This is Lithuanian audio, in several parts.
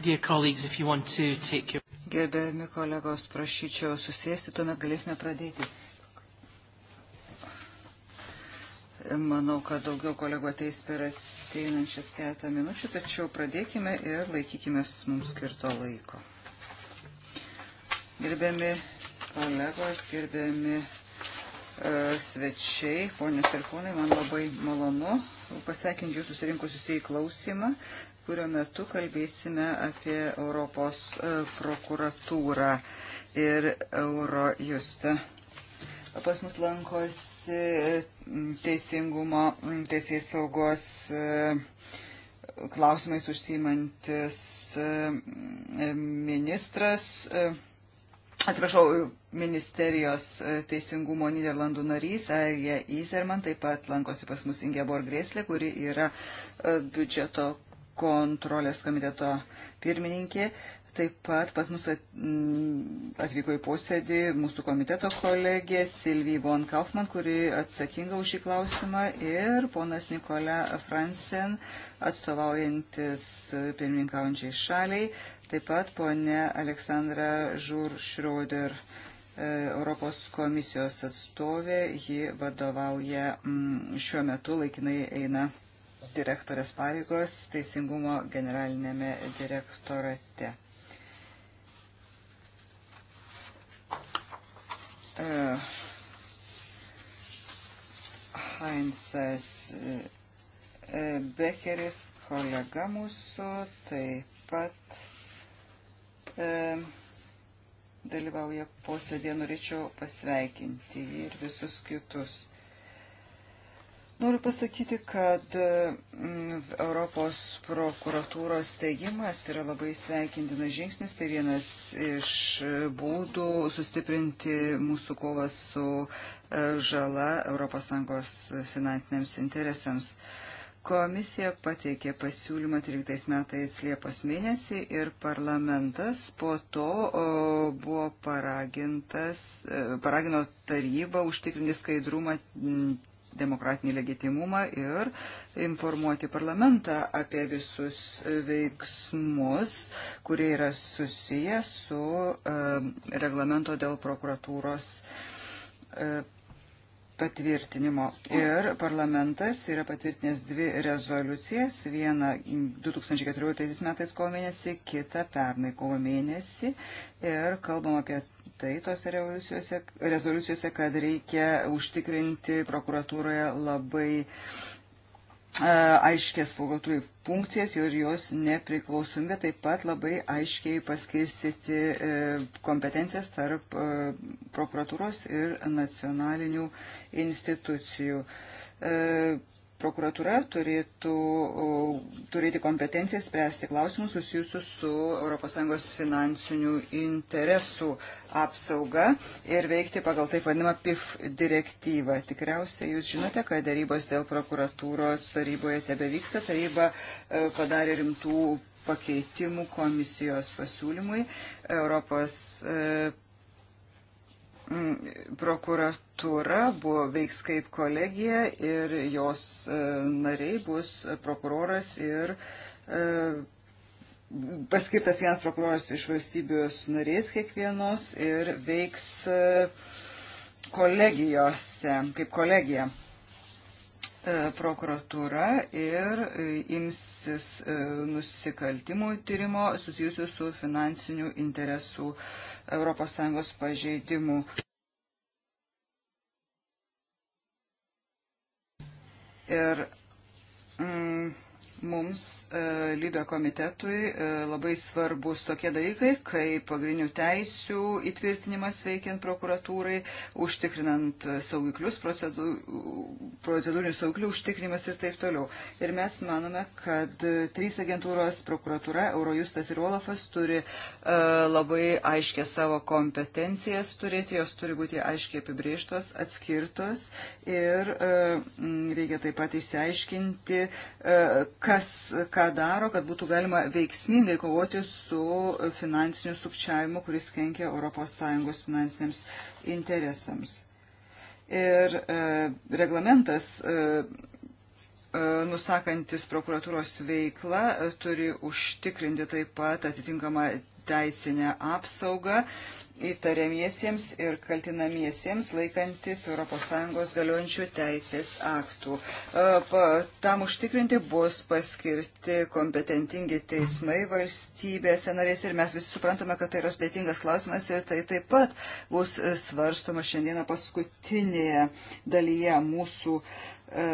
Your... Gerbiami kolegos, prašyčiau susėsti, tuomet galėsime pradėti. Manau, kad daugiau kolegų ateis per ateinančias keletą minučių, tačiau pradėkime ir laikykime mums skirto laiko. Gerbiami kolegos, gerbiami e, svečiai, ponios ir ponai, man labai malonu pasveikinti jūsų susirinkusius į klausimą, kurio metu kalbėsime apie Europos e, prokuratūrą ir Eurojustą. Pas mus lankosi teisingumo, teisės saugos e, klausimais užsimantis ministras e, Atsiprašau, ministerijos e, teisingumo Niderlandų narys Arija Izerman taip pat lankosi pas mus Ingeborg Greslė, kuri yra e, biudžeto kontrolės komiteto pirmininkė. Taip pat pas mus mm, atvyko į posėdį mūsų komiteto kolegė Silvija Von Kaufman, kuri atsakinga už šį klausimą, ir ponas Nikola Fransen, atstovaujantis e, pirmininkaujančiai šaliai, Taip pat ponė Aleksandra Žur Šroder, e, Europos komisijos atstovė, ji vadovauja mm, šiuo metu laikinai eina direktorės pareigos Teisingumo generalinėme direktorate. E, Heinzas e, Bekeris, kolega mūsų, taip pat E, dalyvauja posėdė, norėčiau pasveikinti jį ir visus kitus. Noriu pasakyti, kad mm, Europos prokuratūros steigimas yra labai sveikintinas žingsnis, tai vienas iš būdų sustiprinti mūsų kovą su e, žala ES finansiniams interesams. Komisija pateikė pasiūlymą 13 metais Liepos mėnesį ir parlamentas po to o, buvo paragintas, e, paragino tarybą užtikrinti skaidrumą, demokratinį legitimumą ir informuoti parlamentą apie visus veiksmus, kurie yra susiję su o, e, reglamento dėl prokuratūros o, e, patvirtinimo. Ir parlamentas yra patvirtinęs dvi rezoliucijas, vieną 2014 metais kovo mėnesį, kitą pernai kovo mėnesį. Ir kalbam apie tai tose rezoliucijose, kad reikia užtikrinti prokuratūroje labai E, aiškės fogatųjų funkcijas ir jos nepriklausomybė, taip pat labai aiškiai paskirstyti e, kompetencijas tarp e, prokuratūros ir nacionalinių institucijų. Prokuratura turėtų turėti kompetenciją spręsti klausimus susijusius su ES finansinių interesų apsauga ir veikti pagal taip vadinamą PIF direktyvą. Tikriausiai jūs žinote, kad darybos dėl prokuratūros taryboje tebe vyksta. Taryba e, padarė rimtų pakeitimų komisijos pasiūlymui. Europos e, Mm, prokuratūra buvo veiks kaip kolegija ir jos e, nariai bus prokuroras ir e, paskirtas vienas prokuroras iš valstybės narės kiekvienos ir veiks e, kolegijose, kaip kolegija prokuratūra ir imsis nusikaltimų tyrimo susijusių su finansinių interesų ES pažeidimų. Ir mm, mums, e, Libė komitetui, e, labai svarbus tokie dalykai, kaip pagrindinių teisių įtvirtinimas veikiant prokuratūrai, užtikrinant saugiklius, procedūrinių saugiklių užtikrinimas ir taip toliau. Ir mes manome, kad trys agentūros prokuratūra, Eurojustas ir Olafas turi e, labai aiškę savo kompetencijas turėti, jos turi būti aiškiai apibrieštos, atskirtos ir reikia taip pat išsiaiškinti, ką kas ką daro, kad būtų galima veiksmingai kovoti su finansiniu sukčiavimu, kuris kenkia ES finansiniams interesams. Ir e, reglamentas e, e nusakantis prokuratūros veiklą e, turi užtikrinti taip pat atitinkamą teisinę apsaugą įtariamiesiems ir kaltinamiesiems laikantis ES galiojančių teisės aktų. E, tam užtikrinti bus paskirti kompetentingi teismai valstybėse narės ir mes visi suprantame, kad tai yra sudėtingas klausimas ir tai taip pat bus svarstoma šiandieną paskutinėje dalyje mūsų e,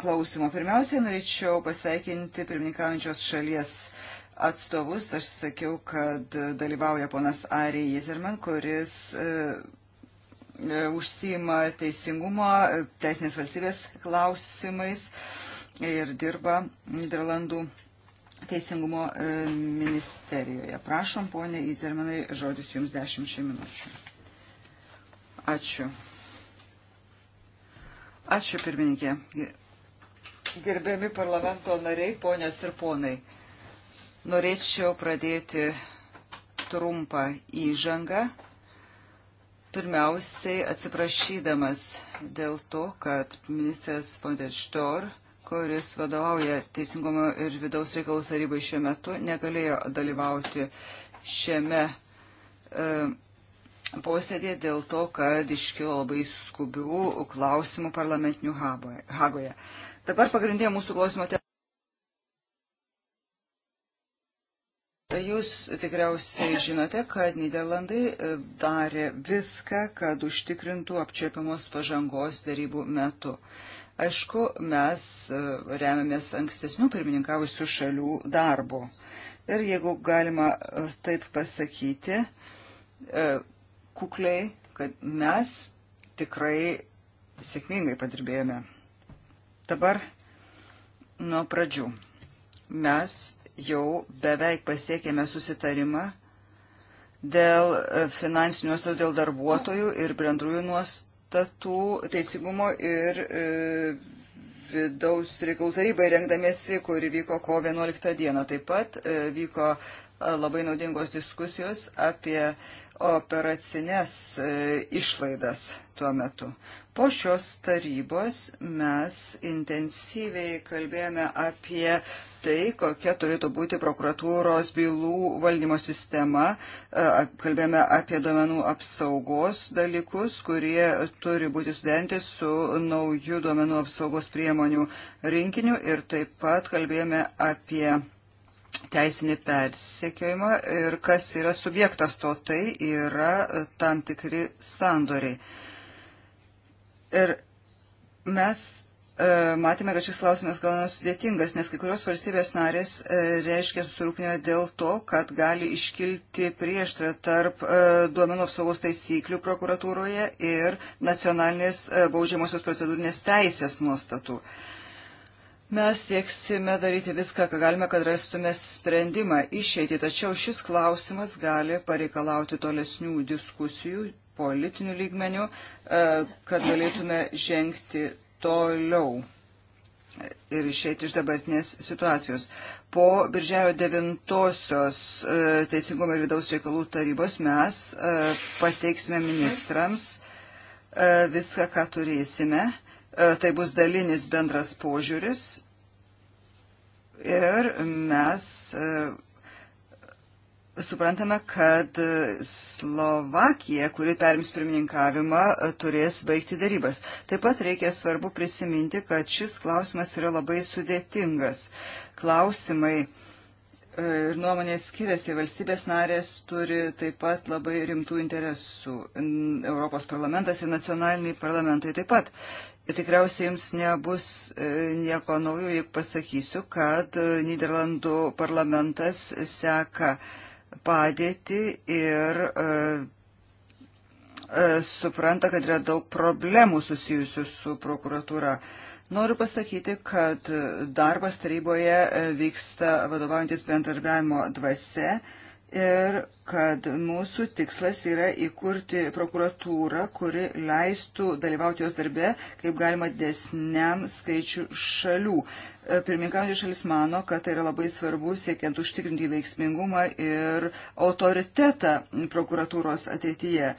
klausimo. Pirmiausiai norėčiau pasveikinti pirmininkaujančios šalies atstovus. Aš sakiau, kad dalyvauja ponas Ari Jezerman, kuris e, e, užsima teisingumo, teisinės valstybės klausimais ir dirba Niderlandų teisingumo e, ministerijoje. Prašom, ponė Izermanai, žodis jums dešimčiai minučių. Ačiū. Ačiū, pirmininkė. Gerbiami parlamento nariai, ponės ir ponai. Norėčiau pradėti trumpą įžangą. Pirmiausiai atsiprašydamas dėl to, kad ministras Fondeštor, kuris vadovauja Teisingumo ir vidaus reikalų tarybai šiuo metu, negalėjo dalyvauti šiame e, posėdėje dėl to, kad iškilo labai skubių klausimų parlamentinių Hagoje. Dabar pagrindė mūsų klausimo tema. Jūs tikriausiai žinote, kad Niderlandai e, darė viską, kad užtikrintų apčiopiamos pažangos darybų metu. Aišku, mes e, remiamės ankstesnių pirmininkavusių šalių darbo. Ir jeigu galima e, taip pasakyti, kukliai, kad mes tikrai sėkmingai padirbėjome. Dabar nuo pradžių. Mes jau beveik pasiekėme susitarimą dėl e, finansinių nuostatų dėl darbuotojų ir bendrųjų nuostatų teisingumo ir e, vidaus reikalų tarybai rengdamėsi, kuri vyko kovo 11 dieną. Taip pat e, vyko e, labai naudingos diskusijos apie operacinės e, išlaidas tuo metu. Po šios tarybos mes intensyviai kalbėjome apie tai, kokia turėtų būti prokuratūros bylų valdymo sistema. E, kalbėjome apie duomenų apsaugos dalykus, kurie turi būti sudenti su naujų duomenų apsaugos priemonių rinkiniu ir taip pat kalbėjome apie teisinį persekiojimą ir kas yra subjektas to, tai yra e, tam tikri sandoriai. Ir mes E, matėme, kad šis klausimas gal nesudėtingas, nes kai kurios valstybės narės e, reiškia susirūpinimą dėl to, kad gali iškilti prieštrą tarp e, duomenų apsaugos taisyklių prokuratūroje ir nacionalinės baudžiamosios procedūrinės teisės nuostatų. Mes sieksime daryti viską, ką galime, kad rastume sprendimą išeiti, tačiau šis klausimas gali pareikalauti tolesnių diskusijų politinių lygmenių, kad galėtume žengti toliau ir išeiti iš dabartinės situacijos. Po Birželio 9-osios e, Teisingumo ir vidaus reikalų tarybos mes e, pateiksime ministrams e, viską, ką turėsime. Tai bus dalinis bendras požiūris ir mes suprantame, kad Slovakija, kuri perims pirmininkavimą, turės baigti darybas. Taip pat reikia svarbu prisiminti, kad šis klausimas yra labai sudėtingas. Klausimai e, ir nuomonės skiriasi. Valstybės narės turi taip pat labai rimtų interesų. Europos parlamentas ir nacionaliniai parlamentai taip pat. Ir tikriausiai jums nebus e, nieko naujo, jeigu pasakysiu, kad e, Niderlandų parlamentas seka uh, padėtį ir e, e, supranta, kad yra daug problemų susijusių su prokuratūra. Noriu pasakyti, kad darbas taryboje e, vyksta vadovaujantis bendarbiavimo dvasia ir kad mūsų tikslas yra įkurti prokuratūrą, kuri leistų dalyvauti jos darbe kaip galima desniam skaičių šalių. Pirmininkaujantis šalis mano, kad tai yra labai svarbu siekiant užtikrinti veiksmingumą ir autoritetą prokuratūros ateityje.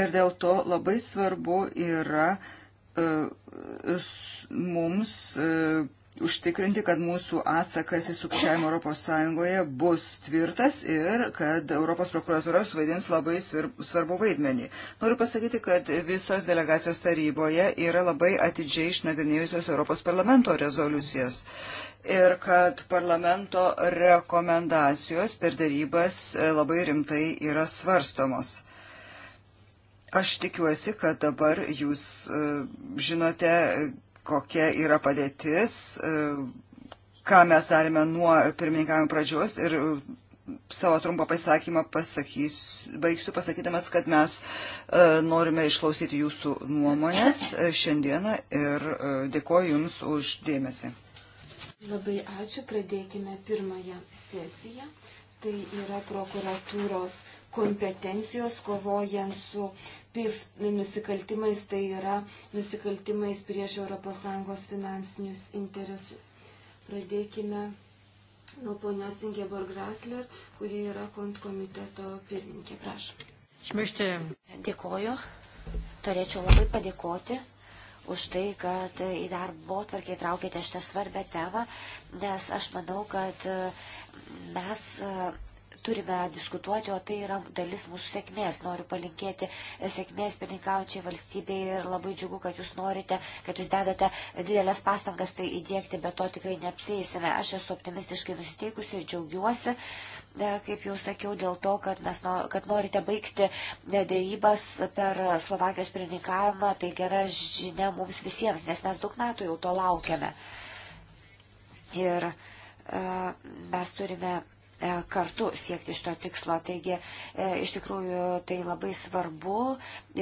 Ir dėl to labai svarbu yra e, mums e, užtikrinti, kad mūsų atsakas į sukčiavimą ES bus tvirtas ir kad Europos prokuratūra suvaidins labai svarbu vaidmenį. Noriu pasakyti, kad visos delegacijos taryboje yra labai atidžiai išnagrinėjusios Europos parlamento rezoliucijas. Ir kad parlamento rekomendacijos per darybas e, labai rimtai yra svarstomos. Aš tikiuosi, kad dabar jūs e, žinote kokia yra padėtis, e, ką mes darėme nuo pirmininkavimo pradžios ir e, savo trumpą pasakymą pasakys, baigsiu pasakydamas, kad mes e, norime išklausyti jūsų nuomonės e, šiandieną ir e, dėkoju Jums už dėmesį. Labai ačiū, pradėkime pirmąją sesiją. Tai yra prokuratūros kompetencijos kovojant su PIF nusikaltimais, tai yra nusikaltimais prieš ES finansinius interesus. Pradėkime nuo ponios Ingeborg Grasler, kuri yra kontkomiteto pirmininkė. Prašom. Šmišti. Dėkoju. Turėčiau labai padėkoti už tai, kad į darbo tvarkį traukėte šitą svarbę temą, nes aš manau, kad mes turime diskutuoti, o tai yra dalis mūsų sėkmės. Noriu palinkėti e, sėkmės pirmininkaujančiai valstybei ir labai džiugu, kad jūs norite, kad jūs dedate didelės pastangas tai įdėkti, bet to tikrai neapsėsime. Aš esu optimistiškai nusiteikusi ir džiaugiuosi e, kaip jau sakiau, dėl to, kad, mes, kad norite baigti e, dėrybas per Slovakijos pirmininkavimą, tai gera žinia mums visiems, nes mes daug metų jau to laukiame. Ir mes turime E, kartu siekti šito tikslo. Taigi, e, iš tikrųjų, tai labai svarbu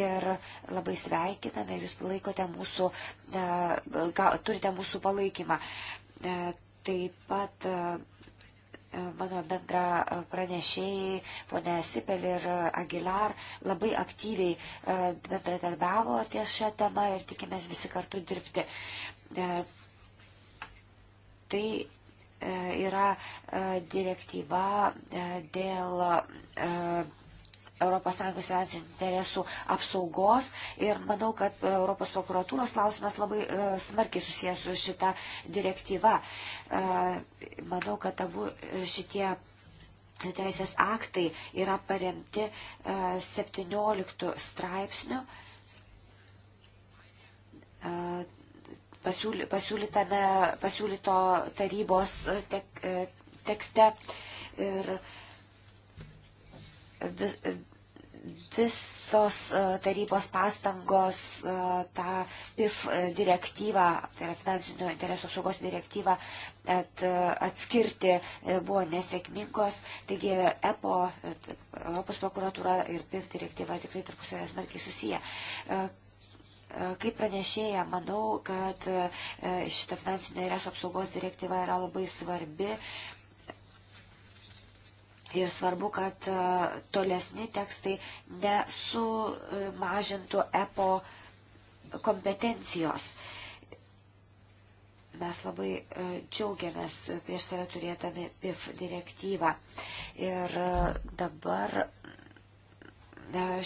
ir labai sveikiname ir jūs palaikote mūsų, e, turite mūsų palaikymą. Taip pat mano bendra pranešėjai, ponė Sipel ir Aguilar, labai aktyviai bendradarbiavo ties šią temą ir tikimės visi kartu dirbti. Tai E, yra e, direktyva e, dėl ES finansinių interesų apsaugos ir manau, kad Europos prokuratūros klausimas labai smarkiai susijęs su šita direktyva. Manau, kad abu šitie teisės aktai yra paremti 17 straipsnių pasiūlytame, pasiūlyto tarybos e, tek, e, tekste. Ir visos e, tarybos pastangos tą PIF direktyvą, tai yra finansinių interesų apsaugos direktyvą, at, atskirti buvo nesėkmingos. Taigi EPO, Europos prokuratūra ir PIF direktyva tikrai tarpusavės smarkiai susiję. Kaip pranešėja, manau, kad e, šita finansinė interesų apsaugos direktyva yra labai svarbi. Ir svarbu, kad e, tolesni tekstai nesumažintų EPO kompetencijos. Mes labai e, džiaugiamės prieš save turėdami PIF direktyvą. Ir dabar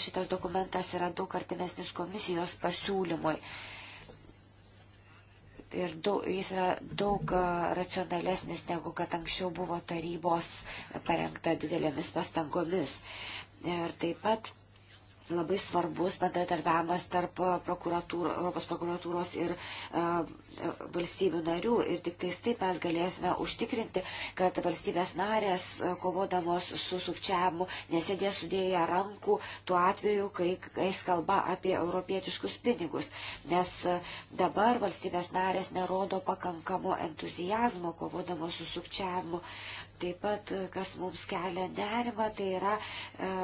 šitas dokumentas yra daug artimesnis komisijos pasiūlymui. Ir daug, jis yra daug racionalesnis negu kad anksčiau buvo tarybos parengta didelėmis pastangomis. Ir taip pat labai svarbus bendradarbiavimas tarp prokuratūro, Europos prokuratūros ir e, e, valstybių narių. Ir tik tais taip mes galėsime užtikrinti, kad valstybės narės, e, kovodamos su sukčiavimu, nesėdė sudėję rankų tuo atveju, kai eis kalba apie europietiškus pinigus. Nes e, dabar valstybės narės nerodo pakankamo entuzijazmo kovodamos su sukčiavimu. Taip pat, kas mums kelia nerima, tai yra e,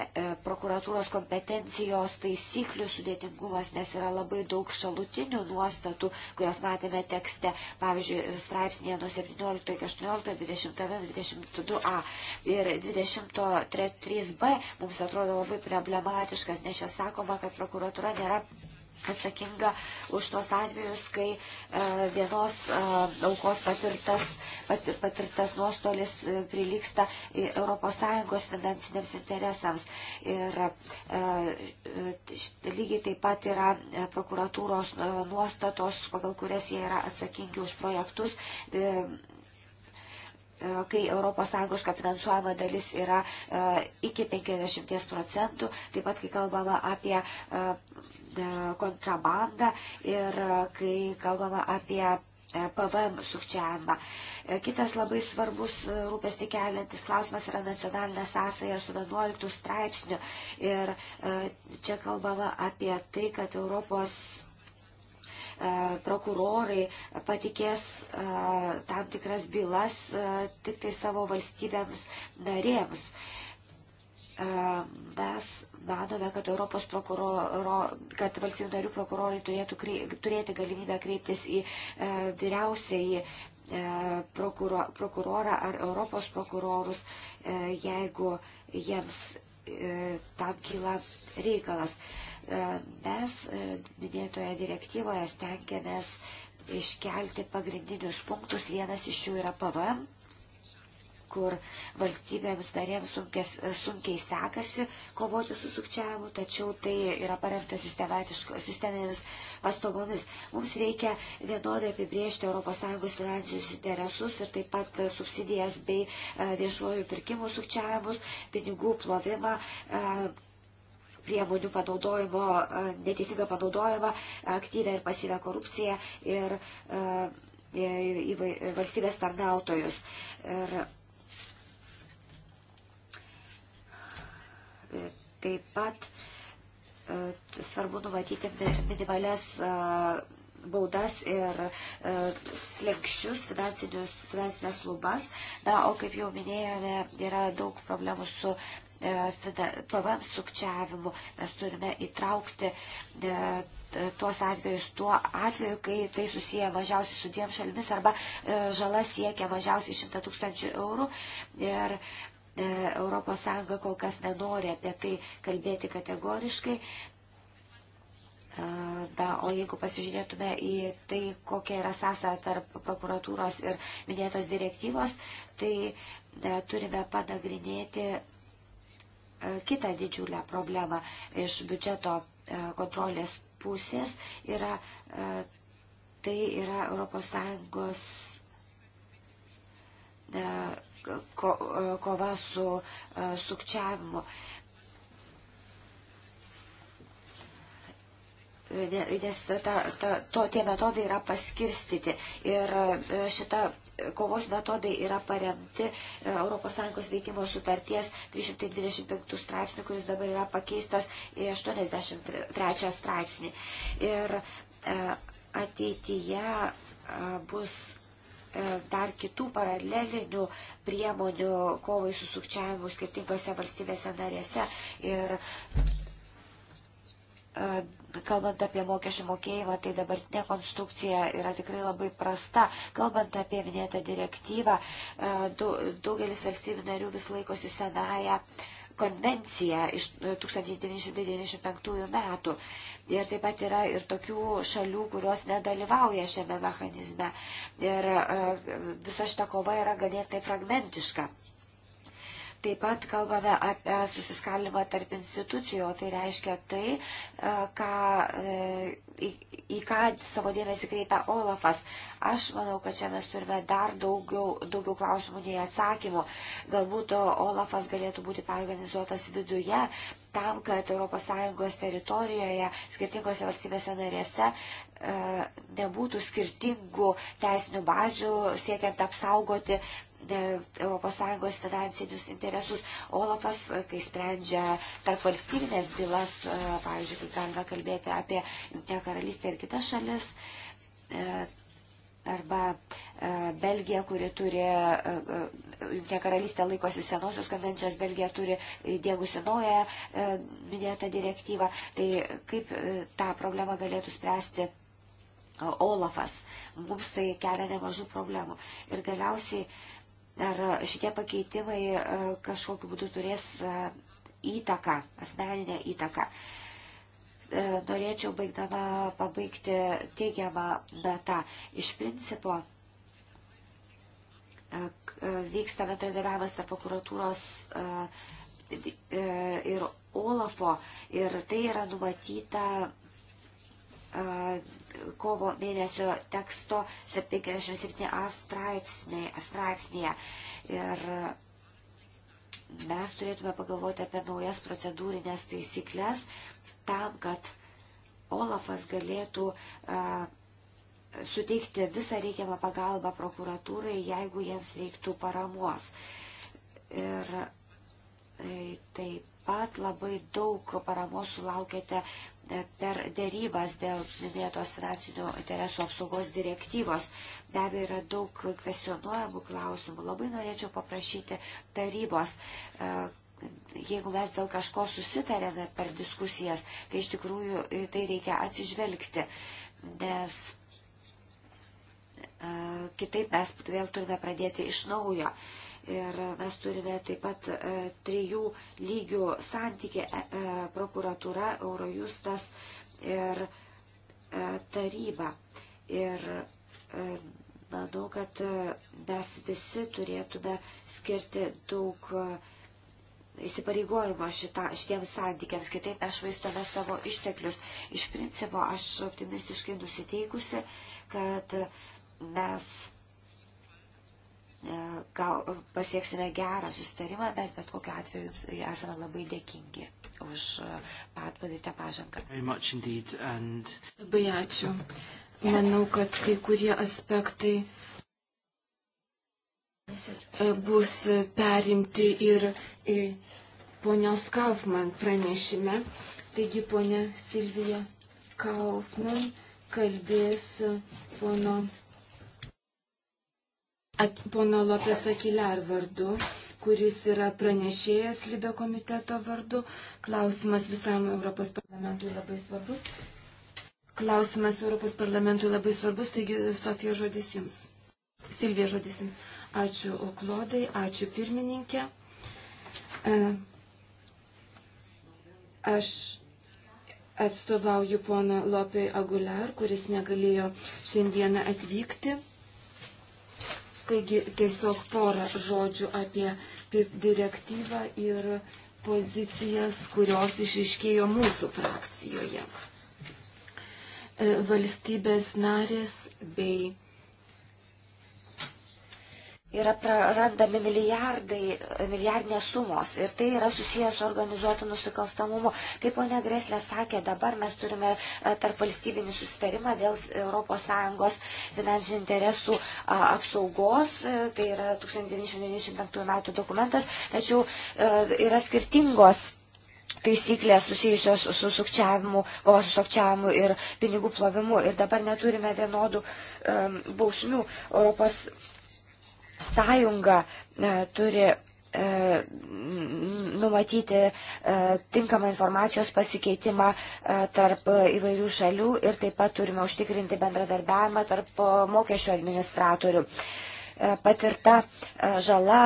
E, prokuratūros kompetencijos taisyklių sudėtingumas, nes yra labai daug šalutinių nuostatų, kurias matėme tekste, pavyzdžiui, straipsnėje nuo 17 iki 18, 20, 22a ir 23b mums atrodo labai problematiškas, nes čia sakoma, kad prokuratūra nėra atsakinga už tuos atvejus, kai e, vienos e, aukos patirtas, patirtas nuostolis e, prilyksta ES finansiniams interesams. Ir lygiai taip pat yra prokuratūros nuostatos, pagal kurias jie yra atsakingi už projektus E, kai ES finansuojama dalis yra e, iki 50 procentų, taip pat kai kalbama apie e, kontrabandą ir kai kalbama apie PVM sukčiavimą. Kitas labai svarbus rūpestį keliantis klausimas yra nacionalinė sąsaja su 11 straipsniu. Ir čia kalbama apie tai, kad Europos E, prokurorai patikės e, tam tikras bylas e, tik tai savo valstybėms narėms. Mes manome, kad Europos prokuroro, kad valstybių narių prokurorai turėtų kreip, turėti galimybę kreiptis į vyriausiai prokuro, prokurorą ar Europos prokurorus, jeigu jiems tam kyla reikalas. E, mes e, minėtoje direktyvoje stengiamės iškelti pagrindinius punktus. Vienas iš jų yra PVM kur valstybėms narėms e, sunkiai sekasi kovoti su sukčiavimu, tačiau tai yra paremta sisteminėmis pastogomis. Mums reikia vienodai apibriežti ES finansinius interesus ir taip pat subsidijas bei viešuojų pirkimų sukčiavimus, pinigų plovimą, priemonių panaudojimo, e, neteisingą panaudojimą, aktyvę ir pasyvę korupciją ir e, e, į valstybės tarnautojus. Ir taip pat svarbu numatyti minimales baudas ir slengščius, finansinės lubas. Na, o kaip jau minėjome, yra daug problemų su PVM e, sukčiavimu. Mes turime įtraukti e, e, tuos atvejus tuo atveju, kai tai susiję mažiausiai su dviem šalimis arba žala siekia mažiausiai 100 tūkstančių eurų. Ir ES kol kas nenori apie tai kalbėti kategoriškai. Da, o jeigu pasižiūrėtume į tai, kokia yra sąsaja tarp prokuratūros ir minėtos direktyvos, tai da, turime panagrinėti E, kitą didžiulę problemą iš biudžeto e, kontrolės pusės yra, e, tai yra ES ko, kova su sukčiavimu. nes ta, ta, to, tie metodai yra paskirstyti. Ir šita kovos metodai yra paremti e, ES veikimo sutarties 325 straipsnių, kuris dabar yra pakeistas į 83 straipsnį. Ir e, ateityje e, bus dar kitų paralelinių priemonių kovai su sukčiavimu skirtingose valstybėse narėse. Ir Kalbant apie mokesčių mokėjimą, tai dabartinė konstrukcija yra tikrai labai prasta. Kalbant apie minėtą direktyvą, e, daugelis valstybių narių vis laikosi senąją konvenciją iš 1995 metų. Ir taip pat yra ir tokių šalių, kurios nedalyvauja šiame mechanizme. Ir e, visa šita kova yra ganėtai fragmentiška. Taip pat kalbame apie susiskaldimą tarp institucijų, o tai reiškia tai, e, ką, e, į, į ką savo dėmesį kreipia Olafas. Aš manau, kad čia mes turime dar daugiau, daugiau klausimų nei atsakymų. Galbūt Olafas galėtų būti perorganizuotas viduje tam, kad ES teritorijoje, skirtingose valstybėse narėse e, nebūtų skirtingų teisinių bazių siekiant apsaugoti ES finansinius interesus. Olafas, e, kai sprendžia tarp valstybinės bylas, e, pavyzdžiui, kai galima kalbėti apie Junktinę karalystę ir kitas šalis, e, arba Belgija, kuri turi, Junktinė karalystė laikosi senosios konvencijos, Belgija turi įdėgusi naują minėtą direktyvą, tai kaip tą problemą galėtų spręsti Olafas. Mums tai kelia nemažų problemų. Ir galiausiai Ar šitie pakeitimai e, kažkokiu būdu turės e, įtaką, asmeninę įtaką. E, norėčiau baigdama pabaigti teigiamą datą. Iš principo vyksta bendradarbiavimas tarp prokuratūros ir Olafo ir tai yra numatyta kovo mėnesio teksto 57a straipsnėje. Ir mes turėtume pagalvoti apie naujas procedūrinės taisyklės tam, kad Olafas galėtų uh, suteikti visą reikiamą pagalbą prokuratūrai, jeigu jiems reiktų paramos. Ir e, taip pat labai daug paramos sulaukėte per dėrybas dėl minėtos finansinių interesų apsaugos direktyvos. Be abejo, yra daug kvesionuojamų klausimų. Labai norėčiau paprašyti tarybos e, jeigu mes dėl kažko susitarėme per diskusijas, tai iš tikrųjų tai reikia atsižvelgti, nes e, kitaip mes vėl turime pradėti iš naujo. Uh, Ir mes turime taip pat e, trijų lygių santykį e, e, prokuratūra, Eurojustas ir taryba. Ir manau, kad mes visi turėtume skirti daug įsipareigojimo šita, šitiems santykiams, kitaip mes švaistome savo išteklius. Iš principo aš optimistiškai nusiteikusi, kad mes E, pasieksime gerą sustarimą, bet bet kokiu atveju jums esame labai dėkingi už pat e, padarytą pažangą. And... Labai ačiū. Manau, kad kai kurie aspektai e, bus perimti ir į ponios Kaufman pranešime. Taigi ponia Silvija Kaufman kalbės pono At, pono Lopės Akiliar vardu, kuris yra pranešėjas Libė komiteto vardu. Klausimas visam Europos parlamentui labai svarbus. Klausimas Europos parlamentui labai svarbus, taigi Sofija žodis jums. Silvija žodis jums. Ačiū Klodai, ačiū pirmininkė. E, aš atstovauju poną Lopė Aguliar, kuris negalėjo šiandieną atvykti. Taigi tiesiog porą žodžių apie PIF direktyvą ir pozicijas, kurios išiškėjo mūsų frakcijoje. E, valstybės narės bei yra prarandami milijardai, milijardinės sumos ir tai yra susijęs su organizuotu nusikalstamumu. Kaip ponia Greslė sakė, dabar mes turime e, tarp valstybinį susitarimą dėl ES finansinių interesų apsaugos, e, tai yra 1995 metų dokumentas, tačiau e, yra skirtingos taisyklės susijusios su sukčiavimu, kova su sukčiavimu ir pinigų plovimu. Ir dabar neturime vienodų um, bausmių Europos sąjunga e, turi e, numatyti e, tinkamą informacijos pasikeitimą tarp įvairių šalių ir taip pat turime užtikrinti bendradarbiavimą tarp mokesčio administratorių. Patirta žala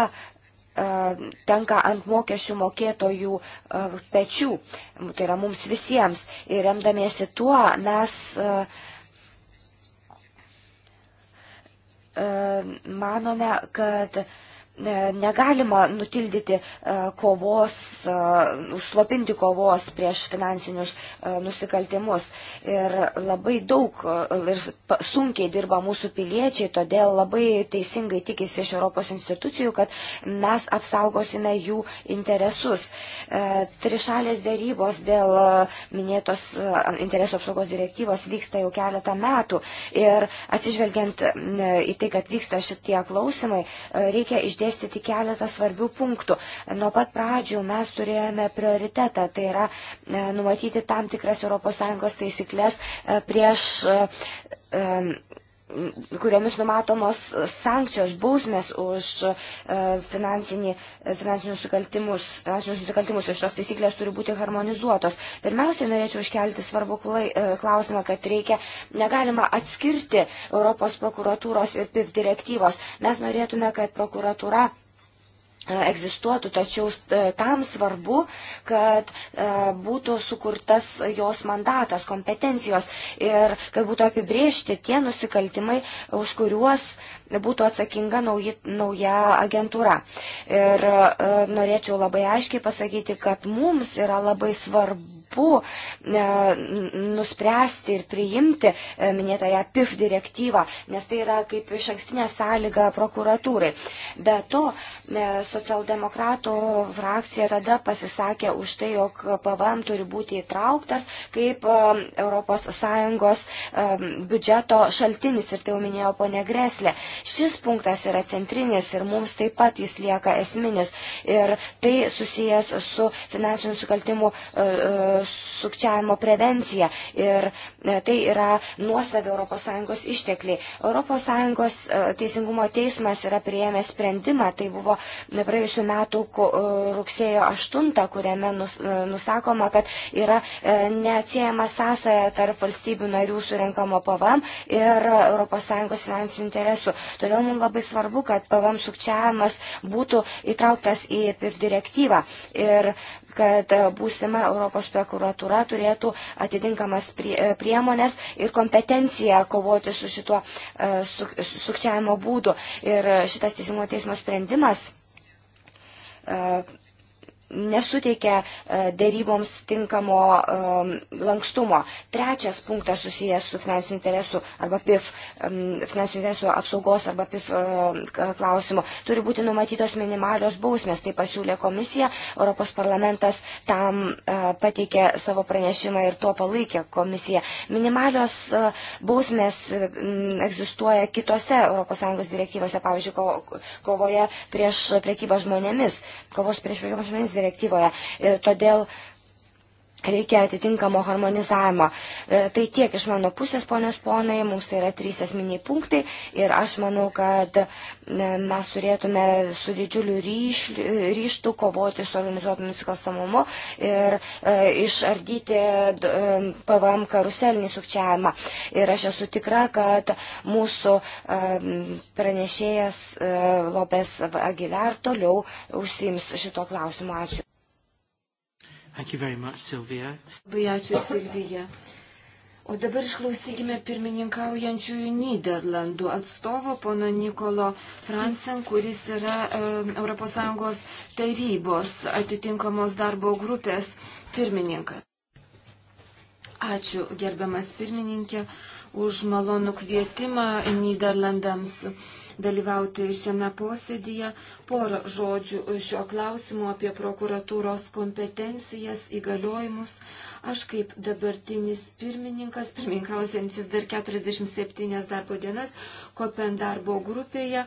tenka ant mokesčių mokėtojų pečių, tai yra mums visiems. Ir remdamiesi tuo mes manome, kad negalima nutildyti e, kovos, e, užslopinti kovos prieš finansinius e, nusikaltimus. Ir labai daug ir sunkiai dirba mūsų piliečiai, todėl labai teisingai tikisi iš Europos institucijų, kad mes apsaugosime jų interesus. Trišalės dėrybos dėl minėtos interesų apsaugos direktyvos vyksta jau keletą metų. Ir atsižvelgiant į tai, kad vyksta šitie klausimai, reikia išdėti išdėstyti keletą svarbių punktų. Nuo pat pradžių mes turėjome prioritetą, tai yra e, numatyti tam tikras ES taisyklės e, prieš e, kuriomis numatomos sankcijos, bausmės už e, e, finansinius nusikaltimus, finansinius nusikaltimus ir šios taisyklės turi būti harmonizuotos. Pirmiausiai norėčiau iškelti svarbų e, klausimą, kad reikia, negalima atskirti Europos prokuratūros ir PIF direktyvos. Mes norėtume, kad prokuratūra E, egzistuotų, tačiau e, tam svarbu, kad e, būtų sukurtas jos mandatas, kompetencijos ir kad būtų apibriežti tie nusikaltimai, už kuriuos būtų atsakinga nauji, nauja agentūra. Ir e, norėčiau labai aiškiai pasakyti, kad mums yra labai svarbu e, nuspręsti ir priimti e, minėtąją PIF direktyvą, nes tai yra kaip iš ankstinė sąlyga prokuratūrai. Be to, socialdemokratų frakcija tada pasisakė už tai, jog PVM turi būti įtrauktas kaip ES biudžeto šaltinis ir tai jau minėjo ponė Greslė. Šis punktas yra centrinis ir mums taip pat jis lieka esminis ir tai susijęs su finansinių nusikaltimų e, e, sukčiavimo prevencija ir e, tai yra nuosavi ES ištekliai. ES teisingumo teismas yra prieėmęs sprendimą, tai buvo praėjusiu metu rugsėjo 8, kuriame nusakoma, kad yra neatsiejama sąsaja tarp valstybių narių surinkamo pavam ir ES finansinių interesų. Todėl mums labai svarbu, kad PVM sukčiavimas būtų įtrauktas į PIF direktyvą ir kad būsima Europos prokuratura turėtų atitinkamas e, priemonės ir kompetenciją kovoti su šituo e, sukčiavimo būdu. Ir e, šitas teisingumo teismo sprendimas nesuteikia e, dėryboms tinkamo e, lankstumo. Trečias punktas susijęs su finansinių interesų arba PIF, finansinių interesų apsaugos arba PIF e, klausimu. Turi būti numatytos minimalios bausmės, tai pasiūlė komisija, Europos parlamentas tam pateikė savo pranešimą ir tuo palaikė komisija. Minimalios bausmės egzistuoja kitose ES direktyvose, pavyzdžiui, kovoje prieš priekybą žmonėmis, kovos prieš priekybą žmonėmis direktyvoje. Ir todėl reikia atitinkamo harmonizavimo. E, tai tiek iš mano pusės, ponios ponai, mums tai yra trys esminiai punktai ir aš manau, kad e, mes turėtume su didžiuliu ryš, ryštu kovoti su organizuotu nusikalstamumu ir e, išardyti e, PVM karuselinį sukčiavimą. Ir aš esu tikra, kad mūsų e, pranešėjas e, Lopes Agilar toliau užsims šito klausimu. Ačiū. Much, Silvija. Labai ačiū, Silvija. O dabar išklausykime pirmininkaujančiųjų Niderlandų atstovo, pono Nikolo Fransen, kuris yra e, ES tarybos atitinkamos darbo grupės pirmininkas. Ačiū, gerbiamas pirmininkė, už malonų kvietimą Niderlandams dalyvauti šiame posėdyje. Porą žodžių šio klausimo apie prokuratūros kompetencijas, įgaliojimus. Aš kaip dabartinis pirmininkas, pirmininkausiančias dar 47 darbo dienas, kopen darbo grupėje,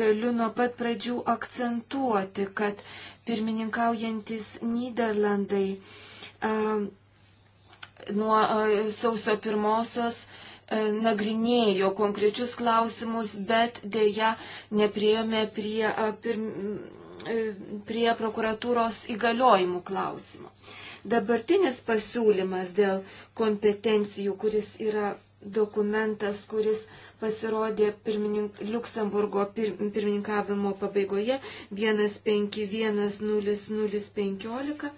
galiu nuo pat pradžių akcentuoti, kad pirmininkaujantis Niderlandai a, nuo a, sausio pirmosios E, nagrinėjo konkrečius klausimus, bet dėja nepriejome prie, e, pir, e, prie prokuratūros įgaliojimų klausimo. Dabartinis pasiūlymas dėl kompetencijų, kuris yra dokumentas, kuris pasirodė pirminink, Luksemburgo pir, pirmininkavimo pabaigoje 1510015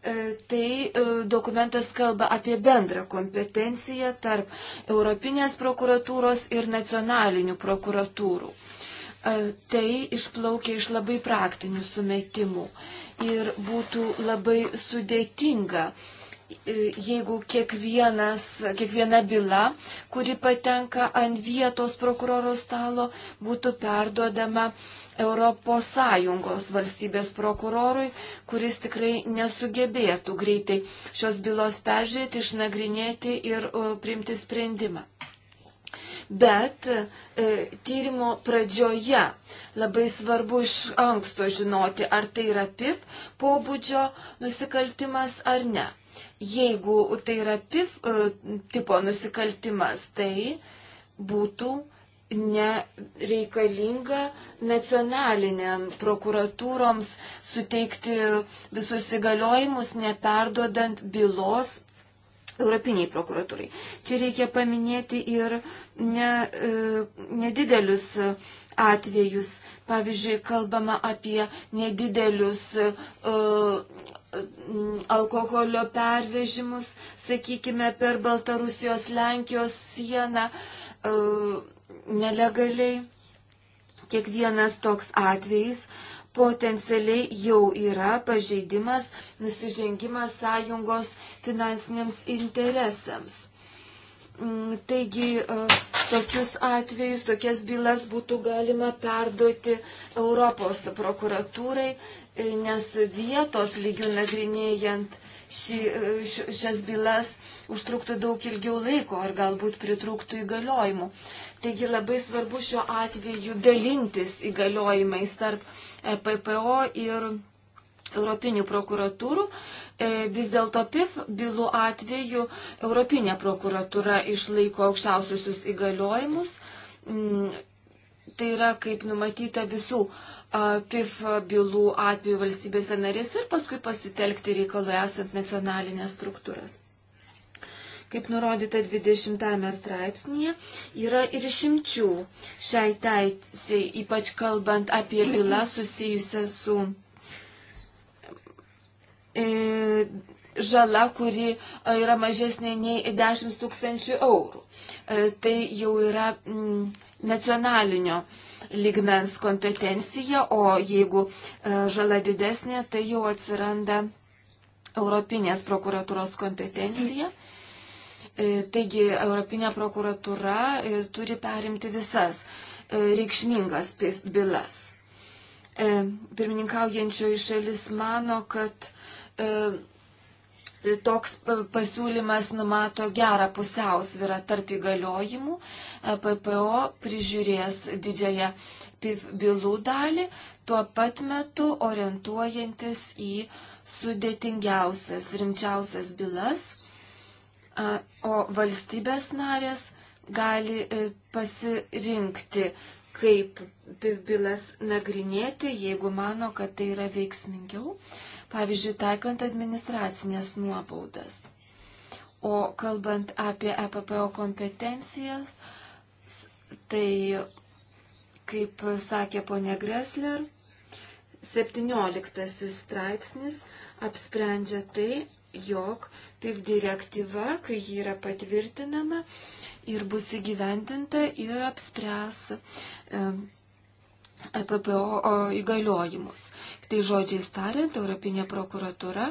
E, tai e, dokumentas kalba apie bendrą kompetenciją tarp Europinės prokuratūros ir nacionalinių prokuratūrų. E, tai išplaukia iš labai praktinių sumetimų ir būtų labai sudėtinga jeigu kiekvienas, kiekviena byla, kuri patenka ant vietos prokuroro stalo, būtų perduodama ES valstybės prokurorui, kuris tikrai nesugebėtų greitai šios bylos peržiūrėti, išnagrinėti ir e, priimti sprendimą. Bet e, tyrimo pradžioje labai svarbu iš anksto žinoti, ar tai yra PIF pobūdžio nusikaltimas ar ne. Jeigu tai yra PIF e, tipo nusikaltimas, tai būtų e, nereikalinga nacionaliniam prokuratūroms suteikti visus įgaliojimus, neperdodant bylos Europiniai prokuratūrai. Čia reikia paminėti ir ne, e, nedidelius atvejus. Pavyzdžiui, kalbama apie nedidelius uh, alkoholio pervežimus, sakykime, per Baltarusijos Lenkijos sieną. Uh, nelegaliai. Kiekvienas toks atvejis potencialiai jau yra pažeidimas, nusižengimas sąjungos finansiniams interesams. Mm, taigi e, tokius atvejus, tokias bylas būtų galima perduoti Europos prokuratūrai, e, nes vietos lygių nagrinėjant E, ši, šias bylas užtruktų daug ilgiau laiko ar galbūt pritrūktų įgaliojimų. Taigi labai svarbu šiuo atveju dalintis įgaliojimais tarp e PPO ir Europinių prokuratūrų. E, vis dėlto PIF bylų atveju Europinė prokuratūra išlaiko aukščiausiusius įgaliojimus. Mm, tai yra kaip numatyta visų PIF bylų atveju valstybėse narės ir paskui pasitelkti reikalui esant nacionalinės struktūras. Kaip nurodyta 20 straipsnėje, yra ir išimčių šiai teisai, ypač kalbant apie bylą susijusią su e, žala, kuri e, yra mažesnė nei 10 tūkstančių eurų. E, tai jau yra m, mm, nacionalinio e, lygmens kompetencija, o jeigu e, žala didesnė, tai jau atsiranda Europinės prokuratūros kompetencija. E, taigi Europinė prokuratūra e, turi perimti visas reikšmingas bylas. Pirmininkaujančioji šalis mano, kad toks e, pasiūlymas numato gerą pusiausvyrą tarp įgaliojimų. E, PPO prižiūrės didžiąją PIF bylų dalį, tuo pat metu orientuojantis į sudėtingiausias, rimčiausias bylas, e, o valstybės narės gali pasirinkti, kaip bylas nagrinėti, jeigu mano, kad tai yra veiksmingiau pavyzdžiui, taikant administracinės nuobaudas. O kalbant apie EPPO kompetencijas, tai, kaip sakė ponė Gressler, 17 straipsnis apsprendžia tai, jog taip direktyva, kai ji yra patvirtinama ir bus įgyvendinta ir apspręs E PPO įgaliojimus. Tai žodžiais tariant, Europinė prokuratura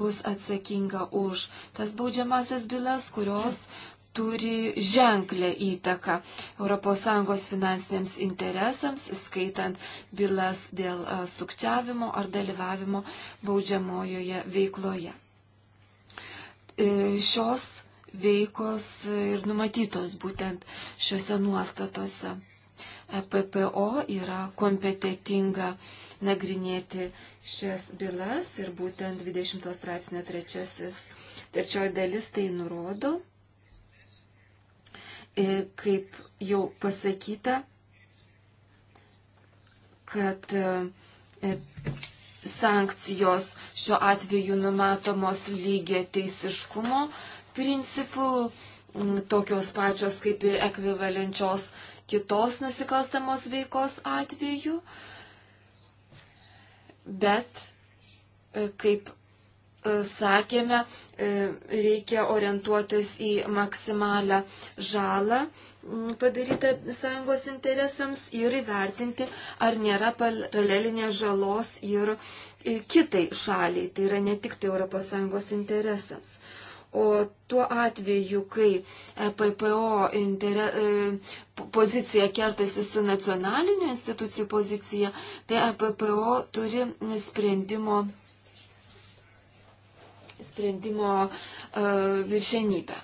bus atsakinga už tas baudžiamasias bylas, kurios turi ženklę įtaką ES finansiniams interesams, skaitant bylas dėl e, sukčiavimo ar dalyvavimo baudžiamojoje veikloje. E, šios veikos ir numatytos būtent šiuose nuostatose. E PPO yra kompetitinga nagrinėti šias bylas ir būtent 20 straipsnio trečiasis, trečioji dalis tai nurodo. E, kaip jau pasakyta, kad e, sankcijos šiuo atveju numatomos lygiai teisiškumo principų, tokios pačios kaip ir ekvivalenčios kitos nusikalstamos veikos atveju, bet, e, kaip e, sakėme, e, reikia orientuotis į maksimalę žalą padarytą sąjungos interesams ir įvertinti, ar nėra paralelinės žalos ir kitai šaliai, tai yra ne tik tai ES interesams. O tuo atveju, kai e PPO inter... E, pozicija kertasi su nacionaliniu institucijų pozicija, tai e PPO turi sprendimo, sprendimo uh, viršenybę.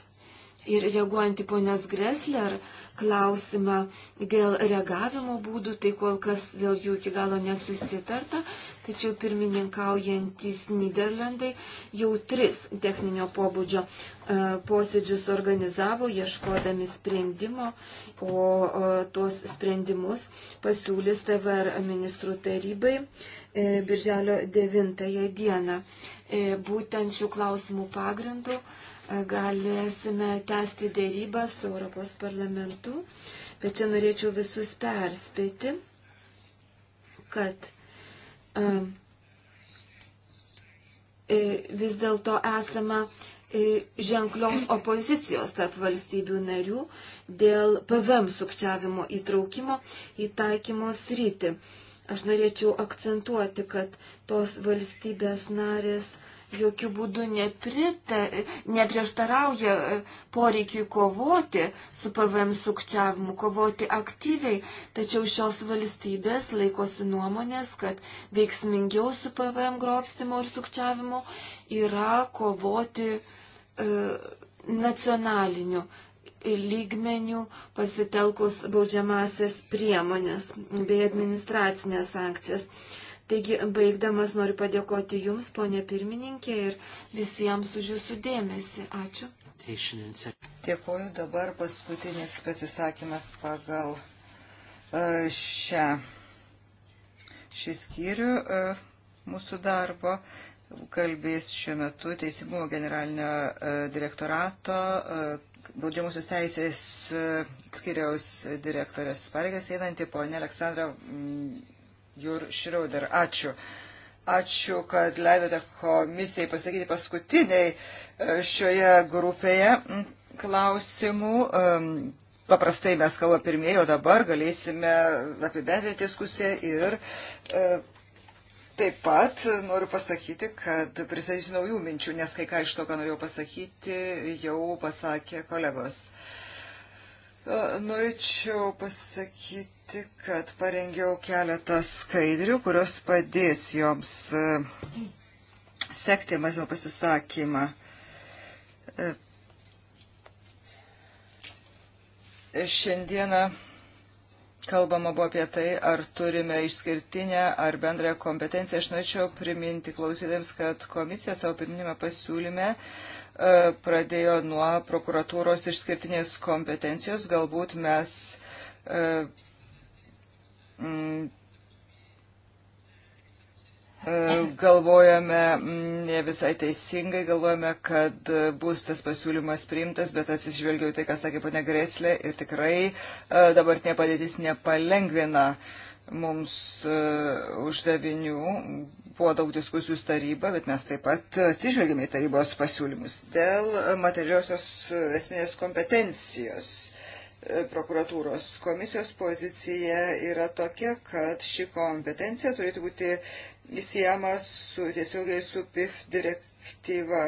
Ir reaguojant į ponios Gresler uh, klausimą dėl reagavimo būdų, tai kol kas dėl jų iki galo nesusitarta, tačiau pirmininkaujantis Niderlandai jau tris techninio pobūdžio e, posėdžius organizavo, ieškodami sprendimo, o tuos sprendimus pasiūlys TVR ministrų tarybai e, birželio 9 dieną. E, būtent šių klausimų pagrindų galėsime tęsti dėrybą su Europos parlamentu, bet čia norėčiau visus perspėti, kad um, vis dėlto esama e, ženklios opozicijos tarp valstybių narių dėl PVM sukčiavimo įtraukimo į taikymo sritį. Aš norėčiau akcentuoti, kad tos valstybės narės jokių būdų neprita, neprieštarauja e, poreikiui kovoti su PVM sukčiavimu, kovoti aktyviai, tačiau šios valstybės laikosi nuomonės, kad veiksmingiau su PVM grobstimo ir sukčiavimu yra kovoti e, nacionaliniu lygmenių pasitelkus baudžiamasias priemonės bei administracinės sankcijas. E, Taigi, baigdamas noriu padėkoti Jums, ponė pirmininkė, ir visiems už Jūsų dėmesį. Ačiū. Dėkuoju dabar paskutinis pasisakymas pagal e, šią, šį skyrių e, mūsų darbo. Kalbės šiuo metu Teisingumo generalinio e, direktorato baudžiamusios teisės skiriaus direktorės pareigas einanti ponė Aleksandra Jur Šrauder. Ačiū. Ačiū, kad leidote komisijai pasakyti paskutiniai e, šioje grupėje klausimų. Paprastai mes kalbame pirmieji, o dabar galėsime apibendrinti diskusiją ir e, Taip pat noriu pasakyti, kad pristatysiu naujų minčių, nes kai ką iš to, ką norėjau pasakyti, jau pasakė kolegos. E, norėčiau pasakyti pasakyti, kad parengiau keletą skaidrių, kurios padės joms e, sekti mano pasisakymą. E, šiandieną kalbama buvo apie tai, ar turime išskirtinę ar bendrąją kompetenciją. Aš norėčiau priminti klausytėms, kad komisija savo pirminime pasiūlyme e, pradėjo nuo prokuratūros išskirtinės kompetencijos. Galbūt mes Mm. E, galvojame mm, ne visai teisingai, galvojame, kad bus tas pasiūlymas priimtas, bet atsižvelgiau tai, ką sakė ponia Greslė ir tikrai e, dabartinė padėtis nepalengvina mums e, uždavinių. Buvo daug diskusijų su taryba, bet mes taip pat atsižvelgėme į tarybos pasiūlymus dėl materialiosios esminės kompetencijos prokuratūros. Komisijos pozicija yra tokia, kad ši kompetencija turėtų būti įsijama su, tiesiogiai su PIF direktyva.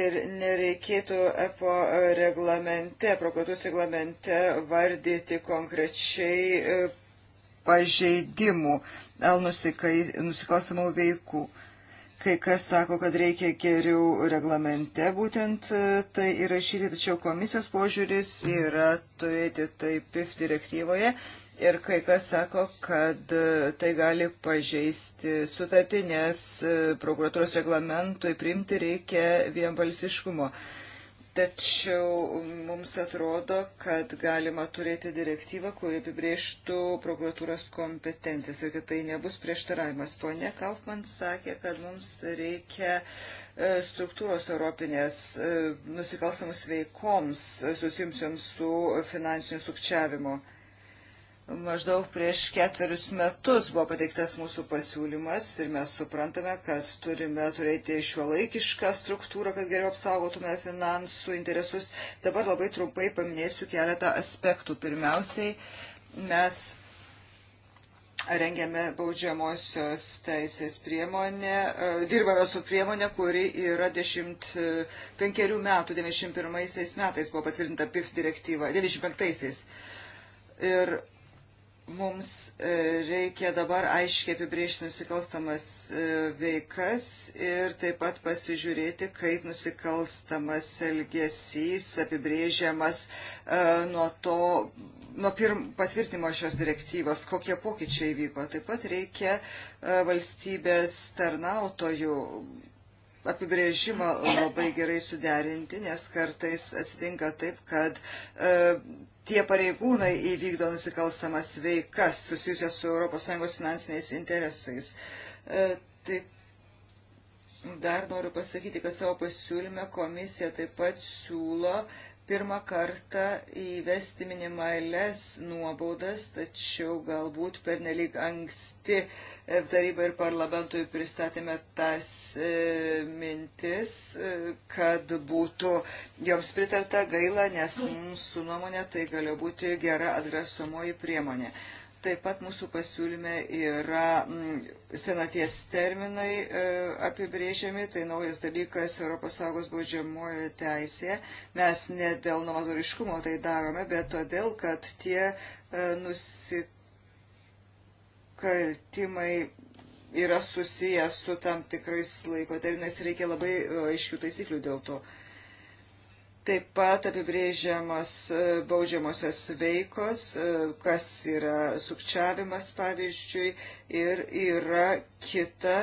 Ir nereikėtų EPO reglamente, prokuratūros reglamente vardyti konkrečiai e, pažeidimų, nusikalstamų veikų. Kai kas sako, kad reikia geriau reglamente būtent e, tai įrašyti, tačiau komisijos požiūris yra turėti tai PIF direktyvoje. Ir kai kas sako, kad e, tai gali pažeisti sutartį, nes e, prokuratūros reglamentui priimti reikia vienbalsiškumo. balsiškumo. Tačiau mums atrodo, kad galima turėti direktyvą, kuri apibrėžtų prokuratūros kompetencijas ir kad tai nebus prieštaravimas. Pone Kaufman sakė, kad mums reikia e, struktūros europinės e, nusikalstamus veikoms e, susijusiams su finansiniu sukčiavimu. Maždaug prieš ketverius metus buvo pateiktas mūsų pasiūlymas ir mes suprantame, kad turime turėti šio laikišką struktūrą, kad geriau apsaugotume finansų interesus. Dabar labai trumpai paminėsiu keletą aspektų. Pirmiausiai, mes rengiame baudžiamosios teisės priemonę, e, dirbame su priemonė, kuri yra 15 e, metų, 91 metais buvo patvirtinta PIF direktyva, 95 metais. Ir Mums e, reikia dabar aiškiai apibriežti nusikalstamas e, veikas ir taip pat pasižiūrėti, kaip nusikalstamas elgesys apibrėžiamas e, nuo to nuo pirm, patvirtinimo šios direktyvos, kokie pokyčiai vyko. Taip pat reikia valstybės tarnautojų apibrėžimą labai gerai suderinti, nes kartais atsitinka taip, kad e, tie pareigūnai įvykdo nusikalstamas veikas susijusias su ES finansiniais interesais. E, taip, dar noriu pasakyti, kad savo pasiūlyme komisija taip pat siūlo pirmą kartą įvesti minimales nuobaudas, tačiau galbūt per nelik anksti tarybai ir parlamentui pristatėme tas e, mintis, e, kad būtų joms pritarta gaila, nes mūsų nuomonė tai galėjo būti gera atgrasomoji priemonė. E, Taip pat mūsų pasiūlyme yra mm, senaties terminai e, apibrėžiami, tai naujas dalykas ES baudžiamojo teisėje. Mes ne dėl novatoriškumo tai darome, bet todėl, kad tie e, nusikaltimai yra susijęs su tam tikrais laiko terminais, reikia labai e, aiškių taisyklių dėl to. Taip pat apibrėžiamos e, baudžiamosios veikos, e, kas yra sukčiavimas pavyzdžiui, ir yra kita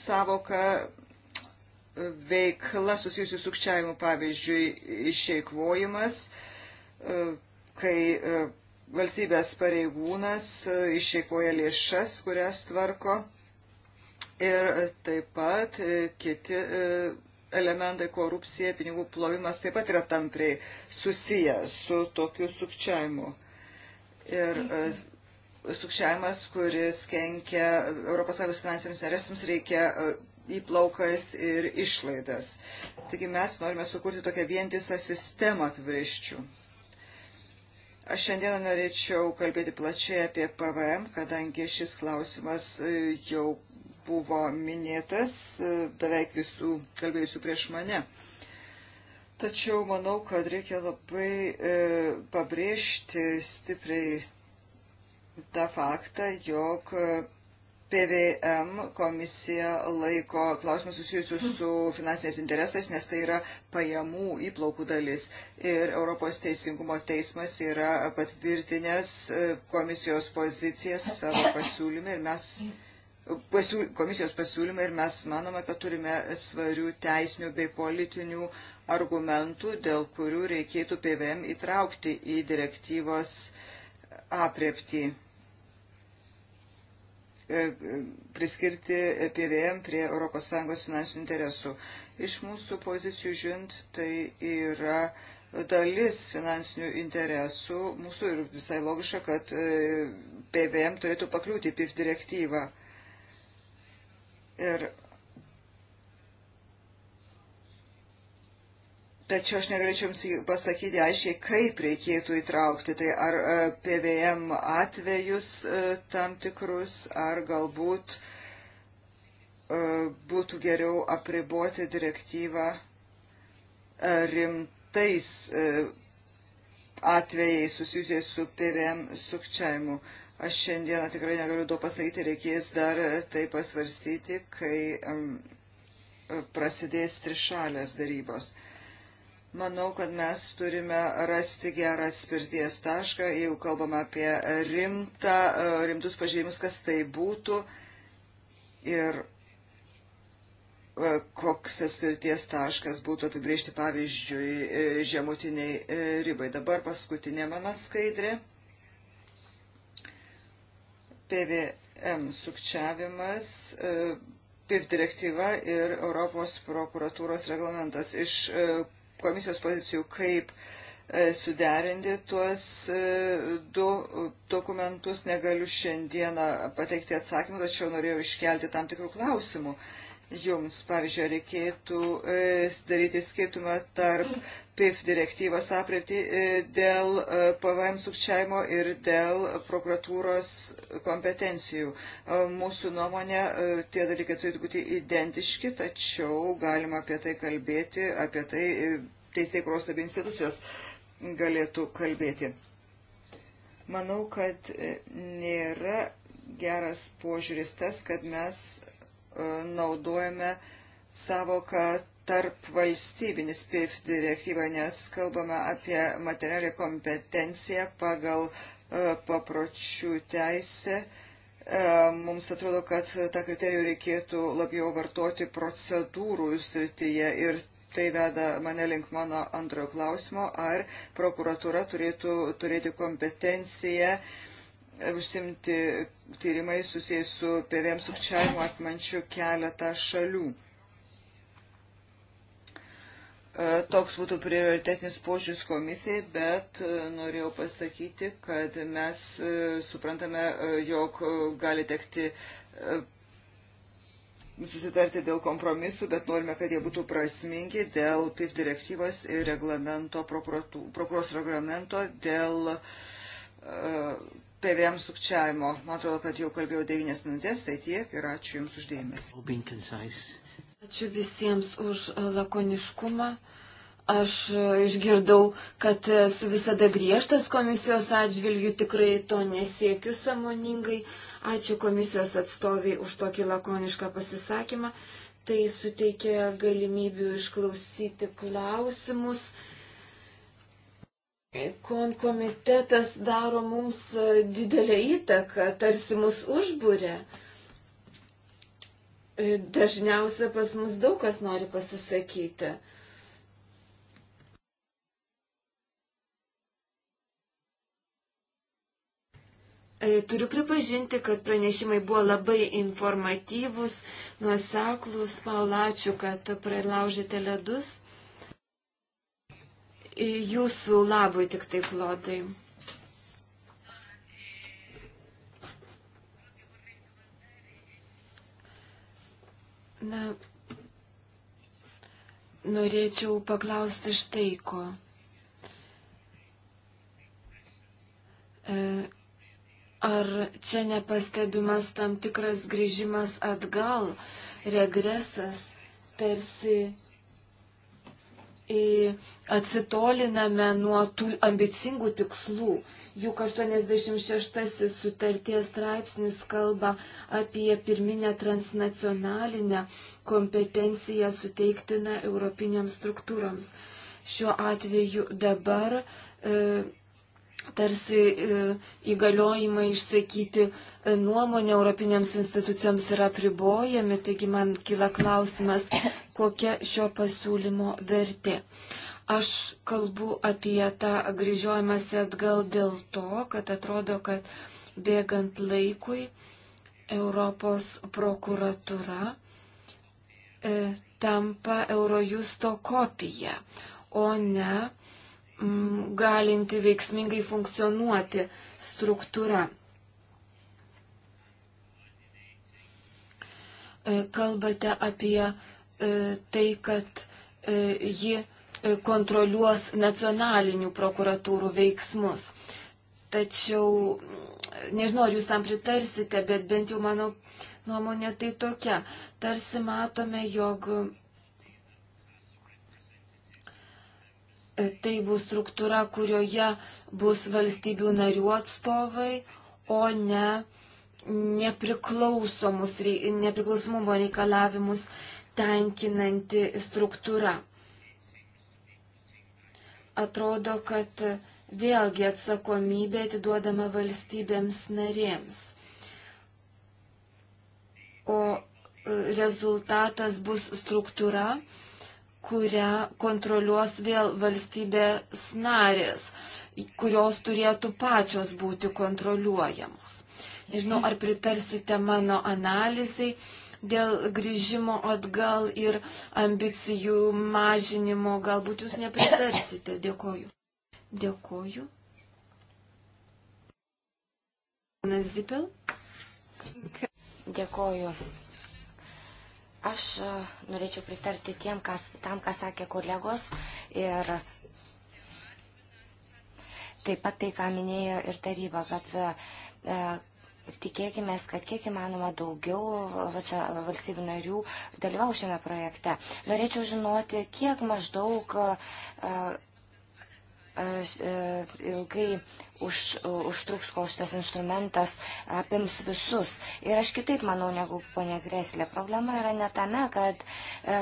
savoka e, veikla susijusi sukčiavimu, pavyzdžiui, išeikvojimas, kai valstybės pareigūnas išeikvoja lėšas, kurias tvarko. Ir taip pat kiti elementai korupcija, pinigų plovimas taip pat yra tampriai susiję su tokiu sukčiavimu. Ir e, sukčiavimas, kuris kenkia ES finansiniams interesams, reikia e, įplaukas ir išlaidas. Taigi mes norime sukurti tokią vientisą sistemą apibrėžčių. Aš šiandieną norėčiau kalbėti plačiai apie PVM, kadangi šis klausimas e, jau buvo minėtas e, beveik visų kalbėjusių prieš mane. Tačiau manau, kad reikia labai e, pabrėžti stipriai tą faktą, jog e, PVM komisija laiko klausimus susijusius su finansiniais interesais, nes tai yra pajamų įplaukų dalis. Ir Europos Teisingumo teismas yra patvirtinęs e, komisijos pozicijas savo pasiūlymį ir mes pasiūl, komisijos pasiūlymai ir mes manome, kad turime svarių teisinių bei politinių argumentų, dėl kurių reikėtų PVM įtraukti į direktyvos apriepti e, e, priskirti PVM prie ES finansinių interesų. Iš mūsų pozicijų žiūrint, tai yra dalis finansinių interesų mūsų ir visai logiška, kad e, PVM turėtų pakliūti PIF direktyvą. Ir Tačiau aš negalėčiau jums pasakyti aiškiai, kaip reikėtų įtraukti, tai ar e, PVM atvejus e, tam tikrus, ar galbūt e, būtų geriau apriboti direktyvą rimtais atvejais susijusiais su PVM sukčiavimu. Aš šiandieną tikrai negaliu to pasakyti, reikės dar e, tai pasvarstyti, kai e, prasidės trišalės darybos. Manau, kad mes turime rasti gerą spirties tašką, jeigu kalbame apie rimtą, e, rimtus pažeidimus, kas tai būtų ir koks atskirties taškas būtų apibriežti pavyzdžiui žemutiniai ribai. Dabar paskutinė mano skaidrė. PVM sukčiavimas, e, PIV direktyva ir Europos prokuratūros reglamentas. Iš e, komisijos pozicijų, kaip e, suderinti tuos du dokumentus, negaliu šiandieną pateikti atsakymų, tačiau norėjau iškelti tam tikrų klausimų. Uh, jums, pavyzdžiui, reikėtų e, daryti skirtumą tarp PIF direktyvos apreipti e, dėl e, PVM sukčiavimo ir dėl prokuratūros kompetencijų. Mūsų nuomonė, tie dalykai turėtų būti identiški, tačiau galima apie tai kalbėti, apie tai teisėjai kros abi institucijos galėtų kalbėti. Manau, kad nėra geras požiūris tas, kad mes naudojame savoką tarp valstybinis PIF direktyva, nes kalbame apie materialį kompetenciją pagal e, papročių teisę. E, mums atrodo, kad tą kriterijų reikėtų labiau vartoti procedūrų srityje ir tai veda mane link mano antrojo klausimo, ar prokuratūra turėtų turėti kompetenciją uh, užsimti tyrimai susijęs su PVM sukčiavimu atmančiu keletą šalių. E, toks būtų prioritetinis požiūris komisijai, bet e, norėjau pasakyti, kad mes e, suprantame, jog gali tekti susitarti dėl kompromisų, bet norime, kad jie būtų prasmingi dėl PIF direktyvos ir reglamento, prokuros reglamento, dėl PVM sukčiavimo. Man atrodo, kad jau kalbėjau 9 minutės, tai tiek ir ačiū Jums uždėmesi. Ačiū visiems už lakoniškumą. Aš išgirdau, kad esu visada griežtas komisijos atžvilgių, tikrai to nesiekiu samoningai. Ačiū komisijos atstoviai už tokį lakonišką pasisakymą. Tai suteikia galimybių išklausyti klausimus. Kon komitetas daro mums e, didelę įtaką, tarsi mus užbūrė. E, dažniausia pas mus daug kas nori pasisakyti. E, turiu pripažinti, kad pranešimai buvo labai informatyvus, nuoseklus. Paulačiu, kad pralaužėte ledus. Jūsų labui tik tai, Klodai. Na, norėčiau paklausti štai ko. E, ar čia nepastebimas tam tikras grįžimas atgal, regresas, tarsi atsitoliname nuo tų ambicingų tikslų. Juk 86 sutarties straipsnis kalba apie pirminę transnacionalinę kompetenciją suteiktiną europinėms struktūroms. Šiuo atveju dabar e, tarsi e, įgaliojimai išsakyti e, nuomonę europinėms institucijoms yra pribojami, taigi man kila klausimas, kokia šio pasiūlymo vertė. Aš kalbu apie tą grįžiojimąsi atgal dėl to, kad atrodo, kad bėgant laikui Europos prokuratura e, tampa Eurojusto kopija, o ne m, galinti veiksmingai funkcionuoti struktūra. E, kalbate apie E, tai, kad e, ji e, kontroliuos nacionalinių prokuratūrų veiksmus. Tačiau, nežinau, ar jūs tam pritarsite, bet bent jau mano nuomonė tai tokia. Tarsi matome, jog tai bus struktūra, kurioje bus valstybių narių atstovai, o ne nepriklausomumo reikalavimus tenkinanti struktūra. Atrodo, kad vėlgi atsakomybė atiduodama valstybėms narėms. O e, rezultatas bus struktūra, kurią kontroliuos vėl valstybės narės, kurios turėtų pačios būti kontroliuojamos. Nežinau, ar pritarsite mano analizai, dėl grįžimo atgal ir ambicijų mažinimo. Galbūt jūs nepritarsite. Dėkoju. Dėkoju. Zipel. Dėkoju. Aš e, norėčiau pritarti tiem, kas, tam, ką sakė kolegos ir taip pat tai, ką minėjo ir taryba, kad e, tikėkime, kad kiek įmanoma daugiau valstybių narių dalyvau šiame projekte. Norėčiau žinoti, kiek maždaug E, ilgai už, užtruks, kol šitas instrumentas apims visus. Ir aš kitaip manau negu ponė Greslė. Problema yra ne tame, kad e,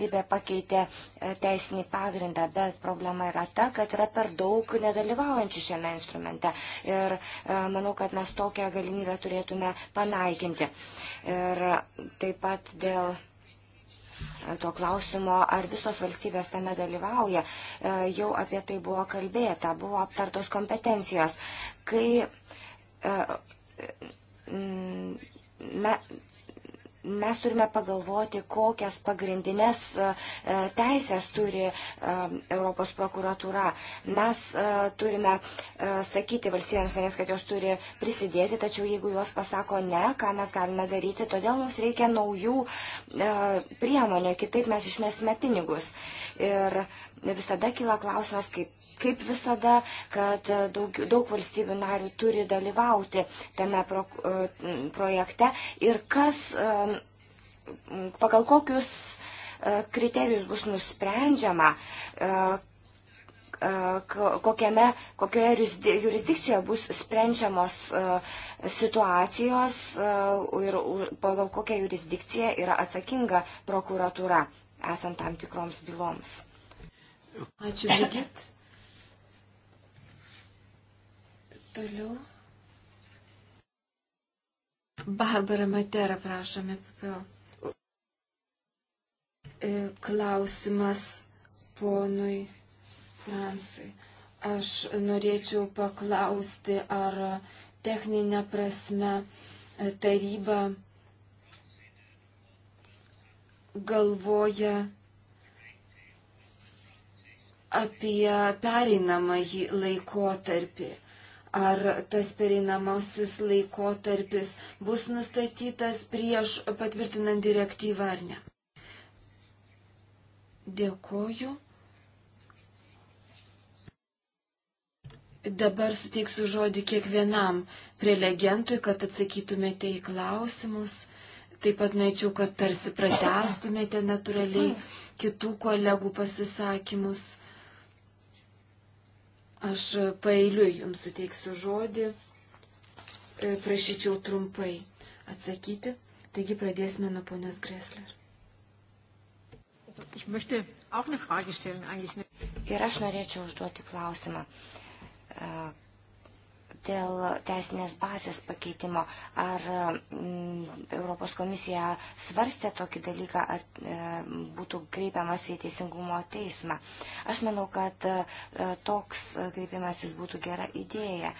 Libė pakeitė e, teisinį pagrindą, bet problema yra ta, kad yra per daug nedalyvaujančių šiame instrumente. Ir e, manau, kad mes tokią galimybę turėtume panaikinti. Ir taip pat dėl to klausimo, ar visos valstybės tame dalyvauja. E, jau apie tai buvo kalbėta, buvo aptartos kompetencijos. Kai e, me, mes turime pagalvoti, kokias pagrindinės e, teisės turi e, Europos prokuratūra. Mes e, turime sakyti valstybėms narės, kad jos turi prisidėti, tačiau jeigu jos pasako ne, ką mes galime daryti, todėl mums reikia naujų priemonių, kitaip mes išmėsime pinigus. Ir visada kyla klausimas, kaip kaip visada, kad e, daug, daug valstybių narių turi dalyvauti tame pro, e, projekte ir kas, e, pagal kokius kriterijus bus nusprendžiama, kokiame, kokioje jurisdikcijoje bus sprendžiamos situacijos ir pagal kokią jurisdikciją yra atsakinga prokuratūra esant tam tikroms byloms. Ačiū, Brigit. Toliau. Barbara Matera, prašome, papio. E, klausimas ponui Fransui. Aš norėčiau paklausti, ar techninė prasme e, taryba galvoja apie pereinamąjį laikotarpį ar tas pereinamasis laikotarpis bus nustatytas prieš patvirtinant direktyvą ar ne. Dėkoju. Dabar suteiksiu žodį kiekvienam prelegentui, kad atsakytumėte į klausimus. Taip pat norėčiau, kad tarsi pratestumėte natūraliai kitų kolegų pasisakymus. Aš pailiui jums suteiksiu žodį, e, prašyčiau trumpai atsakyti. Taigi pradėsime nuo ponios Gressler. Ir aš norėčiau užduoti klausimą. E, dėl teisinės bazės pakeitimo. Ar mm, Europos komisija svarstė tokį dalyką, ar e, būtų kreipiamas į teisingumo teismą? Aš manau, kad e, toks kreipiamasis būtų gera idėja.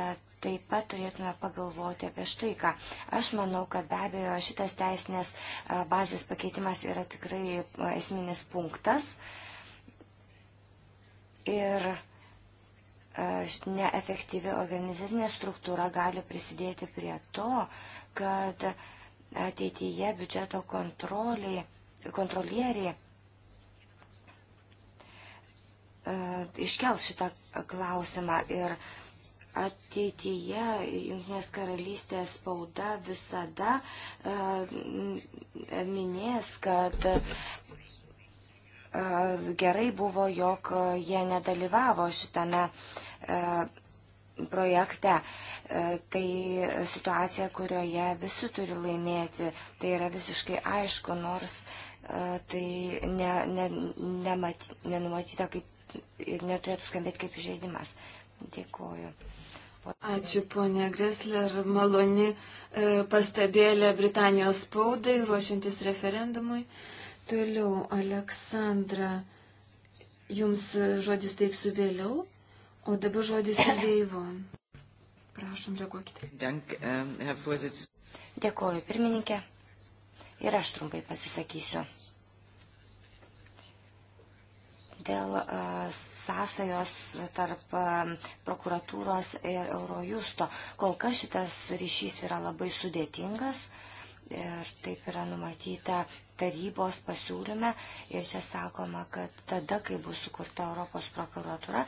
E, Taip pat turėtume pagalvoti apie štai ką. Aš manau, kad be abejo šitas teisinės e, bazės pakeitimas yra tikrai e, esminis punktas. Ir uh, neefektyvi organizacinė struktūra gali prisidėti prie to, kad ateityje biudžeto kontrolieriai iškels šitą klausimą ir ateityje Junktinės karalystės spauda visada e, minės, kad E, gerai buvo, jog jie nedalyvavo šitame e, projekte. E, tai situacija, kurioje visi turi laimėti, tai yra visiškai aišku, nors tai ne, ne, nemat, nenumatyta kaip ir neturėtų skambėti kaip žaidimas. Dėkuoju. Ačiū, ponė Gresler. Maloni e, pastabėlė Britanijos spaudai, ruošiantis referendumui. E, Toliau, Aleksandra, jums žodis teiksiu vėliau, o dabar žodis Deivo. Prašom, reaguokite. Ehm, Dėkoju, pirmininkė. Ir aš trumpai pasisakysiu. Dėl uh, sąsajos tarp uh, prokuratūros ir Eurojusto. Kol kas šitas ryšys yra labai sudėtingas. Uh, ir taip yra numatyta tarybos pasiūlyme ir čia sakoma, kad tada, kai bus sukurta Europos prokuratura,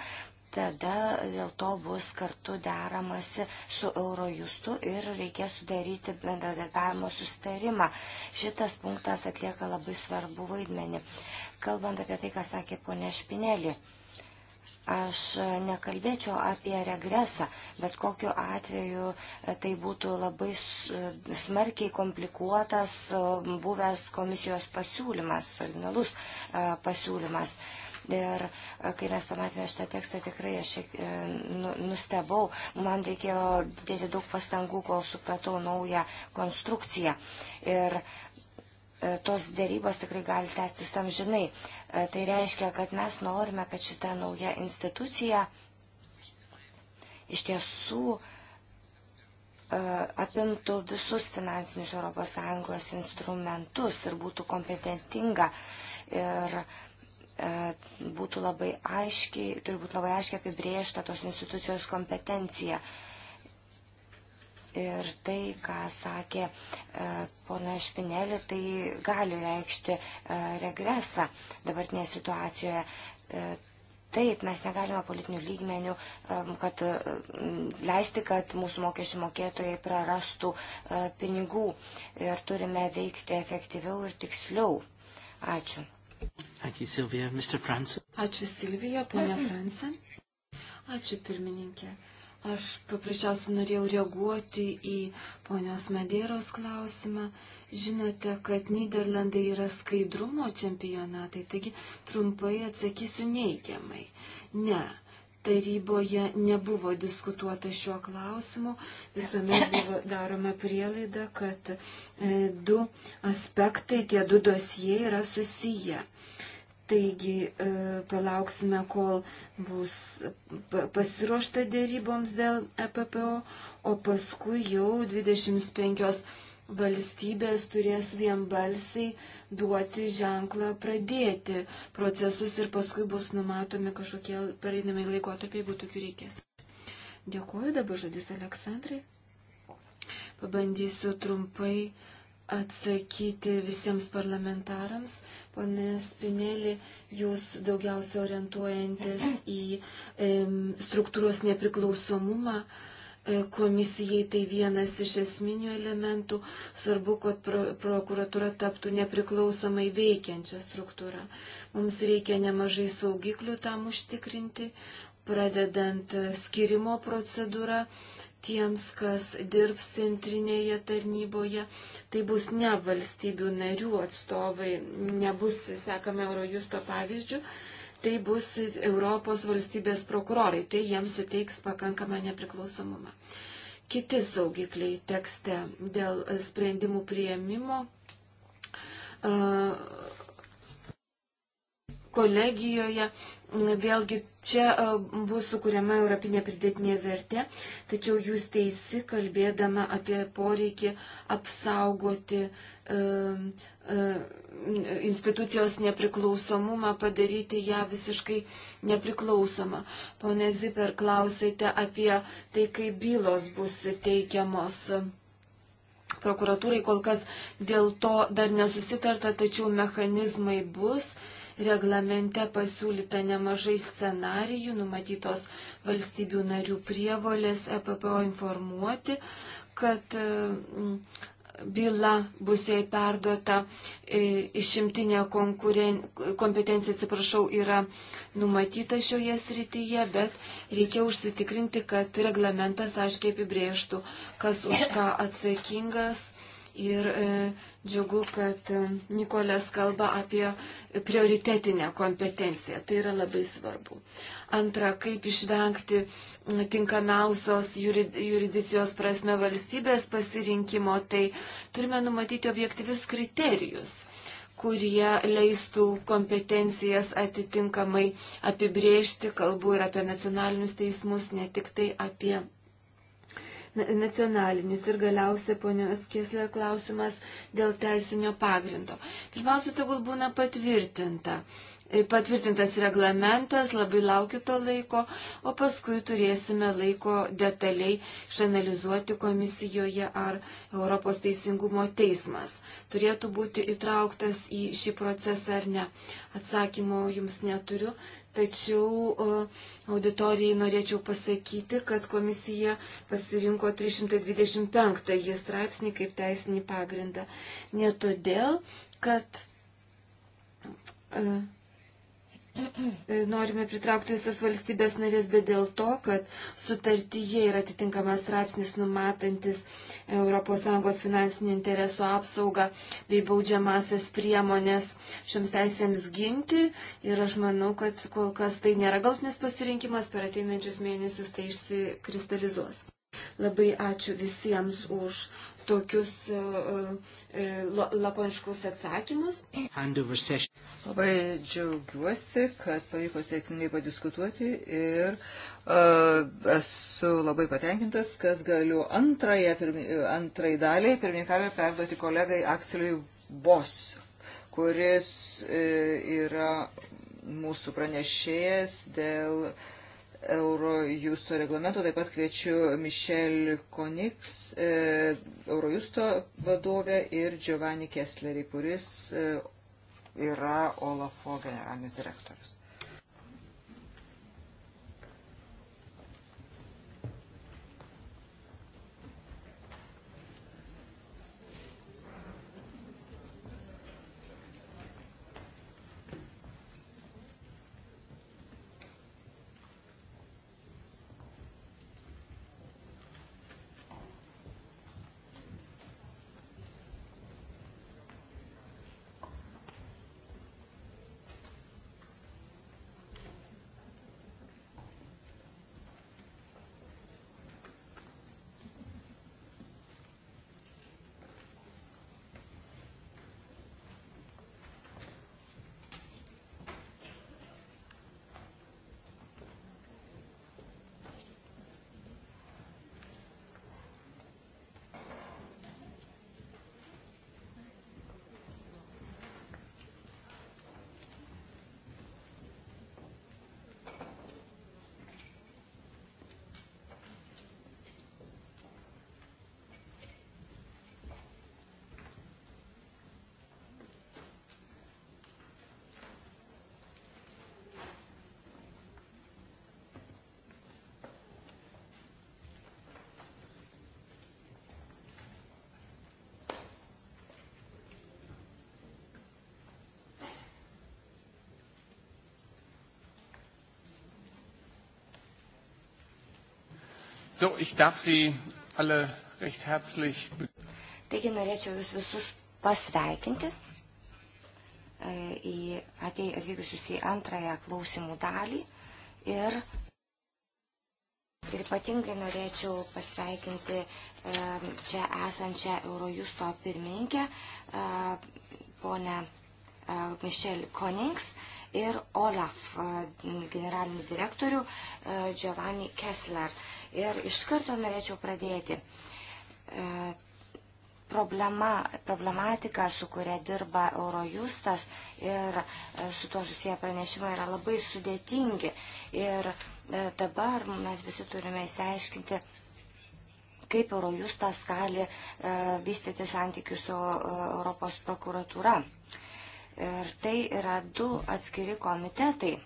tada dėl to bus kartu deramasi su Eurojustu ir reikės sudaryti bendradarbiavimo sustarimą. Šitas punktas atlieka labai svarbu vaidmenį. Kalbant apie tai, ką sakė ponė Špinelė. Aš nekalbėčiau apie regresą, bet kokiu atveju tai būtų labai smarkiai komplikuotas buvęs komisijos pasiūlymas, originalus pasiūlymas. Ir kai mes pamatėme šitą tekstą, tikrai aš e, nu, nustebau, man reikėjo dėti daug pastangų, kol supratau naują konstrukciją. Ir E, tos dėrybos tikrai gali tęstis amžinai. E, tai reiškia, kad mes norime, kad šita nauja institucija iš tiesų e, apimtų visus finansinius ES instrumentus ir būtų kompetentinga ir būtų labai aiškiai, turi būti labai aiškiai apibriešta tos institucijos kompetencija. Ir tai, ką sakė e, pona Špinelė, tai gali reikšti e, regresą dabartinėje situacijoje. E, taip, mes negalime politinių lygmenių, kad leisti, kad mūsų mokesčių mokėtojai prarastų pinigų ir turime veikti efektyviau ir tiksliau. Ačiū. Ačiū Silvija, Mr. Fransen. Ačiū Silvija, ponia Fransen. Ačiū pirmininkė. Aš paprasčiausiai norėjau reaguoti į ponios Madeiros klausimą. Žinote, kad Niderlandai yra skaidrumo čempionatai, taigi trumpai atsakysiu neigiamai. Ne, taryboje nebuvo diskutuota šiuo klausimu, visuomet buvo daroma prielaida, kad e, du aspektai, tie du dosijai yra susiję. Taigi e, palauksime, kol bus pasiruošta dėryboms dėl EPPO, o paskui jau 25 valstybės turės vienbalsiai duoti ženklą pradėti procesus ir paskui bus numatomi kažkokie pareinamai laikotarpiai, jeigu tokių reikės. Dėkuoju dabar žodis Aleksandrai. Pabandysiu trumpai atsakyti visiems parlamentarams Pane Spinelį, jūs daugiausia orientuojantis į e, struktūros nepriklausomumą. E, komisijai tai vienas iš esminių elementų. Svarbu, kad pro, prokuratura taptų nepriklausomai veikiančią struktūrą. Mums reikia nemažai saugiklių tam užtikrinti, pradedant e, skirimo procedūrą tiems, kas dirbs centrinėje tarnyboje. Tai bus ne valstybių narių atstovai, nebus, sekame, Eurojusto pavyzdžių, tai bus Europos valstybės prokurorai. Tai jiems suteiks pakankamą nepriklausomumą. Kiti saugikliai tekste dėl sprendimų prieimimo. Uh, kolegijoje Vėlgi čia e, bus sukūriama europinė pridėtinė vertė, tačiau jūs teisi, kalbėdama apie poreikį apsaugoti e, e, institucijos nepriklausomumą, padaryti ją visiškai nepriklausomą. Pone Ziper, klausėte apie tai, kaip bylos bus teikiamos prokuratūrai, kol kas dėl to dar nesusitarta, tačiau mechanizmai bus. E, reglamente pasiūlyta nemažai scenarijų, numatytos valstybių narių prievolės EPPO informuoti, kad mm, byla bus jai perduota, e, išimtinė konkuren... kompetencija, atsiprašau, yra numatyta šioje srityje, bet reikia užsitikrinti, kad reglamentas aiškiai apibrėžtų, kas už ką atsakingas ir e, džiugu, kad e, Nikolės kalba apie prioritetinę kompetenciją. Tai yra labai svarbu. Antra, kaip išvengti tinkamiausios jurisdikcijos prasme valstybės pasirinkimo, tai turime numatyti objektyvius kriterijus kurie leistų kompetencijas atitinkamai apibriežti, kalbu ir apie nacionalinius teismus, ne tik tai apie nacionalinius. Ir galiausiai ponios Kiesler klausimas dėl teisinio pagrindo. Pirmiausia, tegul būna patvirtinta. E, patvirtintas reglamentas, labai laukiu to laiko, o paskui turėsime laiko detaliai išanalizuoti komisijoje ar Europos teisingumo teismas. Turėtų būti įtrauktas į šį procesą ar ne. Atsakymo jums neturiu, tačiau e, auditorijai norėčiau pasakyti, kad komisija pasirinko 325 straipsnį kaip teisinį pagrindą. Ne todėl, kad e, E, norime pritraukti visas valstybės narės, bet dėl to, kad sutartyje yra atitinkamas straipsnis numatantis ES finansinių interesų apsaugą bei baudžiamasias priemonės šioms teisėms ginti. Ir aš manau, kad kol kas tai nėra galtinis pasirinkimas, per ateinančius mėnesius tai išsikristalizuos. Labai ačiū visiems už tokius e, e, lakoniškus atsakymus. Labai džiaugiuosi, kad pavyko sėkmingai padiskutuoti ir uh, esu labai patenkintas, kad galiu antrąją, pirmi, antrąją dalį pirmininkavę perduoti kolegai Akseliui Bos, kuris uh, yra mūsų pranešėjas dėl uh, Eurojusto reglamento. Taip pat kviečiu Mišel Koniks, e, Eurojusto vadovę ir Giovanni Kesslerį, kuris e, yra Olafo generalinis direktorius. So, ich darf Sie alle recht herzlich. Taigi norėčiau jūs visus pasveikinti e, į atvykusius į antrąją klausimų dalį ir, ir ypatingai norėčiau pasveikinti e, čia esančią Eurojusto pirmininkę, e, ponę Michelle Konings ir Olaf generalinį direktorių Giovanni Kessler. Ir iš karto norėčiau pradėti. E, problema, problematika, su kuria dirba Eurojustas ir e, su tuo susiję pranešimai yra labai sudėtingi. Ir e, dabar mes visi turime įsiaiškinti, kaip Eurojustas gali e, vystyti santykius su e, Europos prokuratūra. Ir tai yra du atskiri komitetai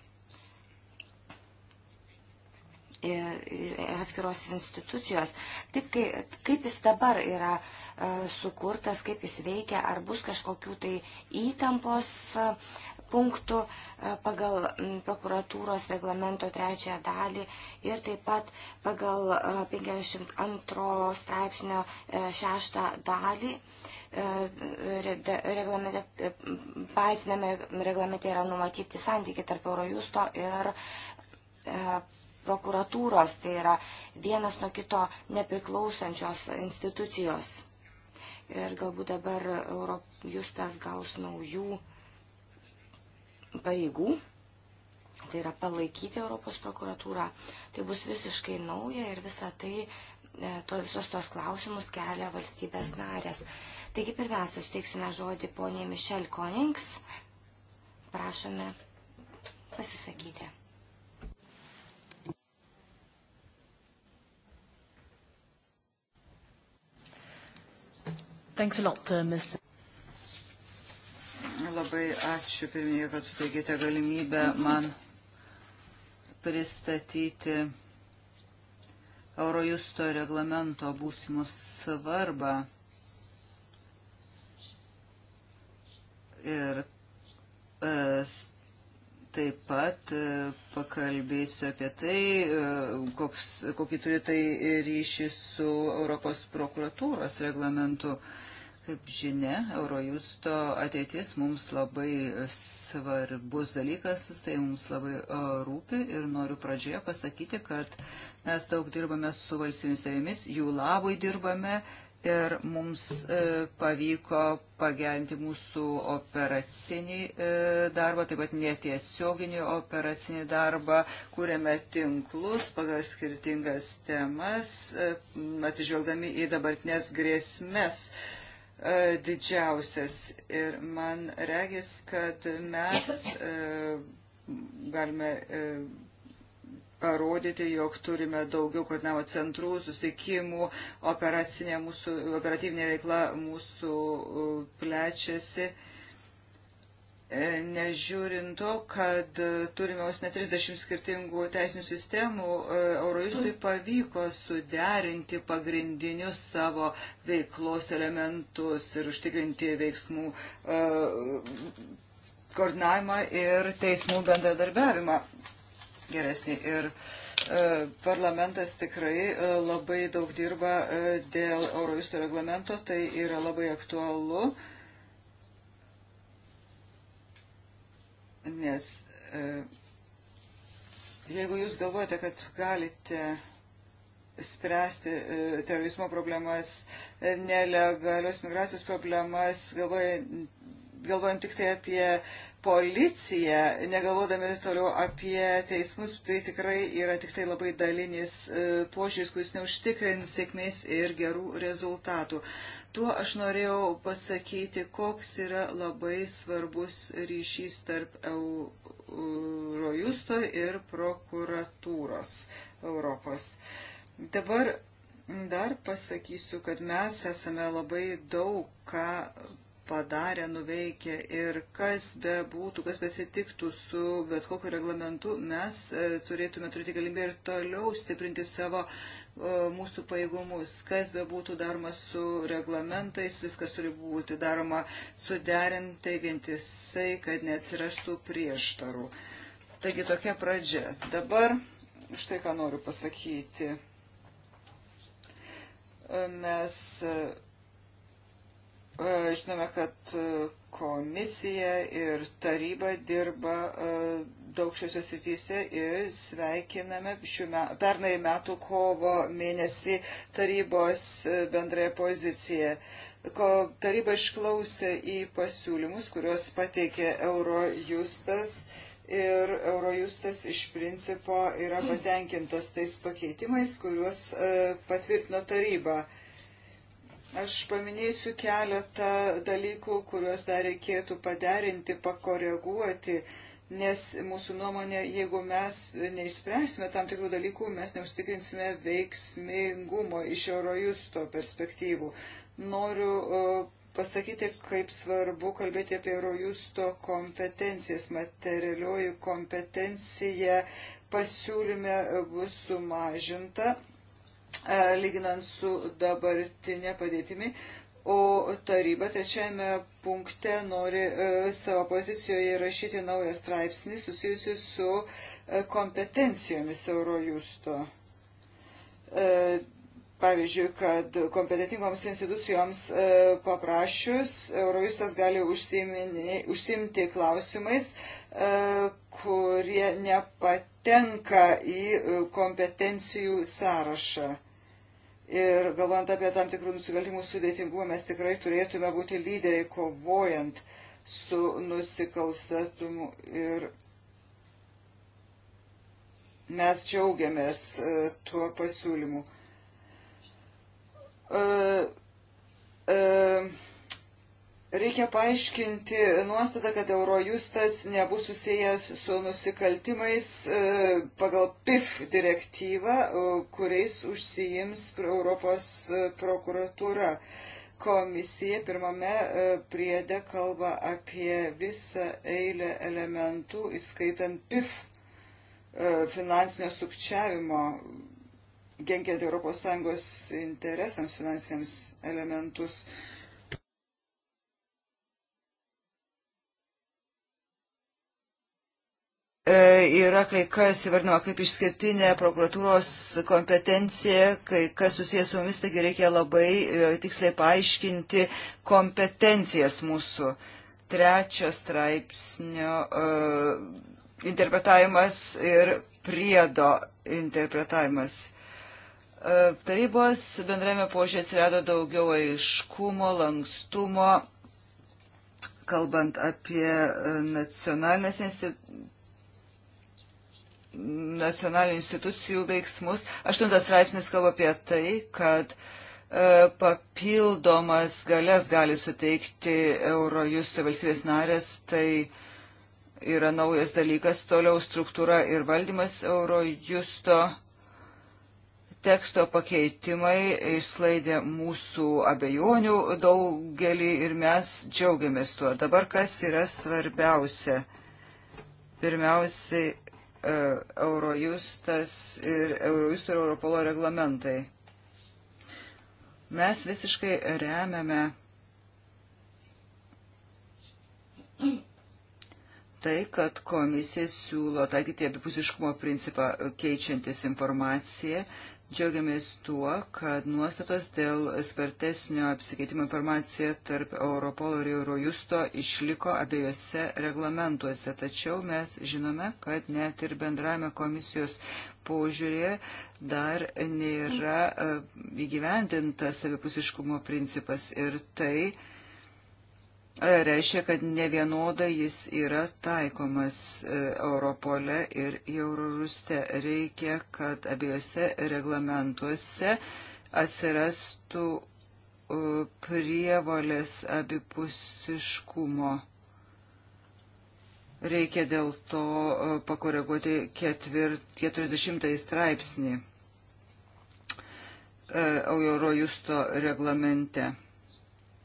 atskiros institucijos. Taip, kaip, kaip jis dabar yra e, sukurtas, kaip jis veikia, ar bus kažkokių tai įtampos e, punktų e, pagal prokuratūros reglamento trečiąją dalį ir taip pat pagal 52 straipsnio šeštą dalį. Reglamente, baicinėme reglamente yra numatyti santykiai tarp Eurojusto ir prokuratūros, tai yra vienas nuo kito nepriklausančios institucijos. Ir galbūt dabar Eurojustas gaus naujų pareigų, tai yra palaikyti Europos prokuratūrą. Tai bus visiškai nauja ir visa tai, e, to, visos tos klausimus kelia valstybės narės. Taigi pirmiausia, suteiksime žodį poniai Michelle Konings. Prašome pasisakyti. Thanks a lot, uh, Ms. Labai ačiū pirmininkė, kad suteikėte galimybę man pristatyti Eurojusto reglamento būsimus svarbą ir e, taip pat e, pakalbėsiu apie tai, e, koks, kokį turi tai ryšį su Europos prokuratūros reglamentu. E, Kaip žinia, Eurojusto ateitis mums labai svarbus dalykas, vis tai mums labai e, rūpi ir noriu pradžioje pasakyti, kad mes daug dirbame su valstybėmis narėmis, jų labui dirbame ir mums e, pavyko pagerinti mūsų operacinį e, darbą, taip pat netiesioginį operacinį darbą, kūrėme tinklus pagal skirtingas temas, e, atsižvelgdami į dabartinės grėsmės. E, E, didžiausias. Ir man regis, kad mes e, galime e, parodyti, jog turime daugiau koordinavo centrų, susikimų, operacinė mūsų, operatyvinė veikla mūsų plečiasi E, nežiūrint to, kad turime vos ne 30 skirtingų teisinių sistemų, e, Euroistui pavyko suderinti pagrindinius savo veiklos elementus ir užtikrinti veiksmų e, koordinavimą ir teismų bendradarbiavimą geresnį. Ir parlamentas tikrai labai daug dirba dėl Euroisto reglamento, tai yra labai aktualu nes e, jeigu jūs galvojate, kad galite spręsti e, terorizmo problemas, e, nelegalios migracijos problemas, galvojant, galvojant tik tai apie policiją, negalvodami toliau apie teismus, tai tikrai yra tik tai labai dalinis požiūris, kuris neužtikrins sėkmės ir gerų rezultatų. Tuo aš norėjau pasakyti, koks yra labai svarbus ryšys tarp Eurojusto ir prokuratūros Europos. Dabar dar pasakysiu, kad mes esame labai daug ką padarę, nuveikę ir kas be būtų, kas pasitiktų su bet kokiu reglamentu, mes e, turėtume turėti galimybę ir toliau stiprinti savo E, mūsų paėgumus, kas be būtų daroma su reglamentais, viskas turi būti daroma suderintai, vientisai, kad neatsirastų prieštarų. Taigi tokia pradžia. Dabar štai ką noriu pasakyti. E, mes Žinome, kad e, komisija ir taryba dirba e, daug šiuose srityse ir sveikiname me, pernai metų kovo mėnesį tarybos e, bendrąją poziciją. Ko taryba išklausė į pasiūlymus, kuriuos pateikė Eurojustas ir Eurojustas iš principo yra patenkintas tais pakeitimais, kuriuos patvirtino taryba. Aš paminėsiu keletą dalykų, kuriuos dar reikėtų paderinti, pakoreguoti, nes mūsų nuomonė, jeigu mes neišspręsime tam tikrų dalykų, mes neustikrinsime veiksmingumo iš Eurojusto perspektyvų. Noriu pasakyti, kaip svarbu kalbėti apie Eurojusto kompetencijas. Materialioji kompetencija pasiūlyme e, bus sumažinta E, lyginant su dabartinė padėtimi. O taryba trečiajame punkte nori e, savo pozicijoje rašyti naują straipsnį susijusi su e, kompetencijomis Eurojusto. Pavyzdžiui, kad kompetitingoms institucijoms paprašius, Eurojustas gali užsimini, užsimti klausimais E, kurie nepatenka į e, kompetencijų sąrašą. Ir galvant apie tam tikrų nusikaltimų sudėtingumą, mes tikrai turėtume būti lyderiai kovojant su nusikalstatumu. Ir mes džiaugiamės e, tuo pasiūlymu. Uh, uh, Reikia paaiškinti nuostatą, kad Eurojustas nebus susijęs su nusikaltimais e, pagal PIF direktyvą, e, kuriais užsijims Europos e, prokuratūra. Komisija pirmame priede kalba apie visą eilę elementų, įskaitant PIF finansinio sukčiavimo, genkiant ES interesams finansiniams elementus. E, yra kai kas įvardinama kaip išskirtinė prokuratūros kompetencija, kai kas susijęs su mumis, taigi reikia labai e, tiksliai paaiškinti kompetencijas mūsų. Trečio straipsnio uh, interpretavimas ir priedo interpretavimas. Uh, tarybos bendrame požiūrė atsirado daugiau aiškumo, lankstumo, kalbant apie nacionalinės institucijas nacionalinių institucijų veiksmus. Aštuntas straipsnis kalba apie tai, kad e, papildomas galės gali suteikti Eurojusto valstybės narės, tai yra naujas dalykas, toliau struktūra ir valdymas Eurojusto teksto pakeitimai išsklaidė mūsų abejonių daugelį ir mes džiaugiamės tuo. Dabar kas yra svarbiausia? Pirmiausiai E, Eurojustas ir Eurojustų ir Europolo reglamentai. Mes visiškai remiame tai, kad komisija siūlo taikyti abipusiškumo principą keičiantis informaciją Džiaugiamės tuo, kad nuostatos dėl spartesnio apsikeitimo informacija tarp Europolo ir Eurojusto išliko abiejose reglamentuose. Tačiau mes žinome, kad net ir bendrame komisijos požiūrė dar nėra e, įgyvendintas abipusiškumo principas ir tai reiškia, kad ne vienodai jis yra taikomas e, Europole ir Euroruste. Reikia, kad abiejose reglamentuose atsirastų e, prievolės abipusiškumo. Reikia dėl to e, pakoreguoti 40 straipsnį Eurojusto reglamente.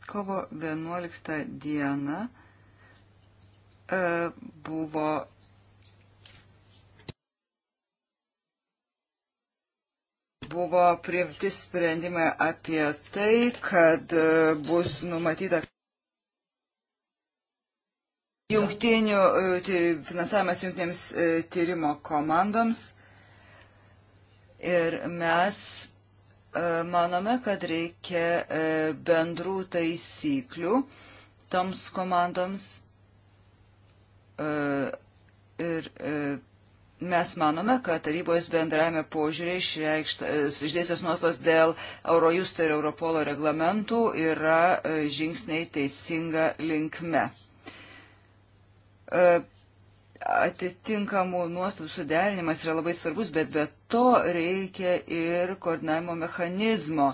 Kovo 11 dieną e, buvo buvo priimti sprendimai apie tai, kad e, bus numatyta jungtinių, e, finansavimas jungtinėms tyrimo komandoms. Ir mes E, manome, kad reikia e, bendrų taisyklių toms komandoms e, ir mes manome, kad tarybos bendrajame požiūrė išdėsios nuostos dėl Eurojusto ir Europolo reglamentų yra žingsniai teisinga linkme atitinkamų nuostatų suderinimas yra labai svarbus, bet be to reikia ir koordinavimo mechanizmo,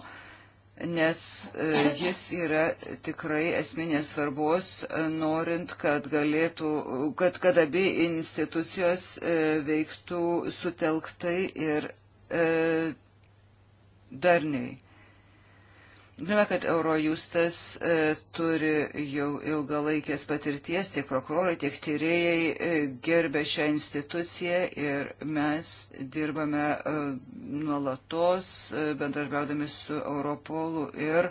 nes e, jis yra tikrai esminės svarbos, e, norint, kad, galėtų, kad, kad abi institucijos e, veiktų sutelktai ir darniai. Žinome, kad Eurojustas e, turi jau ilgalaikės patirties, tiek prokurorai, tiek tyrėjai e, gerbė šią instituciją ir mes dirbame e, nuolatos, e, bendarbiaudami su Europolu ir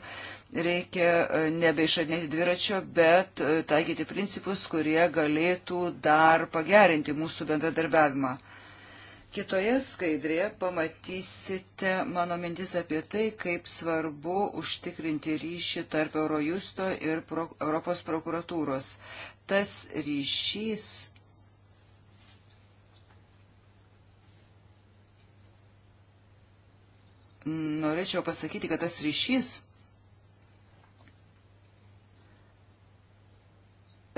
reikia e, nebeišradinėti dviračio, bet e, taikyti principus, kurie galėtų dar pagerinti mūsų bendradarbiavimą. E, Kitoje skaidrėje pamatysite mano mintis apie tai, kaip svarbu užtikrinti ryšį tarp Eurojusto ir pro, Europos prokuratūros. Tas ryšys norėčiau pasakyti, kad tas ryšys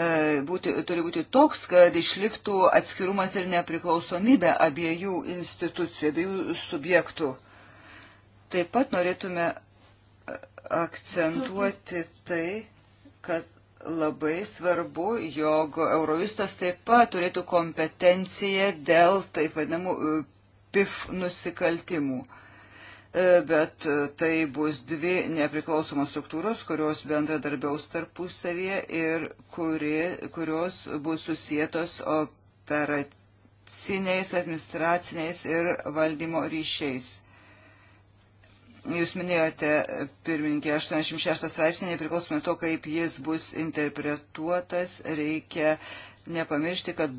E, būti, turi būti toks, kad išliktų atskirumas ir nepriklausomybė abiejų institucijų, abiejų subjektų. Taip pat norėtume e, akcentuoti tai, kad labai svarbu, jog Eurojustas taip pat turėtų kompetenciją dėl taip vadinamų e, PIF nusikaltimų. Uh, E, bet e, tai bus dvi nepriklausomos struktūros, kurios bendradarbiaus tarpusavyje ir kuri, kurios bus susijėtos operaciniais, administraciniais ir valdymo ryšiais. Jūs minėjote, pirmininkė, 86 straipsnį, nepriklausomai to, kaip jis bus interpretuotas, reikia nepamiršti, kad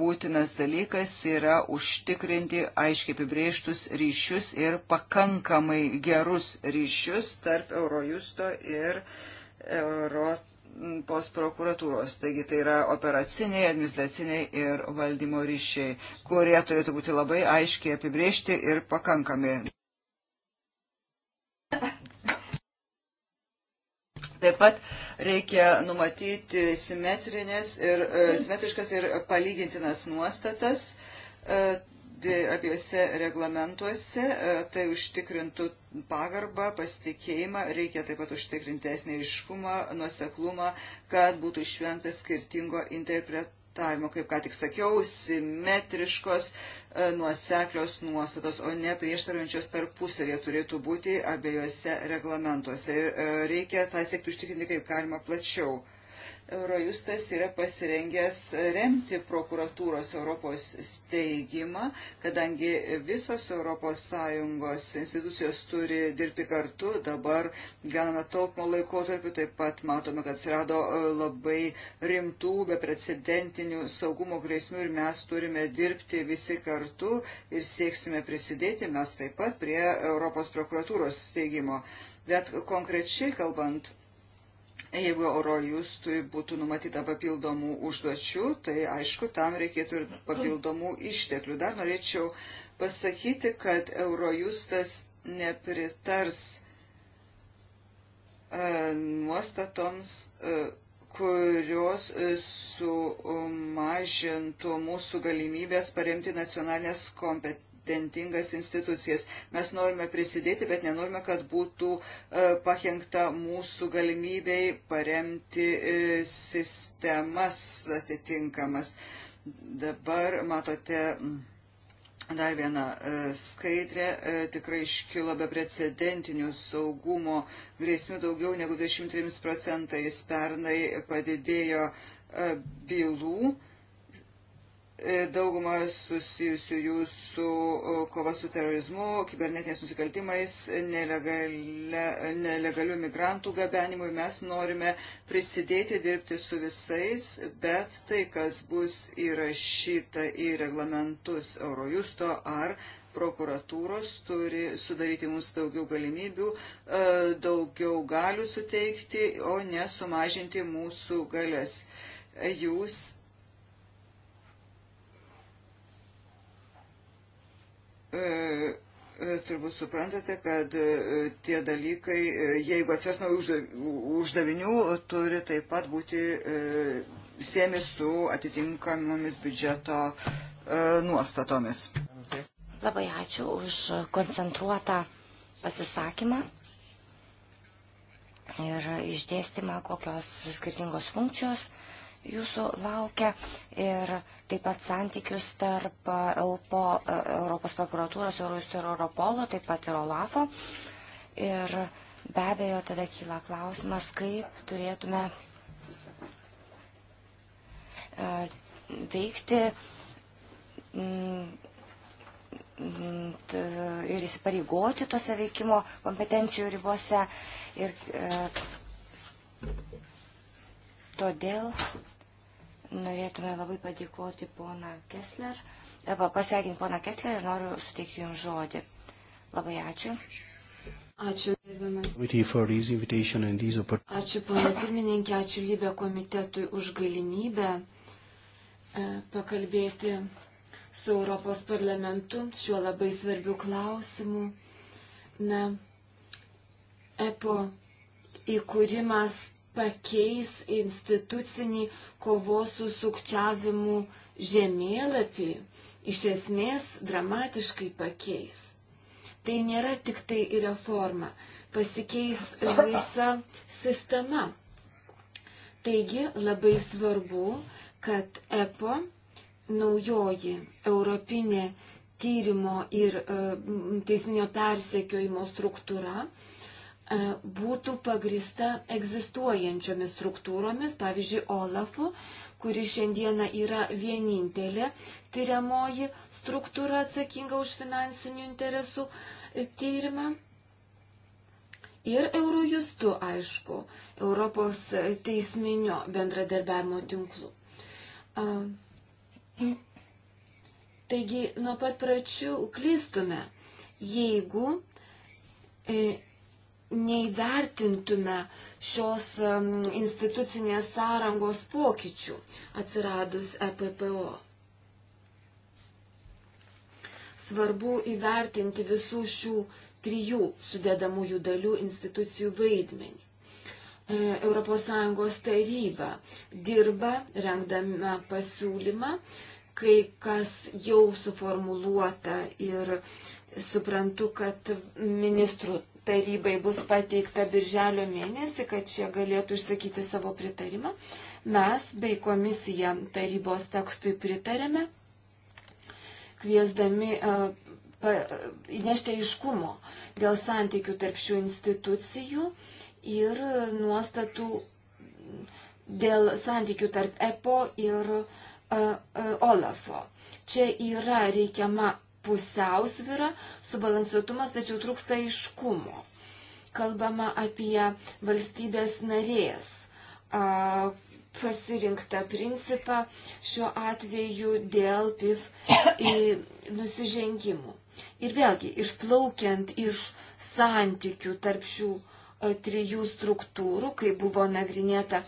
būtinas dalykas yra užtikrinti aiškiai apibrėžtus ryšius ir pakankamai gerus ryšius tarp Eurojusto ir Europos prokuratūros. Taigi tai yra operaciniai, administraciniai ir valdymo ryšiai, kurie turėtų būti labai aiškiai apibrėžti ir pakankami. Taip pat reikia numatyti simetrinės ir e, simetriškas ir palygintinas nuostatas e, abiejose reglamentuose, e, tai užtikrintų pagarbą, pasitikėjimą, reikia taip pat užtikrinti esneiškumą, nuoseklumą, kad būtų išvengta skirtingo interpretuojimo traktavimo, kaip ką tik sakiau, simetriškos e, nuoseklios nuostatos, o ne prieštarančios tarpusavėje turėtų būti abiejose reglamentuose. Ir e, reikia tą siekti užtikrinti kaip galima plačiau. Eurojustas yra pasirengęs remti prokuratūros Europos steigimą, kadangi visos ES institucijos turi dirbti kartu. Dabar gyvename taupimo laikotarpiu, taip pat matome, kad atsirado e, labai rimtų, beprecedentinių saugumo grėsmių ir mes turime dirbti visi kartu ir sieksime prisidėti mes taip pat prie Europos prokuratūros steigimo. Bet konkrečiai kalbant, Jeigu Eurojustui būtų numatyta papildomų užduočių, tai aišku, tam reikėtų ir papildomų išteklių. Dar norėčiau pasakyti, kad Eurojustas nepritars e, nuostatoms, e, kurios e, sumažintų mūsų galimybės paremti nacionalinės kompet, kompetentingas institucijas. Mes norime prisidėti, bet nenorime, kad būtų e, pakengta mūsų galimybei paremti e, sistemas atitinkamas. Dabar matote. Dar viena e, skaidrė, tikrai iškilo be precedentinių saugumo grėsmių daugiau negu 23 procentais pernai padidėjo bylų E, daugumą susijusių jūsų e, kova su terorizmu, kibernetiniais nusikaltimais, nelegalių migrantų gabenimui. Mes norime prisidėti dirbti su visais, bet tai, kas bus įrašyta į reglamentus Eurojusto ar prokuratūros turi sudaryti mums daugiau galimybių, e, daugiau galių suteikti, o ne sumažinti mūsų galės. Jūs E, e, turbūt suprantate, kad e, tie dalykai, jeigu atsiras naujų uždavinių, turi taip pat būti siemi su atitinkamomis biudžeto nuostatomis. Labai ačiū už koncentruotą pasisakymą ir išdėstymą, kokios skirtingos funkcijos jūsų laukia ir taip pat santykius tarp EUPO, e, Europos prokuratūros, Eurojusto ir Europolo, taip pat ir OLAFO. Ir be abejo, tada kyla klausimas, kaip turėtume e, veikti mm, ir įsipareigoti tose veikimo kompetencijų ribose. Ir, e, Todėl Norėtume labai padėkoti poną Kessler, e, pasveikinti poną Kessler ir noriu suteikti jums žodį. Labai ačiū. Ačiū, gerbiamas. Ačiū, ponė pirmininkė, ačiū Lybė komitetui už galimybę e, pakalbėti su Europos parlamentu šiuo labai svarbiu klausimu. Na, EPO įkūrimas pakeis institucinį kovos su sukčiavimu žemėlapį, iš esmės dramatiškai pakeis. Tai nėra tik tai reforma, pasikeis visa sistema. Taigi labai svarbu, kad EPO naujoji Europinė tyrimo ir e, teisminio persekiojimo struktūra E, būtų pagrista egzistuojančiomis struktūromis, pavyzdžiui, Olafu, kuri šiandieną yra vienintelė tyriamoji struktūra atsakinga už finansinių interesų tyrimą. Ir Eurojustu, aišku, Europos teisminio bendradarbiavimo tinklų. E, taigi nuo pat pradžių klystume, jeigu e, neįvertintume šios institucinės sąrangos pokyčių atsiradus EPPO. Svarbu įvertinti visų šių trijų sudėdamųjų dalių institucijų vaidmenį. ES taryba dirba rengdama pasiūlymą, kai kas jau suformuluota ir suprantu, kad ministrų tarybai bus pateikta birželio mėnesį, kad šie galėtų išsakyti savo pritarimą. Mes bei komisija tarybos tekstui pritarėme, kviesdami e, įnešti aiškumo dėl santykių tarp šių institucijų ir nuostatų dėl santykių tarp EPO ir uh, uh, Olafo. Čia yra reikiama pusiausvyra, subalansuotumas, tačiau trūksta iškumo. Kalbama apie valstybės narės a, pasirinktą principą šiuo atveju dėl PIF nusižengimų. Ir vėlgi, išplaukiant iš santykių tarp šių a, trijų struktūrų, kai buvo nagrinėta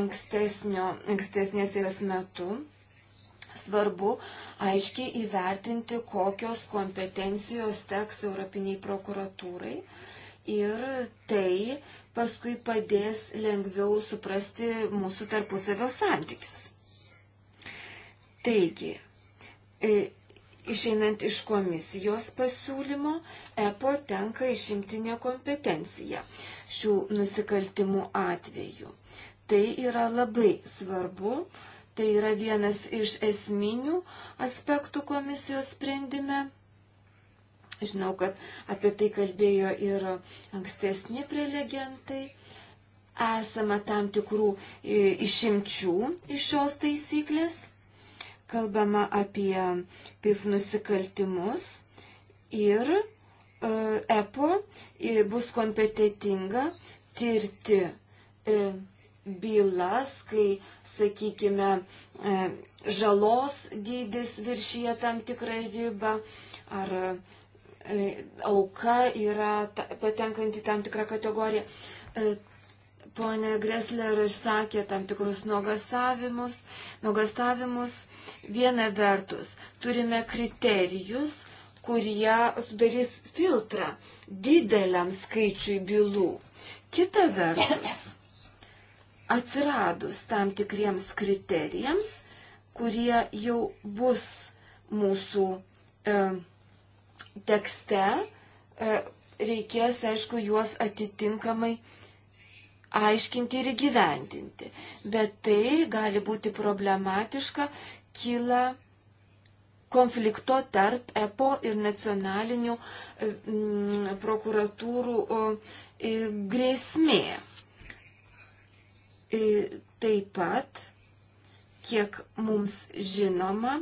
ankstesnėse metu, svarbu aiškiai įvertinti, kokios kompetencijos teks Europiniai prokuratūrai. Ir tai paskui padės lengviau suprasti mūsų tarpusavio santykius. Taigi, e, išeinant iš komisijos pasiūlymo, EPO tenka išimtinė kompetencija šių nusikaltimų atveju. Tai yra labai svarbu, Tai yra vienas iš esminių aspektų komisijos sprendime. Žinau, kad apie tai kalbėjo ir ankstesni prelegentai. Esama tam tikrų e, išimčių iš šios taisyklės. Kalbama apie PIF nusikaltimus ir e, EPO e, bus kompetitinga tirti bylas, kai, sakykime, e, žalos dydis viršyje tam tikrą ribą ar e, auka yra patenkanti tam tikrą kategoriją. E, Pone Gresler išsakė tam tikrus nuogastavimus. nuogastavimus. Viena vertus, turime kriterijus, kurie sudarys filtrą dideliam skaičiui bylų. Kita vertus, atsiradus tam tikriems kriterijams, kurie jau bus mūsų e, tekste, e, reikės, aišku, juos atitinkamai aiškinti ir įgyvendinti. Bet tai gali būti problematiška, kyla konflikto tarp EPO ir nacionalinių e, prokuratūrų grėsmė. E, taip pat, kiek mums žinoma,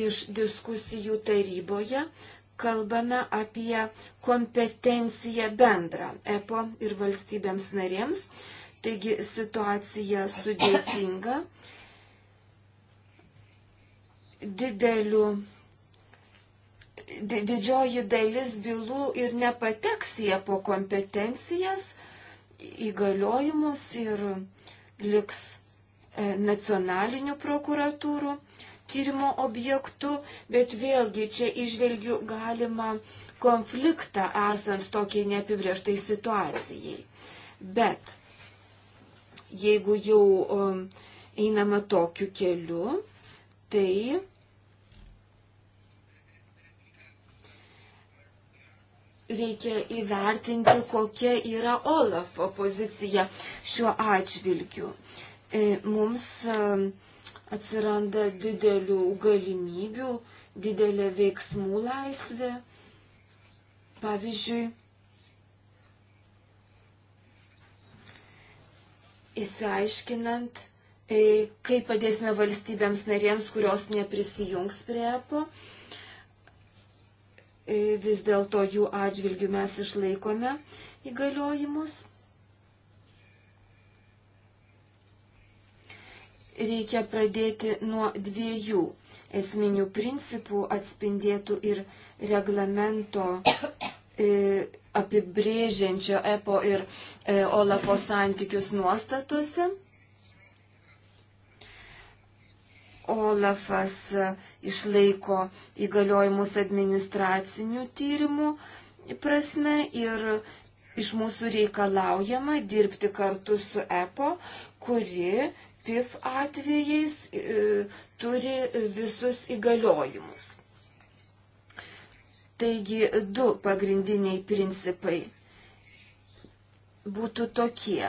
iš diskusijų taryboje kalbame apie kompetenciją bendrą EPO ir valstybėms narėms. Taigi situacija sudėtinga. Dideliu, di, didžioji dalis bylų ir nepateks į EPO kompetencijas, įgaliojimus ir liks e, nacionalinių prokuratūrų tyrimo objektu, bet vėlgi čia išvelgiu galimą konfliktą esant tokiai neapibrieštai situacijai. Bet jeigu jau um, einama tokiu keliu, tai reikia įvertinti, kokia yra Olafo pozicija šiuo atžvilgiu. E, mums e, atsiranda didelių galimybių, didelė veiksmų laisvė. Pavyzdžiui, įsiaiškinant, e, kaip padėsime valstybėms narėms, kurios neprisijungs prie EPO. E, vis dėlto jų atžvilgių mes išlaikome įgaliojimus. Reikia pradėti nuo dviejų esminių principų atspindėtų ir reglamento e, apibrėžiančio EPO ir e, OLAFO santykius nuostatose. Olafas e, išlaiko įgaliojimus administracinių tyrimų prasme ir iš mūsų reikalaujama dirbti kartu su EPO, kuri PIF atvejais e, turi visus įgaliojimus. Taigi du pagrindiniai principai būtų tokie.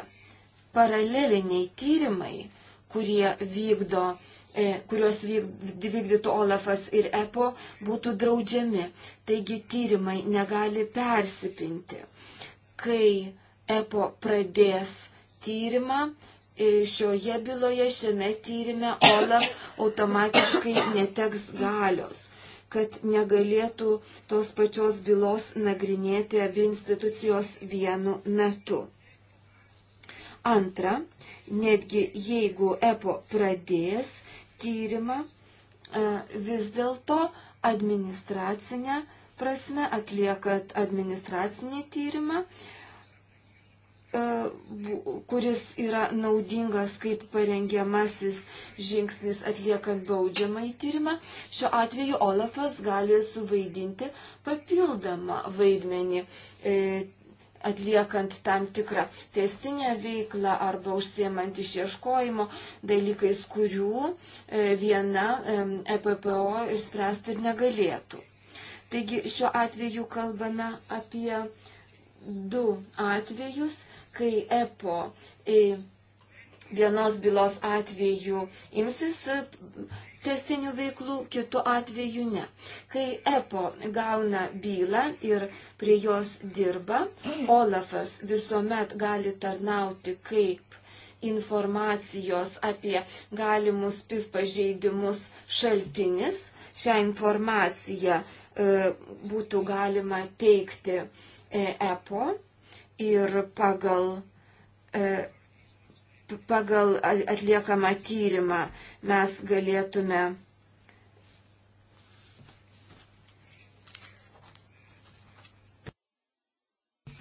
Paraleliniai tyrimai, kurie vykdo E, kuriuos vykdytų Olafas ir EPO, būtų draudžiami. Taigi tyrimai negali persipinti. Kai EPO pradės tyrimą, e, šioje byloje, šiame tyrime Olaf automatiškai neteks galios kad negalėtų tos pačios bylos nagrinėti abi institucijos vienu metu. Antra, netgi jeigu EPO pradės tyrimą e, vis dėlto administracinę prasme, atliekat administracinį tyrimą, e, kuris yra naudingas kaip parengiamasis žingsnis atliekant baudžiamąjį tyrimą. Šiuo atveju Olafas gali suvaidinti papildomą vaidmenį e, atliekant tam tikrą testinę veiklą arba užsiemant išieškojimo dalykais, kurių e, viena EPPO e išspręsti ir negalėtų. Taigi šiuo atveju kalbame apie du atvejus, kai EPO vienos bylos atveju imsis testinių veiklų, kitu atveju ne. Kai EPO gauna bylą ir prie jos dirba, Olafas visuomet gali tarnauti kaip informacijos apie galimus PIF pažeidimus šaltinis. Šią informaciją e, būtų galima teikti e, EPO ir pagal e, pagal atliekamą tyrimą mes galėtume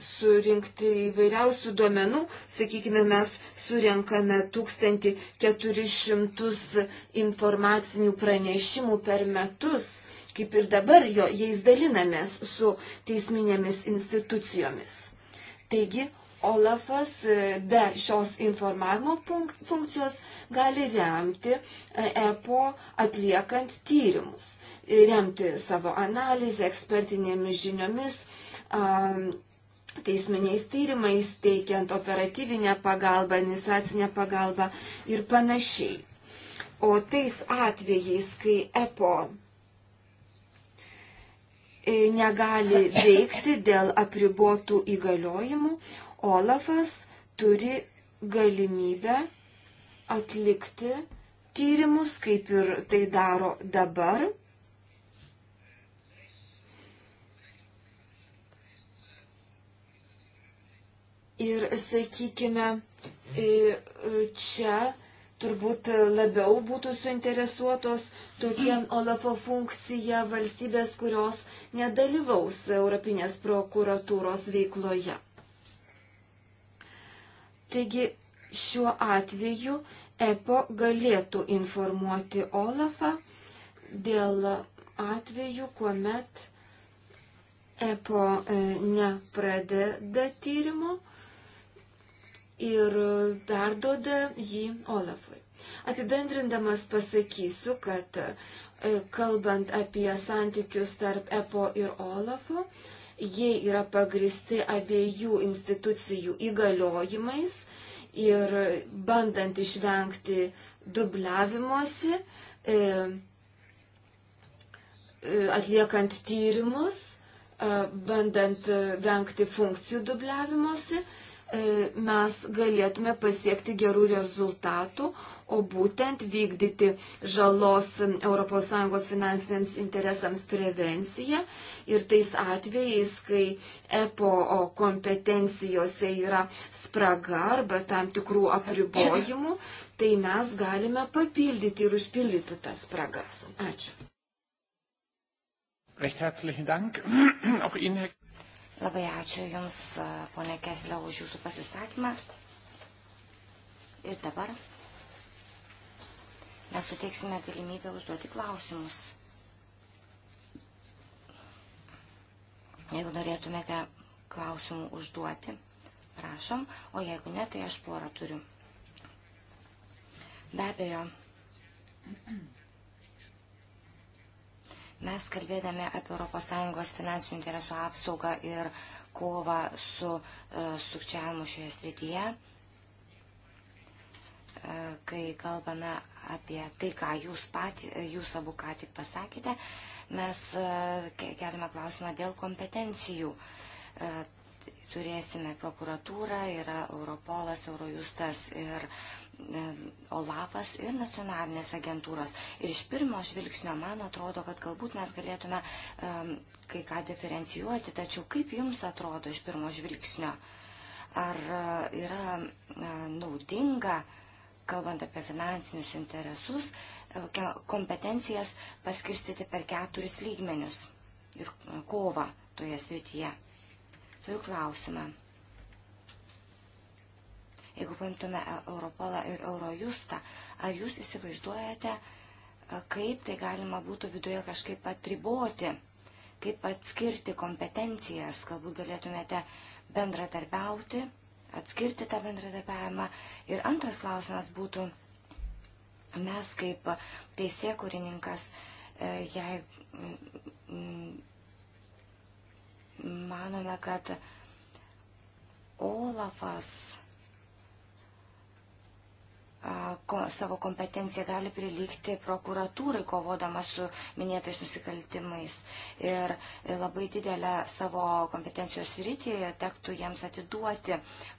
surinkti įvairiausių duomenų. Sakykime, mes surenkame 1400 informacinių pranešimų per metus, kaip ir dabar jo, jais dalinamės su teisminėmis institucijomis. Taigi, Olafas e, be šios informavimo funkcijos gali remti EPO e atliekant tyrimus, e, remti savo analizę, ekspertinėmis žiniomis, teisminiais tyrimais, teikiant operatyvinę pagalbą, administracinę pagalbą ir panašiai. O tais atvejais, kai EPO negali veikti dėl apribotų įgaliojimų, Olafas turi galimybę atlikti tyrimus, kaip ir tai daro dabar. Ir, sakykime, e, čia turbūt labiau būtų suinteresuotos tokia Olafo funkcija valstybės, kurios nedalyvaus Europinės prokuratūros veikloje. Taigi šiuo atveju EPO galėtų informuoti Olafą dėl atvejų, kuomet EPO e, nepradeda tyrimo ir perdoda jį Olafui. Apibendrindamas pasakysiu, kad e, kalbant apie santykius tarp EPO ir Olafo, jie yra pagristi abiejų institucijų įgaliojimais ir bandant išvengti dubliavimuose, e, e, atliekant tyrimus, e, bandant vengti funkcijų dubliavimuose E, mes galėtume pasiekti gerų rezultatų, o būtent vykdyti žalos ES finansiniams interesams prevenciją ir tais atvejais, kai EPO kompetencijose yra spraga arba tam tikrų apribojimų, tai mes galime papildyti ir užpildyti tas spragas. Ačiū. Recht herzlichen Dank. Auch Ihnen, Herr Labai ačiū Jums, ponė Keslė, už Jūsų pasisakymą. Ir dabar mes suteiksime galimybę užduoti klausimus. Jeigu norėtumėte klausimų užduoti, prašom, o jeigu ne, tai aš porą turiu. Be abejo, Mes kalbėdami apie ES finansinių interesų apsaugą ir kovą su uh, sukčiavimu šioje srityje, uh, kai kalbame apie tai, ką jūs, pati, e, jūs abu ką tik pasakėte, mes uh, keliame klausimą dėl kompetencijų. Uh, turėsime prokuratūrą, yra Europolas, Eurojustas ir uh, E, OLAFas ir nacionalinės agentūros. Ir iš pirmo žvilgsnio man atrodo, kad galbūt mes galėtume e, kai ką diferencijuoti, tačiau kaip jums atrodo iš pirmo žvilgsnio? Ar e, yra naudinga, kalbant apie finansinius interesus, kompetencijas paskirstyti per keturis lygmenius ir kovą toje srityje? Turiu klausimą. Jeigu paimtume e- Europolą ir Eurojustą, ar jūs įsivaizduojate, e, kaip tai galima būtų viduje kažkaip atriboti, kaip atskirti kompetencijas, galbūt galėtumėte bendradarbiauti, atskirti tą bendradarbiavimą. Ir antras klausimas būtų, mes kaip teisėkurininkas, e, jei manome, kad Olafas ko, savo kompetenciją gali prilygti prokuratūrai, kovodama su minėtais nusikaltimais. Ir e, labai didelę savo kompetencijos rytį tektų jiems atiduoti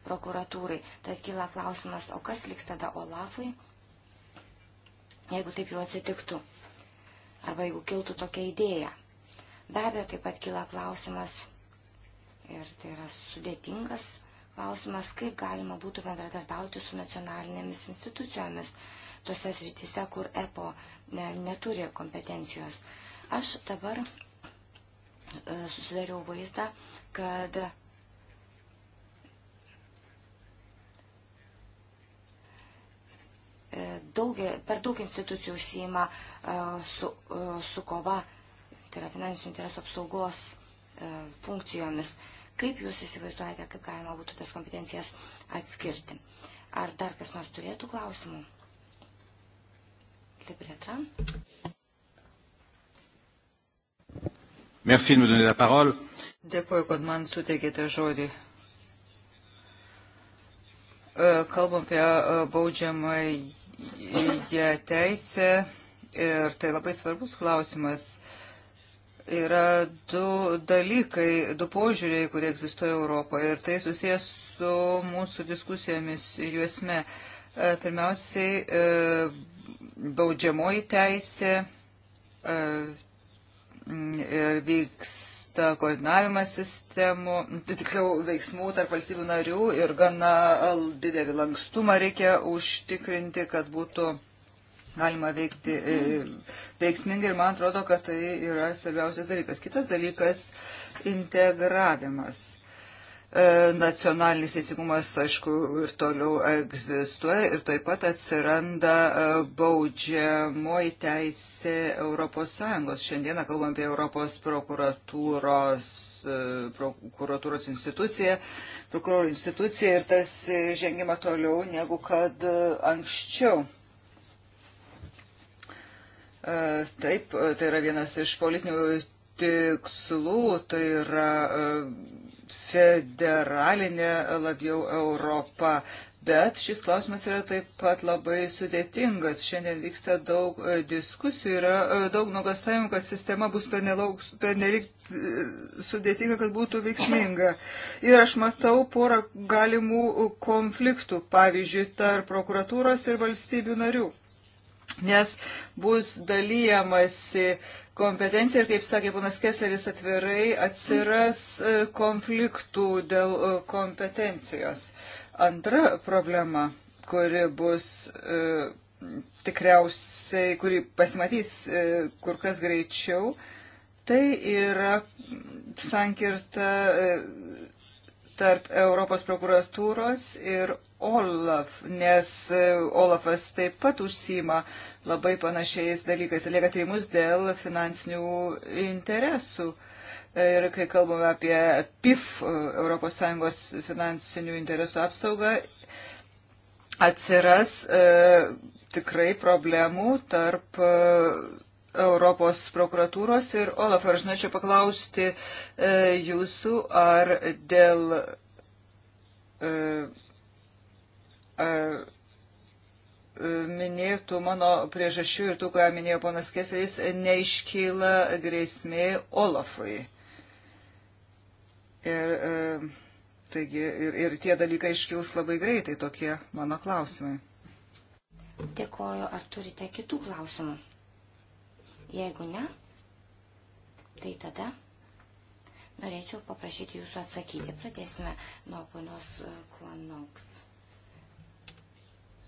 prokuratūrai. Tad kyla klausimas, o kas liks tada Olafui, jeigu taip jau atsitiktų? Arba jeigu kiltų tokia idėja. Be abejo, taip pat kyla klausimas, ir tai yra sudėtingas klausimas, kaip galima būtų bendradarbiauti su nacionalinėmis institucijomis tose srityse, kur EPO ne, neturi kompetencijos. Aš dabar e, susidariau vaizdą, kad e, daug, per daug institucijų užsijima e, su, su kova, tai yra finansinių interesų apsaugos funkcijomis. Kaip jūs įsivaizduojate, kaip galima būtų tas kompetencijas atskirti? Ar dar kas nors turėtų klausimų? Libretra. Merci de me donner la parole. Dėkuoju, kad man suteikėte žodį. E, Kalbam apie e, baudžiamąją teisę ir tai labai svarbus klausimas yra du dalykai, du požiūriai, kurie egzistuoja Europoje ir tai susijęs su mūsų diskusijomis juosme. E, pirmiausiai, e, baudžiamoji teisė e, ir vyksta koordinavimas sistemų, tiksliau veiksmų tarp valstybių narių ir gana didelį lankstumą reikia užtikrinti, kad būtų galima veikti e, veiksmingai ir man atrodo, kad tai yra svarbiausias dalykas. Kitas dalykas - integravimas. E, nacionalinis teisingumas, aišku, ir toliau egzistuoja ir taip pat atsiranda e, baudžiamoji teisė Europos Sąjungos. Šiandieną kalbam apie Europos prokuratūros e, prokuratūros institucija, prokurorų institucija ir tas žengima toliau negu kad e, anksčiau. E, taip, e, tai yra vienas iš politinių tikslų, tai yra e, federalinė labiau Europa. Bet šis klausimas yra taip pat labai sudėtingas. Šiandien vyksta daug diskusijų, yra daug nuogastavimų, kad sistema bus pernelik sudėtinga, kad būtų veiksminga. Ir aš matau porą galimų konfliktų, pavyzdžiui, tarp prokuratūros ir valstybių narių nes bus dalyjamasi kompetencija ir, kaip sakė ponas Kesleris, atvirai atsiras e, konfliktų dėl e, kompetencijos. Antra problema, kuri bus e, tikriausiai, kuri pasimatys kur kas greičiau, tai yra sankirta tarp Europos prokuratūros ir Olaf, nes e, Olafas taip pat užsima labai panašiais dalykais, lieka tyrimus dėl finansinių interesų. E, ir kai kalbame apie PIF, ES finansinių interesų apsaugą, atsiras e, tikrai problemų tarp e, Europos prokuratūros ir Olaf. Ar aš norėčiau paklausti e, jūsų, ar dėl. E, minėtų mano priežasčių ir tų, ką minėjo ponas Keseris, neiškyla grėsmė Olafui. Ir, taigi, ir, ir tie dalykai iškils labai greitai, tokie mano klausimai. Dėkoju, ar turite kitų klausimų? Jeigu ne, tai tada norėčiau paprašyti jūsų atsakyti. Pradėsime nuo ponios e, Klanoks.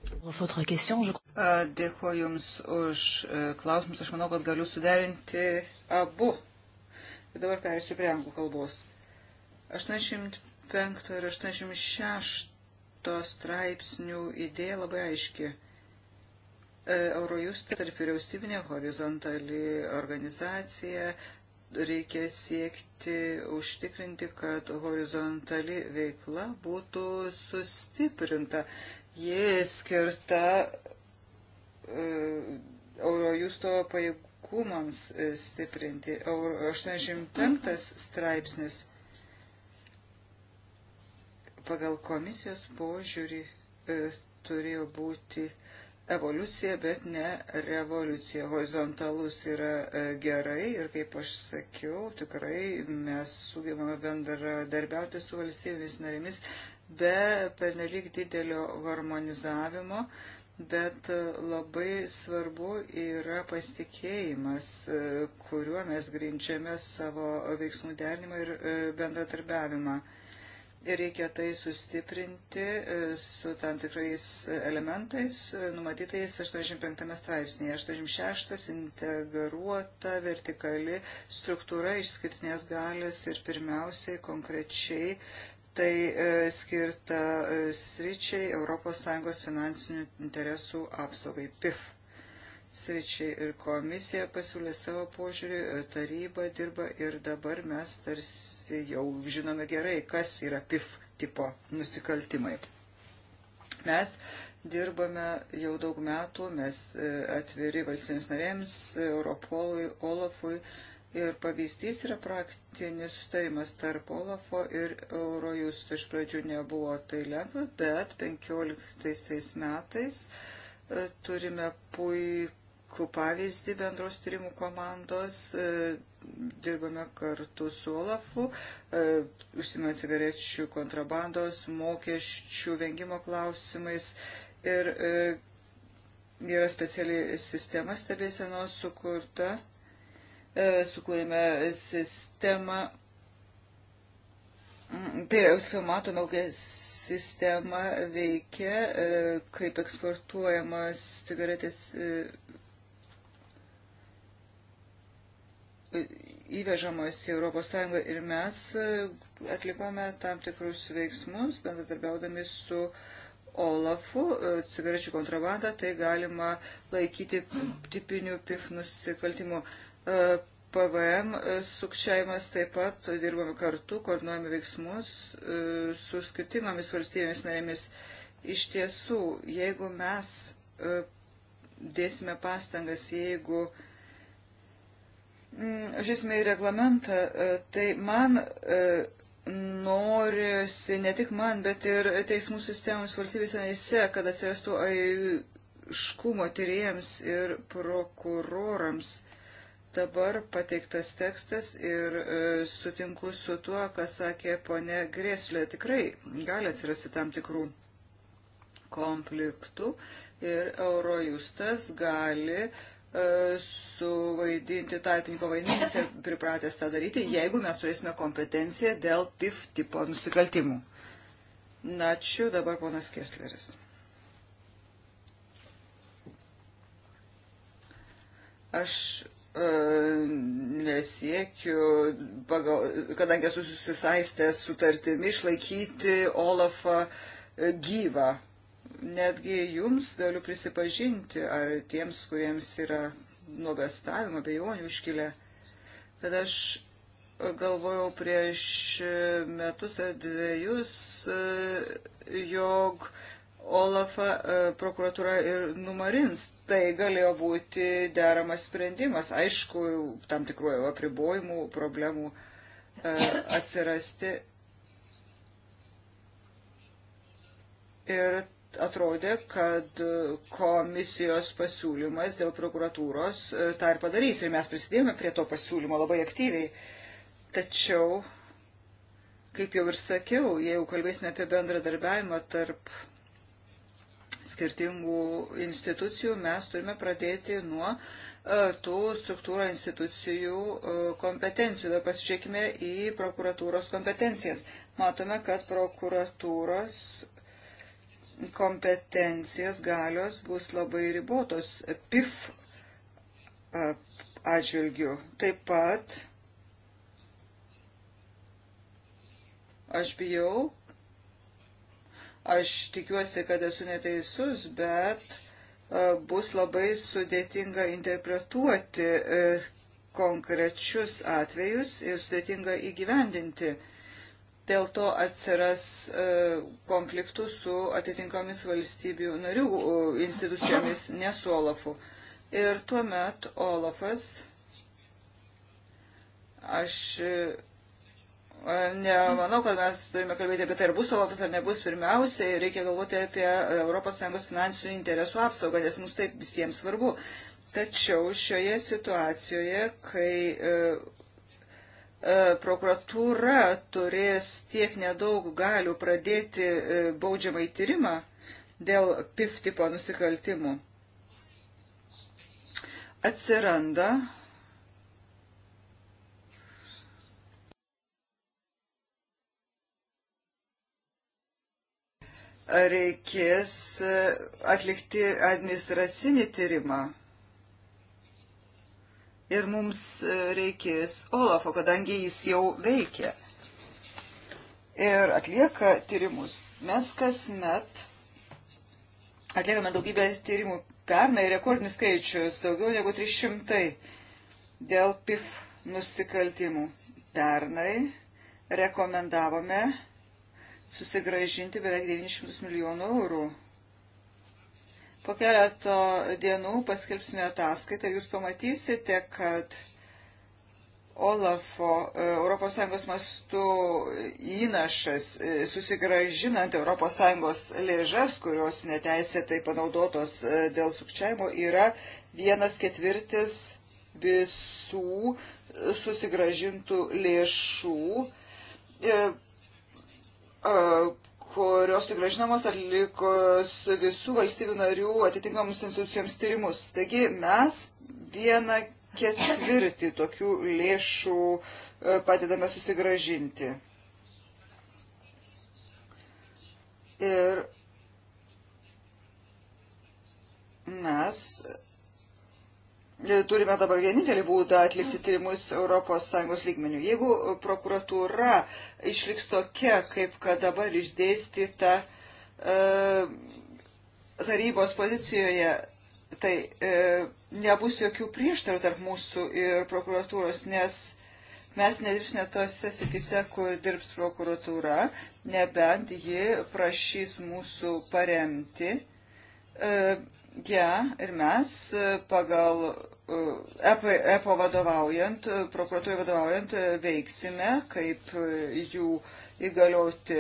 Dėkuoju Jums už e, klausimus. Aš manau, kad galiu suderinti abu. Ir dabar perėsiu prie anglų kalbos. 85 ir 86 straipsnių idėja labai aiški. E, Eurojust tarp vyriausybinė horizontali organizacija reikia siekti užtikrinti, kad horizontali veikla būtų sustiprinta Ji skirta e, Eurojusto pajėgumams e, stiprinti. Euro 85 straipsnis pagal komisijos požiūrį e, turėjo būti evoliucija, bet ne revoliucija. Horizontalus yra gerai ir, kaip aš sakiau, tikrai mes sugebame bendradarbiauti su valstybėmis narėmis, be pernelyg didelio harmonizavimo, bet labai svarbu yra pasitikėjimas, e, kuriuo mes grindžiame savo veiksmų derinimą ir e, bendratarbiavimą. Ir reikia tai sustiprinti e, su tam tikrais elementais numatytais 85 straipsnėje. 86 integruota vertikali struktūra išskirtinės galės ir pirmiausiai konkrečiai tai e, skirta e, sričiai ES finansinių interesų apsaugai PIF sričiai ir komisija pasiūlė savo požiūrį, e, taryba dirba ir dabar mes tarsi jau žinome gerai, kas yra PIF tipo nusikaltimai. Mes dirbame jau daug metų, mes atviri valstybėms narėms, Europolui, Olafui, Ir pavyzdys yra praktinis sustarimas tarp Olafo ir Eurojusto. Iš pradžių nebuvo tai lengva, bet 15 metais e, turime puikų pavyzdį bendros tyrimų komandos. E, dirbame kartu su Olafu, e, užsimant cigarečių kontrabandos, mokesčių vengimo klausimais ir yra speciali sistema stebėsenos sukurta E, sukūrėme sistemą. Mm, tai jau matome, kokia sistema veikia, e, kaip eksportuojamas cigaretės e, įvežamos į ES ir mes atlikome tam tikrus veiksmus, bendradarbiaudami su Olafu, cigarečių kontrabandą, tai galima laikyti tipinių PIF nusikaltimų. E, PVM e, sukčiavimas taip pat dirbame kartu, koordinuojame veiksmus e, su skirtingomis valstybėmis narėmis. Iš tiesų, jeigu mes dėsime pastangas, jeigu mm, žiūrėsime į reglamentą, tai man norisi, ne tik man, bet ir teismų sistemos valstybės narėse, kad atsirastų aiškumo tyriems ir prokurorams dabar pateiktas tekstas ir e, sutinku su tuo, kas sakė ponė Greslė. Tikrai gali atsirasti tam tikrų konfliktų ir Eurojustas gali e, suvaidinti tarpininko vaidmenį, jis pripratęs tą daryti, jeigu mes turėsime kompetenciją dėl PIF tipo nusikaltimų. Ačiū dabar ponas Kessleris. Aš E, nesiekiu, pagal, kadangi esu susisaistęs sutartimi, išlaikyti Olafą e, gyvą. Netgi jums galiu prisipažinti, ar tiems, kuriems yra nuogastavimo, bejonių iškilę, kad aš galvojau prieš metus ar dviejus, e, jog Olafą prokuratūra ir numarins tai galėjo būti deramas sprendimas. Aišku, tam tikruoju apribojimų, problemų e, atsirasti. Ir atrodė, kad komisijos pasiūlymas dėl prokuratūros e, tą ir padarys. Ir mes prisidėjome prie to pasiūlymo labai aktyviai. Tačiau, kaip jau ir sakiau, jeigu kalbėsime apie bendradarbiavimą tarp skirtingų institucijų, mes turime pradėti nuo e, tų struktūrų institucijų e, kompetencijų. Dabar pasižiūrėkime į prokuratūros kompetencijas. Matome, kad prokuratūros kompetencijos galios bus labai ribotos PIF e, atžvilgių. Taip pat aš bijau, Aš tikiuosi, kad esu neteisus, bet e, bus labai sudėtinga interpretuoti e, konkrečius atvejus ir sudėtinga įgyvendinti. Dėl to atsiras e, konfliktų su atitinkomis valstybių narių institucijomis, ne su Olafu. Ir tuomet Olafas, aš Nemanau, kad mes turime kalbėti apie tai, ar bus OLAFas ar nebus. Pirmiausiai reikia galvoti apie ES finansinių interesų apsaugą, nes mums taip visiems svarbu. Tačiau šioje situacijoje, kai e, e, prokuratūra turės tiek nedaug galių pradėti e, baudžiamą įtyrimą dėl PIF tipo nusikaltimų, atsiranda reikės e, atlikti administracinį tyrimą. Ir mums e, reikės Olafo, kadangi jis jau veikia ir atlieka tyrimus. Mes kasmet atliekame daugybę tyrimų pernai rekordinis skaičius, daugiau negu 300 dėl PIF nusikaltimų. Pernai rekomendavome susigražinti beveik 900 milijonų eurų. Po keleto dienų paskelbsime ataskaitą, jūs pamatysite, kad Olafo ES mastų įnašas e, susigražinant ES lėžas, kurios neteisėtai panaudotos e, dėl sukčiavimo, yra vienas ketvirtis visų susigražintų lėšų e, kurios sugražinamos atlikus visų valstybių narių atitinkamus institucijoms tyrimus. Taigi mes vieną ketvirtį tokių lėšų padedame susigražinti. Ir mes E, turime dabar vienintelį būdą atlikti tyrimus ES lygmenių. Jeigu prokuratūra išliks tokia, kaip kad dabar išdėstyta e, tarybos pozicijoje, tai e, nebus jokių prieštarų tarp mūsų ir prokuratūros, nes mes nedirbsime tose sitise, kur dirbs prokuratūra, nebent ji prašys mūsų paremti. E, ją ja, ir mes e, pagal EPO e vadovaujant, prokuratūrai vadovaujant, veiksime kaip jų įgalioti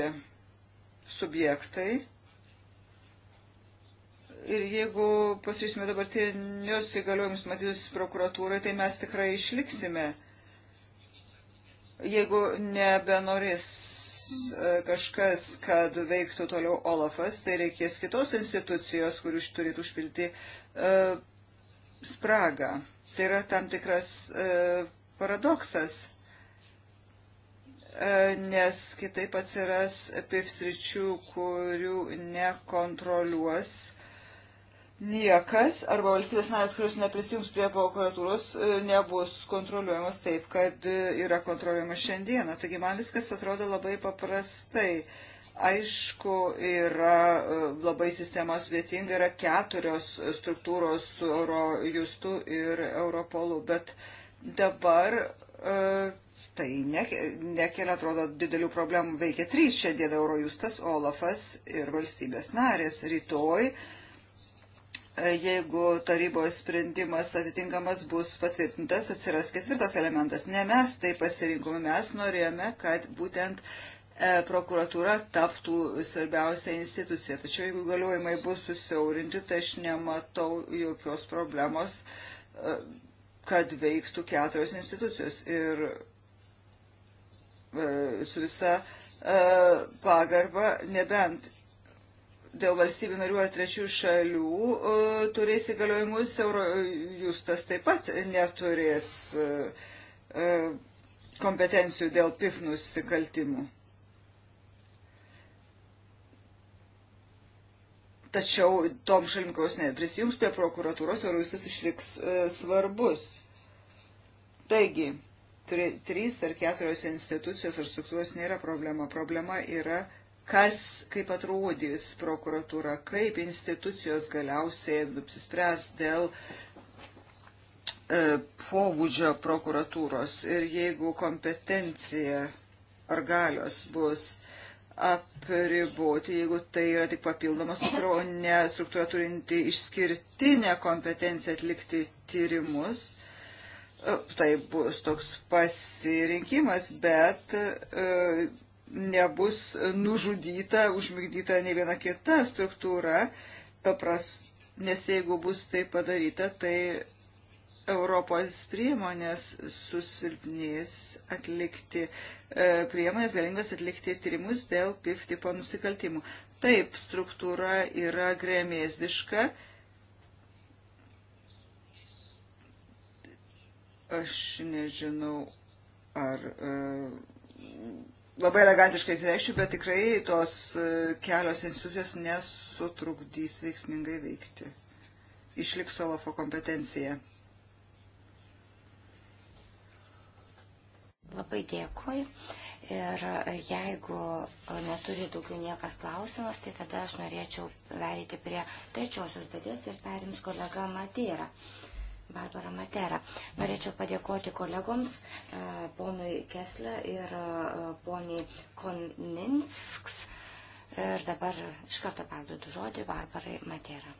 subjektai. Ir jeigu pasižiūrėsime dabartinius įgaliojimus matytus prokuratūrai, tai mes tikrai išliksime. Jeigu nebenorės e, kažkas, kad veiktų toliau Olafas, tai reikės kitos institucijos, kur už turėtų užpilti uh, e, spragą. Tai yra tam tikras e, paradoksas, e, nes kitaip atsiras pifsričių, kurių nekontroliuos niekas arba valstybės narės, kurios neprisijungs prie prokuratūros, e, nebus kontroliuojamas taip, kad yra kontroliuojamas šiandieną. Taigi man viskas atrodo labai paprastai. Aišku, yra e, labai sistema sudėtinga, yra keturios struktūros su Eurojustu ir Europolu, bet dabar e, tai nekelia, atrodo, didelių problemų. Veikia trys šiandien Eurojustas, Olafas ir valstybės narės. Rytoj, e, jeigu tarybos sprendimas atitinkamas bus patvirtintas, atsiras ketvirtas elementas. Ne mes tai pasirinkome, mes norėjome, kad būtent E, prokuratūra taptų svarbiausia institucija. Tačiau jeigu galiojimai bus susiaurinti, tai aš nematau jokios problemos, e, kad veiktų keturios institucijos. Ir e, su visa pagarba, nebent dėl valstybių narių ar trečių šalių turės įgaliojimus, Eurojustas taip pat neturės kompetencijų dėl PIF nusikaltimų. tačiau tom šalim, kurios neprisijungs prie prokuratūros, Eurojustas išliks e, svarbus. Taigi, turė, trys ar keturios institucijos ar struktūros nėra problema. Problema yra, kas, kaip atrodys prokuratūra, kaip institucijos galiausiai apsispręs dėl e, pobūdžio prokuratūros ir jeigu kompetencija ar galios bus apriboti, jeigu tai yra tik papildoma struktūra, o ne struktūra turinti išskirtinę kompetenciją atlikti tyrimus. E, tai bus toks pasirinkimas, bet e, nebus nužudyta, užmigdyta ne viena kita struktūra, papras, nes jeigu bus tai padaryta, tai Europos priemonės susilpnės atlikti, e, priemonės galingas atlikti tyrimus dėl PIF tipo nusikaltimų. Taip, struktūra yra grėmėzdiška. Aš nežinau, ar e, labai elegantiškai reiškiu, bet tikrai tos e, kelios institucijos nesutrukdys veiksmingai veikti. Išliks Olafo kompetencija. Labai dėkui. Ir jeigu neturi daugiau niekas klausimas, tai tada aš norėčiau perėti prie trečiosios dalies ir perims kolega Matėra. Barbara Matera. Norėčiau padėkoti kolegoms, e, ponui Kesle ir e, poniai Koninsks. Ir dabar iš karto perduodu žodį Barbarai Matera.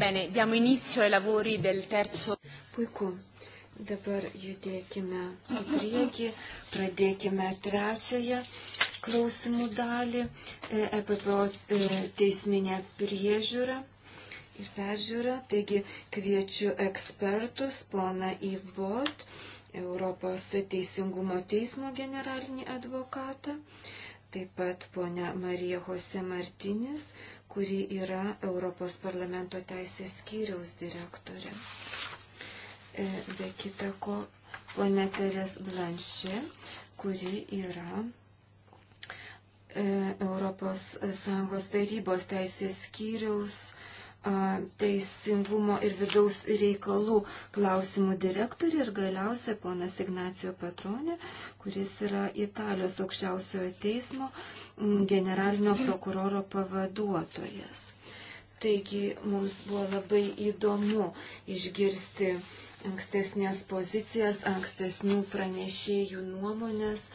Bene, diamo inizio ai lavori del terzo. Puiku. Dabar judėkime į priekį, pradėkime trečiąją klausimų dalį, EPPO e e, teisminė priežiūra ir peržiūra. Taigi kviečiu ekspertus, pona Ivbot, Europos teisingumo teismo generalinį advokatą, Taip pat ponia Marija Jose Martinis, kuri yra Europos parlamento teisės skyriaus direktorė. E, be kita ko, ponia Teres Blanche, kuri yra e, Europos Sąjungos tarybos teisės skyriaus teisingumo ir vidaus reikalų klausimų direktorė ir galiausia ponas Ignacio Patronė, kuris yra Italijos aukščiausiojo teismo generalinio prokuroro pavaduotojas. Taigi mums buvo labai įdomu išgirsti ankstesnės pozicijas, ankstesnių pranešėjų nuomonės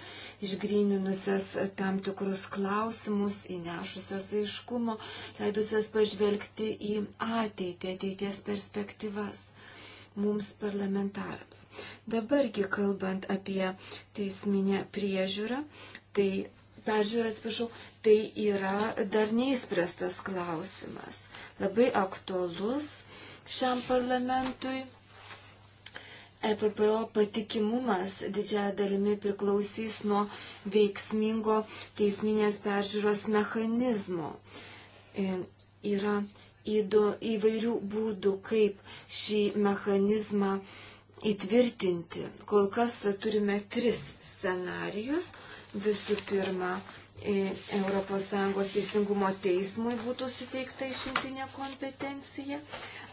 išgrininusias tam tikrus klausimus, įnešusias aiškumo, leidusias pažvelgti į ateitį, ateities perspektyvas mums parlamentarams. Dabargi kalbant apie teisminę priežiūrą, tai peržiūrą atsiprašau, tai yra dar neįspręstas klausimas. Labai aktuolus šiam parlamentui EPPO patikimumas didžiąją dalimi priklausys nuo veiksmingo teisminės peržiūros mechanizmo. E, yra įvairių būdų, kaip šį mechanizmą įtvirtinti. Kol kas turime tris scenarius. Visų pirma, ES teisingumo teismui būtų suteikta išimtinė kompetencija.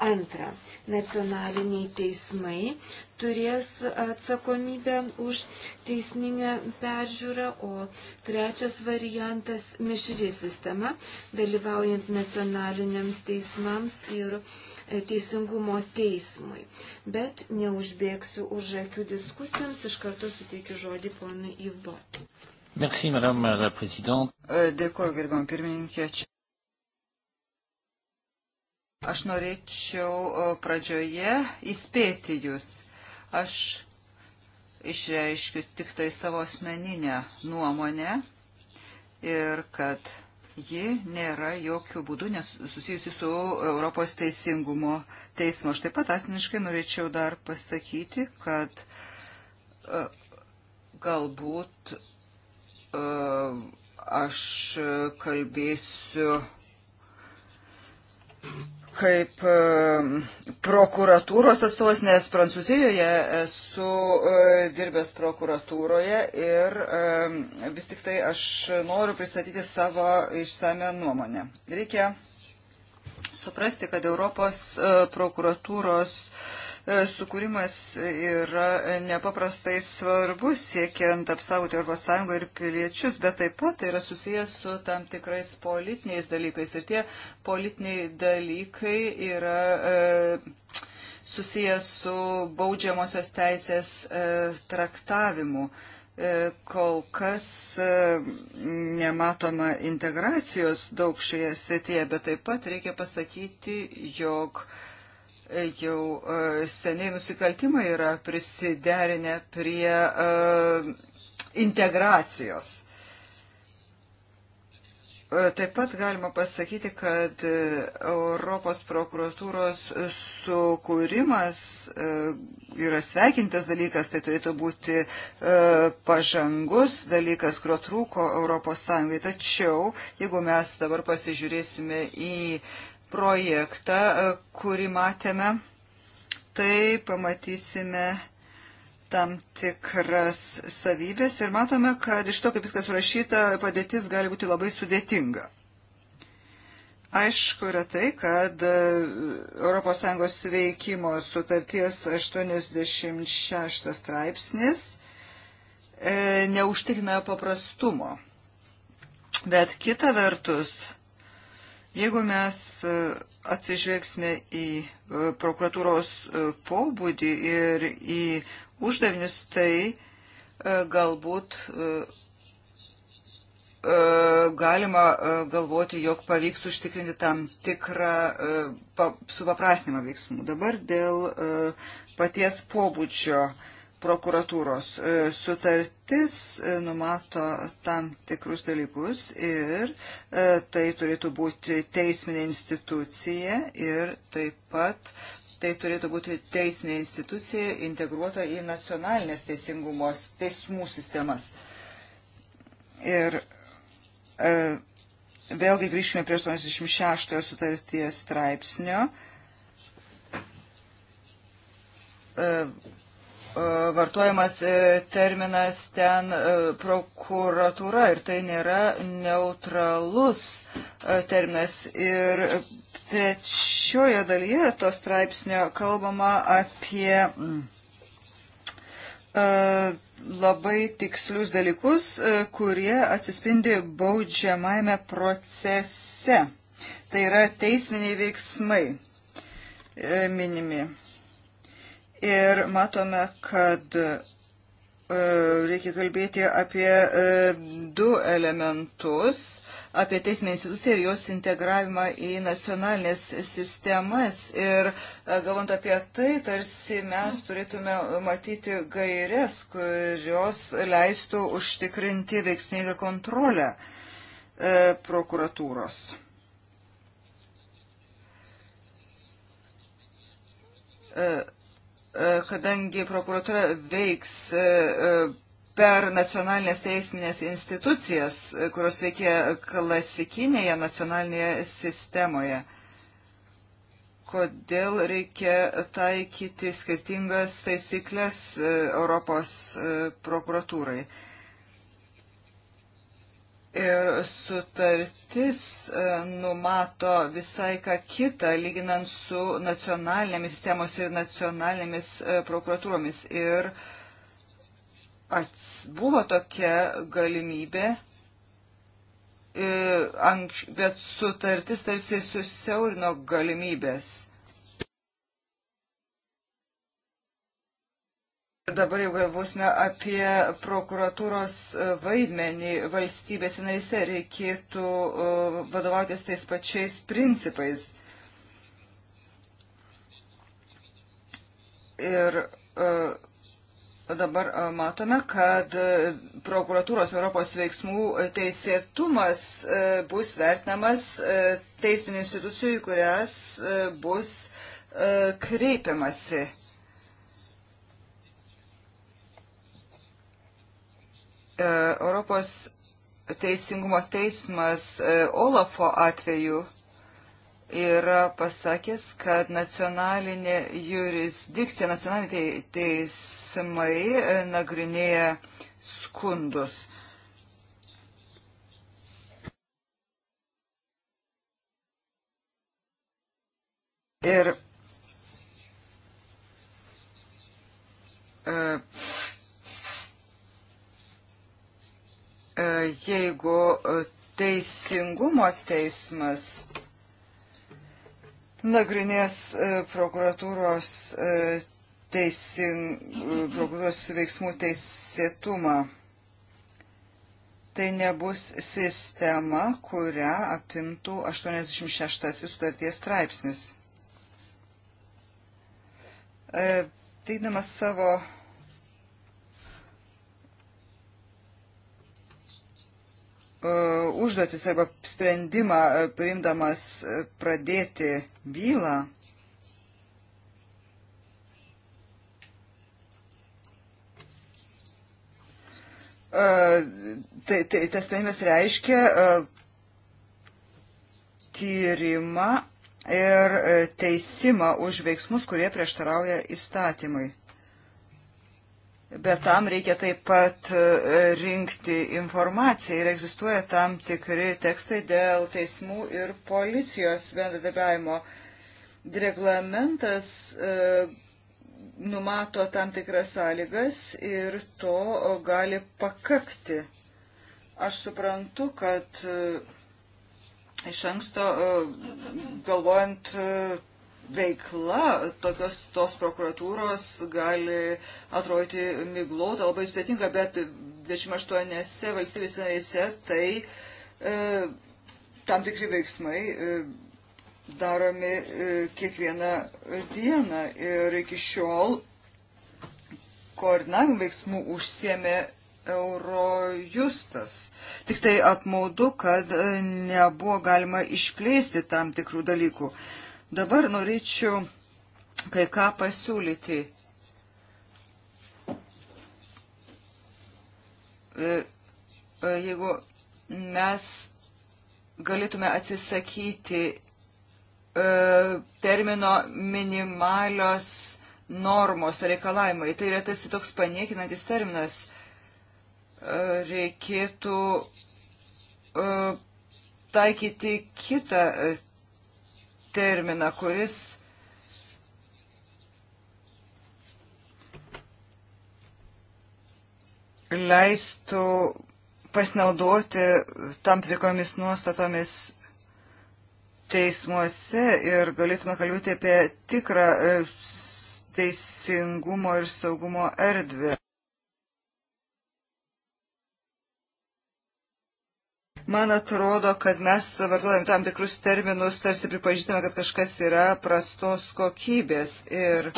Antra, nacionaliniai teismai turės atsakomybę už teisminę peržiūrą, o trečias variantas - mišri sistema, dalyvaujant nacionaliniams teismams ir e, teisingumo teismui. Bet neužbėgsiu už akių diskusijoms, iš karto suteikiu žodį ponui Ivbotui. Merci, madame la présidente. E, dėkuoju, gerbiam pirmininkė. Aš norėčiau e, pradžioje įspėti jūs. Aš išreiškiu tik tai savo asmeninę nuomonę ir kad ji nėra jokių būdų susijusi su Europos teisingumo teismo. Aš taip pat asmeniškai norėčiau dar pasakyti, kad e, galbūt Ehm, aš kalbėsiu kaip ehm, prokuratūros atstovas, nes Prancūzijoje esu ehm, dirbęs prokuratūroje ir vis tik tai aš noriu pristatyti savo išsame nuomonę. Reikia suprasti, kad Europos prokuratūros uh, E, sukūrimas yra nepaprastai svarbus siekiant apsaugoti Europos Sąjungą ir piliečius, bet taip pat tai yra susijęs su tam tikrais politiniais dalykais. Ir tie politiniai dalykai yra e, susijęs su baudžiamosios teisės e, traktavimu. E, kol kas e, nematoma integracijos daug šioje srityje, bet taip pat reikia pasakyti, jog uh, jau e, seniai nusikaltimai yra prisiderinę prie e, integracijos. E, taip pat galima pasakyti, kad Europos prokuratūros sukūrimas yra sveikintas dalykas, tai turėtų būti pažangus dalykas, kurio trūko Europos Sąjungai. Tačiau, jeigu mes dabar pasižiūrėsime į projektą, e, kurį matėme, tai pamatysime tam tikras savybės ir matome, kad iš to, kaip viskas surašyta, padėtis gali būti labai sudėtinga. Aišku yra tai, kad ES veikimo sutarties 86 straipsnis e, neužtikrina paprastumo. Bet kita vertus, Jeigu mes e, atsižvelgsime į e, prokuratūros e, pobūdį ir į uždavinius, tai galbūt galima galvoti, jog pavyks užtikrinti tam tikrą supaprastinimą veiksmų. Dabar dėl paties pobūdžio prokuratūros. E, sutartis e, numato tam tikrus dalykus ir e, tai turėtų būti teisminė institucija ir taip pat tai turėtų būti teisinė institucija integruota į nacionalinės teisingumo teismų sistemas. Ir e, vėlgi grįžtume prie 86 sutarties straipsnio. E, E, vartojamas e, terminas ten e, prokuratūra ir tai nėra neutralus terminas. Ir trečiojo dalyje to straipsnio kalbama apie mm, labai tikslius dalykus, kurie atsispindi baudžiamajame procese. Tai yra teisminiai veiksmai minimi. Ir matome, kad e, reikia kalbėti apie e, du elementus - apie teisinę instituciją ir jos integravimą į nacionalinės sistemas. Ir e, galvant apie tai, tarsi mes turėtume matyti gairias, kurios leistų užtikrinti veiksmingą kontrolę prokuratūros. Uh, E, kadangi prokuratūra veiks e, e, per nacionalinės teisminės institucijas, kurios veikia klasikinėje nacionalinėje sistemoje. Kodėl reikia taikyti skirtingas taisyklės Europos prokuratūrai? Ir sutartis e, numato visai ką kitą, lyginant su nacionalinėmis sistemos ir nacionalinėmis e, prokuratūromis. Ir ats, buvo tokia galimybė, e, bet sutartis tarsi susiaurino galimybės Dabar jau galvosime apie prokuratūros e, vaidmenį valstybės narise. Reikėtų e, vadovautis tais pačiais principais. Ir e, dabar matome, kad prokuratūros Europos veiksmų teisėtumas bus vertinamas teisminių institucijų, kurias bus kreipiamasi E, Europos teisingumo teismas e, Olafo atveju yra pasakęs, kad nacionalinė jurisdikcija, nacionaliniai teismai e, nagrinėja skundus. Ir e, E, jeigu e, teisingumo teismas nagrinės e, prokuratūros, teising, prokuratūros veiksmų teisėtumą, tai nebus sistema, kurią apimtų 86 sutarties straipsnis. Teikdamas savo Uh, užduotis arba sprendimą uh, priimdamas uh, pradėti bylą, tai, tai tas sprendimas reiškia tyrimą ir teisimą už veiksmus, kurie prieštarauja įstatymui bet tam reikia taip pat e, rinkti informaciją ir egzistuoja tam tikri tekstai dėl teismų ir policijos bendradarbiavimo. Reglamentas e, numato tam tikras sąlygas ir to gali pakakti. Aš suprantu, kad e, iš anksto galvojant veikla tokios tos prokuratūros gali atrodyti miglota, labai sudėtinga, bet 28 valstybės narėse tai e, tam tikri veiksmai e, daromi e, kiekvieną dieną ir iki šiol koordinavimo veiksmų užsiemė Eurojustas. Tik tai apmaudu, kad e, nebuvo galima išplėsti tam tikrų dalykų. E, Dabar norėčiau kai ką pasiūlyti. E, e, jeigu mes galėtume atsisakyti e, termino minimalios normos reikalavimai, tai yra tas toks paniekinantis terminas, reikėtų taikyti kitą terminą, kuris leistų pasinaudoti tam tikromis nuostatomis teismuose ir galėtume kalbėti apie tikrą e, teisingumo ir saugumo erdvę. Man atrodo, kad mes vartojam tam tikrus terminus, tarsi pripažįstame, kad kažkas yra prastos kokybės ir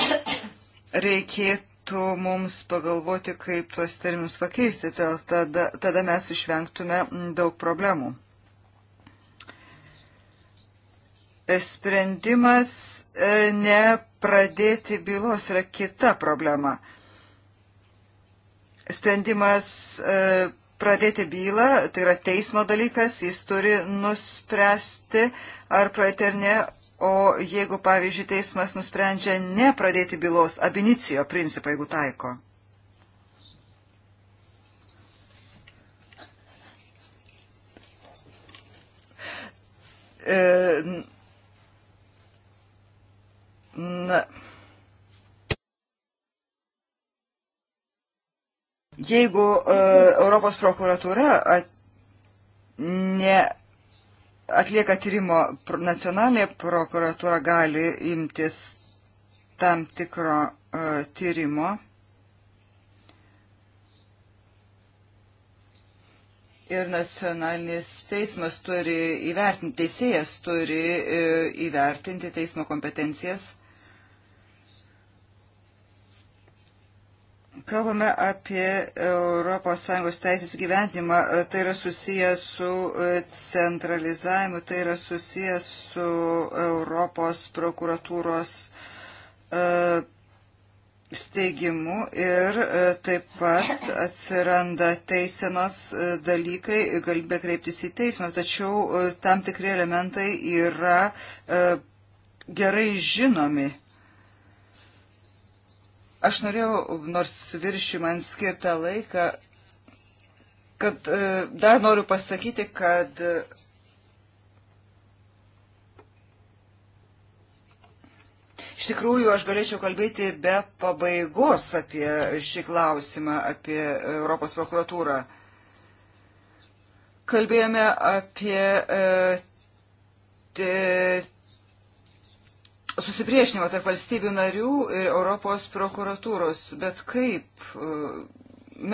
reikėtų mums pagalvoti, kaip tuos terminus pakeisti, tai tada, tada mes išvengtume daug problemų. Sprendimas e, nepradėti bylos yra kita problema. Sprendimas e, pradėti bylą, tai yra teismo dalykas, jis turi nuspręsti ar pradėti ar ne, o jeigu, pavyzdžiui, teismas nusprendžia nepradėti bylos, abinicijo principą, jeigu taiko. E, na, Jeigu uh, Europos prokuratūra at, ne atlieka tyrimo, nacionalinė prokuratūra gali imtis tam tikro uh, tyrimo. Ir nacionalinis teismas turi įvertinti, teisėjas turi e, įvertinti teismo kompetencijas Kalbame apie ES teisės gyvenimą, tai yra susijęs su e, centralizavimu, tai yra susijęs su Europos prokuratūros e, steigimu ir e, taip pat atsiranda teisenos dalykai, galbė kreiptis į teismą, tačiau tam tikri elementai yra gerai žinomi Aš norėjau, nors viršį man skirtą laiką, kad e, dar noriu pasakyti, kad iš tikrųjų aš galėčiau kalbėti be pabaigos apie šį klausimą, apie Europos prokuratūrą. Kalbėjome apie e, te, susipriešinimą tarp valstybių narių ir Europos prokuratūros. Bet kaip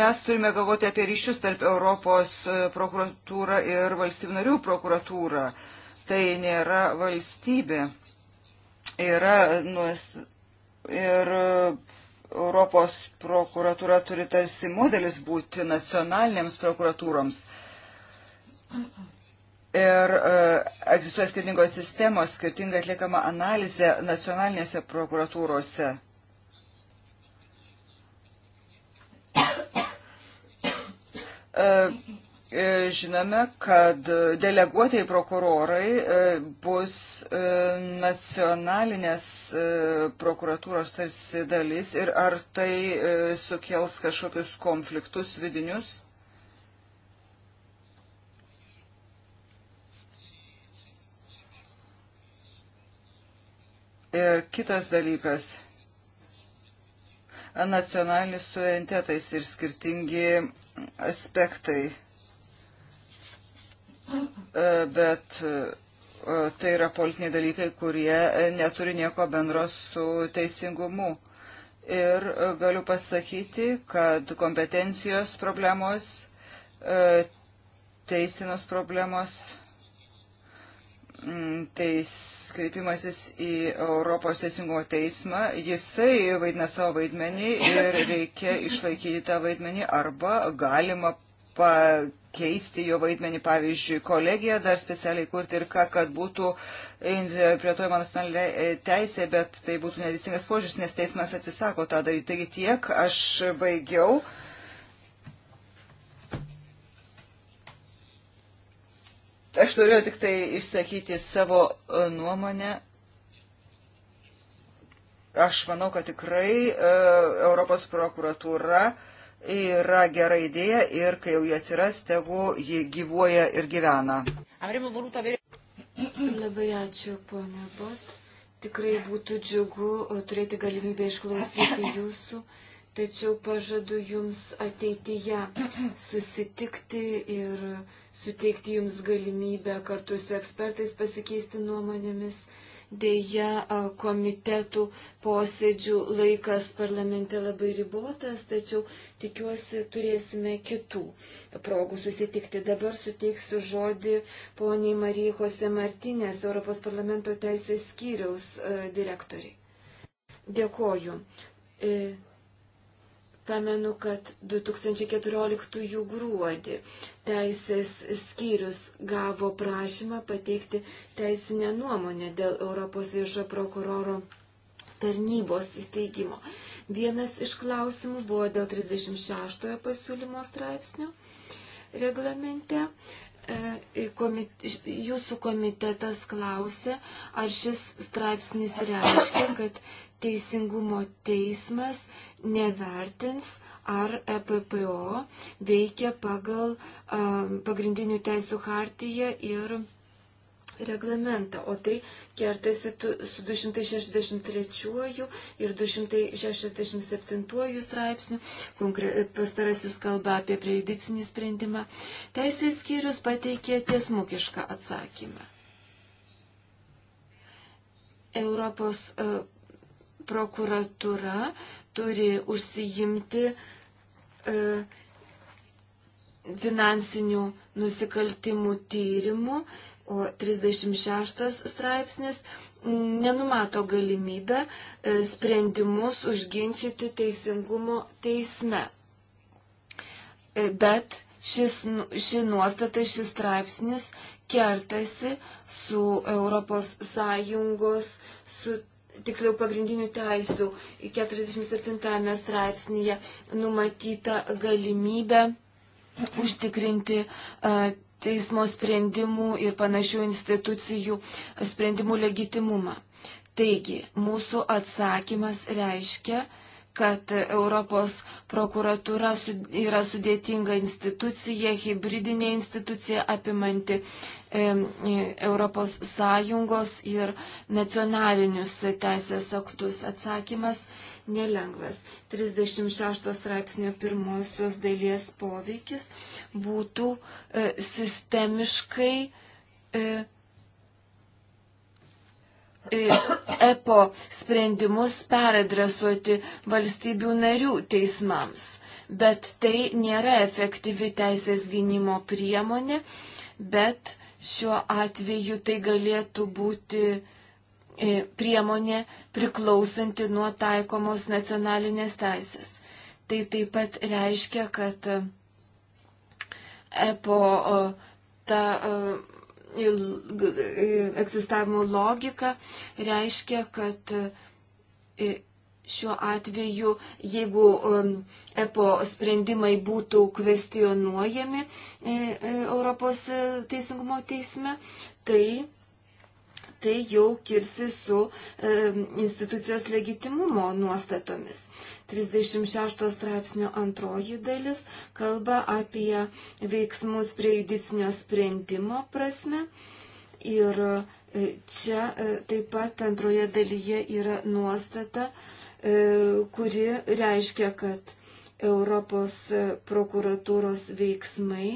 mes turime galvoti apie ryšius tarp Europos prokuratūrą ir valstybių narių prokuratūrą. Tai nėra valstybė. Yra nuos, ir Europos prokuratūra turi tarsi modelis būti nacionalinėms prokuratūroms. Ir e, egzistuoja skirtingos sistemos, skirtingai atliekama analizė nacionalinėse prokuratūrose. E, e, žinome, kad deleguotieji prokurorai bus nacionalinės prokuratūros tarsi dalis ir ar tai sukels kažkokius konfliktus vidinius? Ir kitas dalykas - nacionalinis suverenitetais ir skirtingi aspektai. E, bet e, tai yra politiniai dalykai, kurie neturi nieko bendro su teisingumu. Ir e, galiu pasakyti, kad kompetencijos problemos, teisinos problemos Mm, teis, kreipimasis į Europos teisingumo teismą, jisai vaidina savo vaidmenį ir reikia išlaikyti tą vaidmenį arba galima pakeisti jo vaidmenį, pavyzdžiui, kolegiją dar specialiai kurti ir ką, kad būtų interpretuojama nacionalinė e, teisė, bet tai būtų neteisingas požiūris, nes teismas atsisako tą daryti. Taigi tiek, aš baigiau. Aš norėjau tik tai išsakyti savo e, nuomonę. Aš manau, kad tikrai e, Europos prokuratūra yra gera idėja ir kai jau jie atsiras, tegu ji gyvuoja ir gyvena. Labai ačiū, ponė Bot. Tikrai būtų džiugu e, turėti galimybę išklausyti jūsų tačiau pažadu jums ateityje susitikti ir suteikti jums galimybę kartu su ekspertais pasikeisti nuomonėmis. Deja, komitetų posėdžių laikas parlamente labai ribotas, tačiau tikiuosi turėsime kitų progų susitikti. Dabar suteiksiu žodį poniai Marijose Martinės, Europos parlamento teisės skyriaus direktoriai. Dėkoju. E, Pamenu, kad 2014 gruodį teisės skyrius gavo prašymą pateikti teisinę nuomonę dėl Europos viešo prokuroro tarnybos įsteigimo. Vienas iš klausimų buvo dėl 36 pasiūlymo straipsnio reglamente. E, komit, jūsų komitetas klausė, ar šis straipsnis reiškia, kad teisingumo teismas nevertins, ar EPPO veikia pagal um, pagrindinių teisų hartiją ir reglamentą, o tai kertasi su 263 ir 267 straipsniu, pastarasis kalba apie prejudicinį sprendimą. Teisės skyrius pateikė tiesmukišką atsakymą. Europos uh, prokuratura turi užsijimti uh, e, finansinių nusikaltimų tyrimų O 36 straipsnis nenumato galimybę e, sprendimus užginčyti teisingumo teisme. E, bet šis, ši nuostata, šis straipsnis kertasi su Europos Sąjungos, su tiksliau pagrindinių teisų 47 straipsnėje numatyta galimybė užtikrinti uh, teismo sprendimų ir panašių institucijų sprendimų legitimumą. Taigi, mūsų atsakymas reiškia, kad Europos prokuratūra yra sudėtinga institucija, hybridinė institucija apimanti Europos Sąjungos ir nacionalinius teisės aktus. Atsakymas nelengvas. 36 straipsnio pirmosios dalies poveikis būtų e, sistemiškai e, e, EPO sprendimus peradresuoti valstybių narių teismams. Bet tai nėra efektyvi teisės gynimo priemonė, bet šiuo atveju tai galėtų būti uh, E, priemonė priklausanti nuo taikomos nacionalinės teisės. Tai taip pat reiškia, kad e, EPO ta e, egzistavimo logika reiškia, kad šiuo atveju, jeigu um, EPO sprendimai būtų kvestionuojami Europos teisingumo teisme, tai tai jau kirsi su e, institucijos legitimumo nuostatomis. 36 straipsnio antroji dalis kalba apie veiksmus prie judicinio sprendimo prasme. Ir e, čia e, taip pat antroje dalyje yra nuostata, e, kuri reiškia, kad Europos prokuratūros veiksmai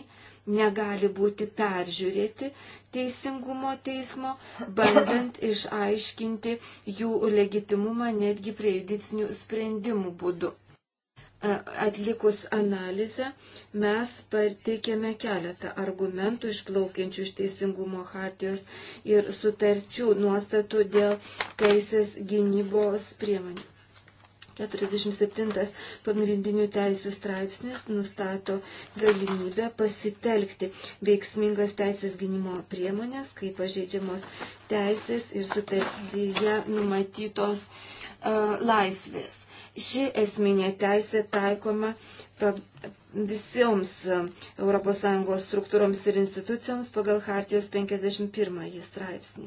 negali būti peržiūrėti teisingumo teismo, bandant išaiškinti jų legitimumą netgi prie judicinių sprendimų būdu. Atlikus analizę, mes pateikėme keletą argumentų išplaukiančių iš teisingumo hartijos ir sutarčių nuostatų dėl teisės gynybos priemonių. 47 pagrindinių teisų straipsnis nustato galimybę pasitelkti veiksmingas teisės gynimo priemonės, kai pažeidžiamos teisės ir sutartyje numatytos uh, laisvės. Ši esminė teisė taikoma pag visioms e, ES struktūroms ir institucijoms pagal Hartijos 51 straipsnį.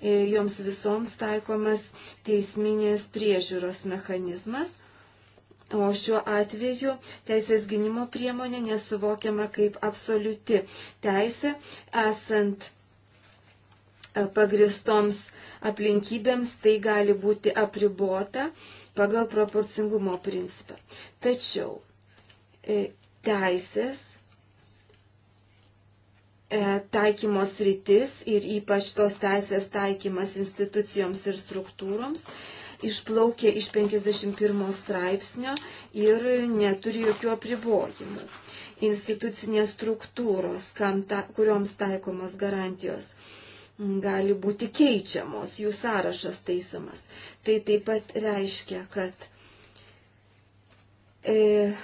E, joms visoms taikomas teisminės priežiūros mechanizmas, o šiuo atveju teisės gynimo priemonė nesuvokiama kaip absoliuti teisė, esant e, pagristoms aplinkybėms tai gali būti apribota pagal proporcingumo principą. Tačiau teisės e, taikymos rytis ir ypač tos teisės taikymas institucijoms ir struktūroms išplaukė iš 51 straipsnio ir neturi jokių apribojimų. Institucinės struktūros, ta, kurioms taikomos garantijos, gali būti keičiamos, jų sąrašas taisomas. Tai taip pat reiškia, kad e,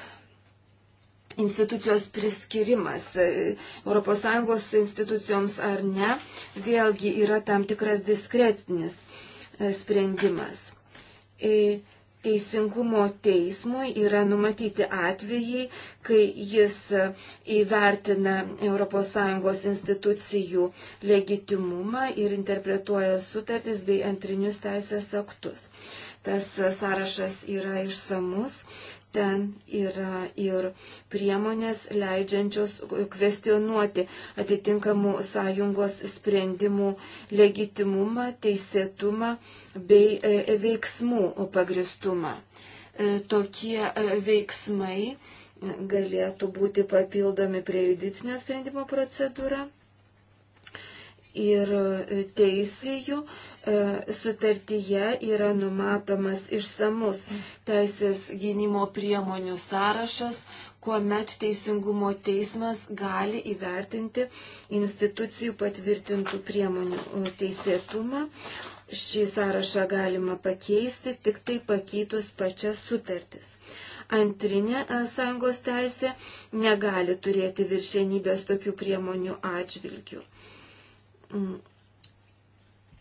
institucijos priskirimas e, ES institucijoms ar ne, vėlgi yra tam tikras diskretinis e, sprendimas. E, teisingumo teismui yra numatyti atvejai, kai jis įvertina ES institucijų legitimumą ir interpretuoja sutartis bei antrinius teisės aktus. Tas sąrašas yra išsamus ten yra ir priemonės leidžiančios kvestionuoti atitinkamų sąjungos sprendimų legitimumą, teisėtumą bei e, veiksmų pagristumą. E, tokie e, veiksmai galėtų būti papildomi prie judicinio sprendimo procedūrą ir teisėjų E, sutartyje yra numatomas išsamus teisės gynimo priemonių sąrašas, kuomet teisingumo teismas gali įvertinti institucijų patvirtintų priemonių e, teisėtumą. Šį sąrašą galima pakeisti tik tai pakeitus pačias sutartis. Antrinė e, sąjungos teisė negali turėti viršienybės tokių priemonių atžvilgių mm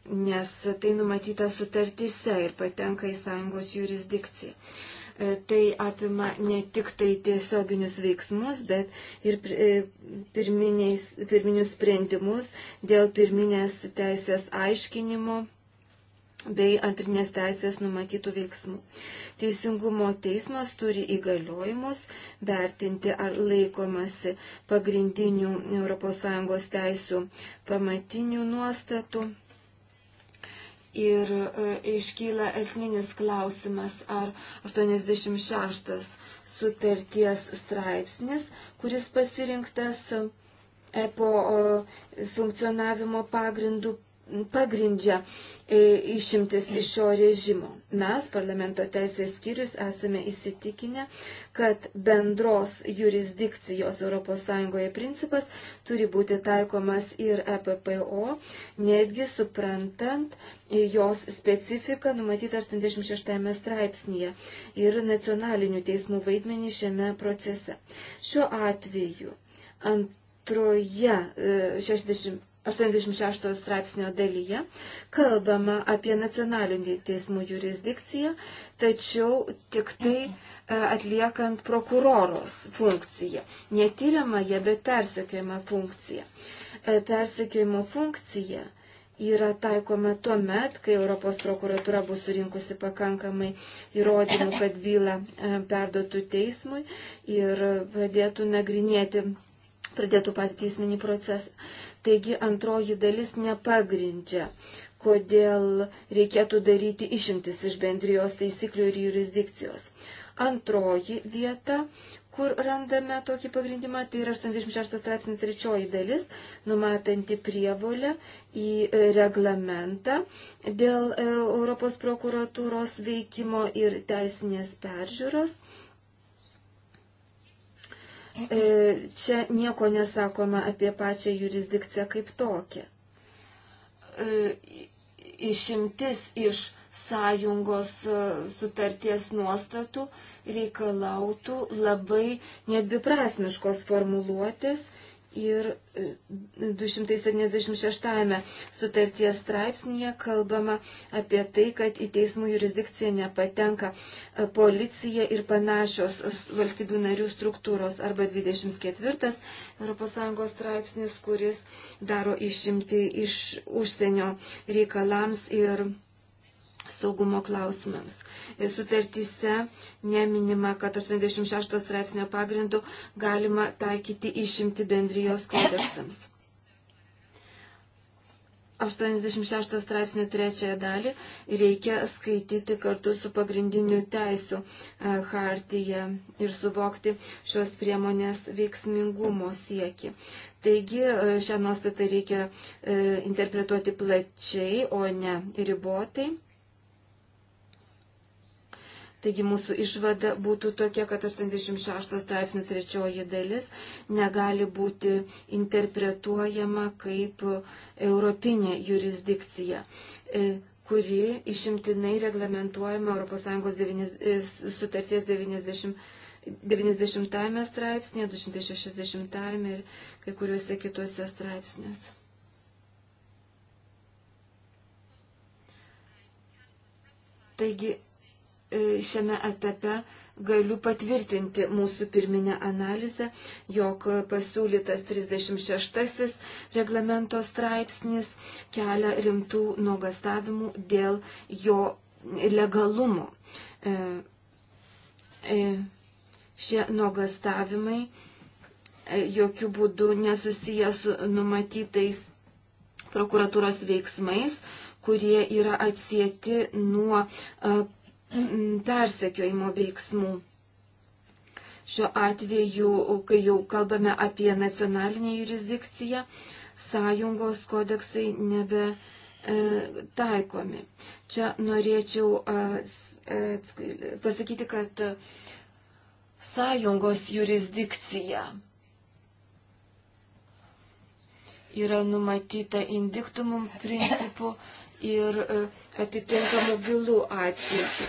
nes tai numatyta sutartyse ir patenka į sąjungos jurisdikciją. E, tai apima ne tik tai tiesioginius veiksmus, bet ir e, pirminius sprendimus dėl pirminės teisės aiškinimo bei antrinės teisės numatytų veiksmų. Teisingumo teismas turi įgaliojimus vertinti, ar laikomasi pagrindinių ES teisų pamatinių nuostatų Ir e, iškyla esminis klausimas, ar 86 sutarties straipsnis, kuris pasirinktas EPO e, funkcionavimo pagrindų pagrindžia e, išimtis iš šio režimo. Mes, parlamento teisės skyrius, esame įsitikinę, kad bendros jurisdikcijos ES principas turi būti taikomas ir EPPO, netgi suprantant jos specifiką numatytą 86 straipsnėje ir nacionalinių teismų vaidmenį šiame procese. Šiuo atveju antroje 60 e, 86 straipsnio dalyje kalbama apie nacionalinį teismų jurisdikciją, tačiau tik tai e, atliekant prokuroros funkciją. Netyriamąją, bet persekiojimą funkciją. E, persekiojimo funkcija yra taikoma tuo met, kai Europos prokuratura bus surinkusi pakankamai įrodymų, kad bylą e, perdotų teismui ir pradėtų nagrinėti pradėtų patį teisminį procesą. Taigi antroji dalis nepagrindžia, kodėl reikėtų daryti išimtis iš bendrijos taisyklių ir jurisdikcijos. Antroji vieta, kur randame tokį pagrindimą, tai yra 86 straipsnių trečioji dalis, numatanti prievolę į e, reglamentą dėl e, Europos prokuratūros veikimo ir teisinės peržiūros. E, čia nieko nesakoma apie pačią jurisdikciją kaip tokią. E, išimtis iš sąjungos e, sutarties nuostatų reikalautų labai nedviprasmiškos formuluotės ir 276 e, sutarties straipsnėje kalbama apie tai, kad į teismų jurisdikciją nepatenka e, policija ir panašios valstybių narių struktūros arba 24 ES straipsnis, kuris daro išimti iš užsienio reikalams ir saugumo klausimams. Sutartyse neminima, kad 86 straipsnio pagrindu galima taikyti išimti bendrijos kodeksams. 86 straipsnio trečiąją dalį reikia skaityti kartu su pagrindiniu teisų e, hartyje ir suvokti šios priemonės veiksmingumo sieki. Taigi e, šią nuostatą reikia e, interpretuoti plačiai, o ne ribotai. Taigi mūsų išvada būtų tokia, kad 86 straipsnių trečioji dalis negali būti interpretuojama kaip europinė jurisdikcija e, kuri išimtinai reglamentuojama ES e, sutarties 90 90 straipsnėje, 260 ir kai kuriuose kituose straipsniuose. Taigi E, šiame etape galiu patvirtinti mūsų pirminę analizę, jog pasiūlytas 36 reglamento straipsnis kelia rimtų nuogastavimų dėl jo legalumo. E, e, šie nuogastavimai e, jokių būdų nesusiję su numatytais prokuratūros veiksmais, kurie yra atsieti nuo e, Mm, persekiojimo veiksmų. Šiuo atveju, kai jau kalbame apie nacionalinę jurisdikciją, sąjungos kodeksai nebe e, taikomi. Čia norėčiau e, e pasakyti, kad sąjungos jurisdikcija yra numatyta indiktumum principu ir e, atitinkamų bylų atžvilgių.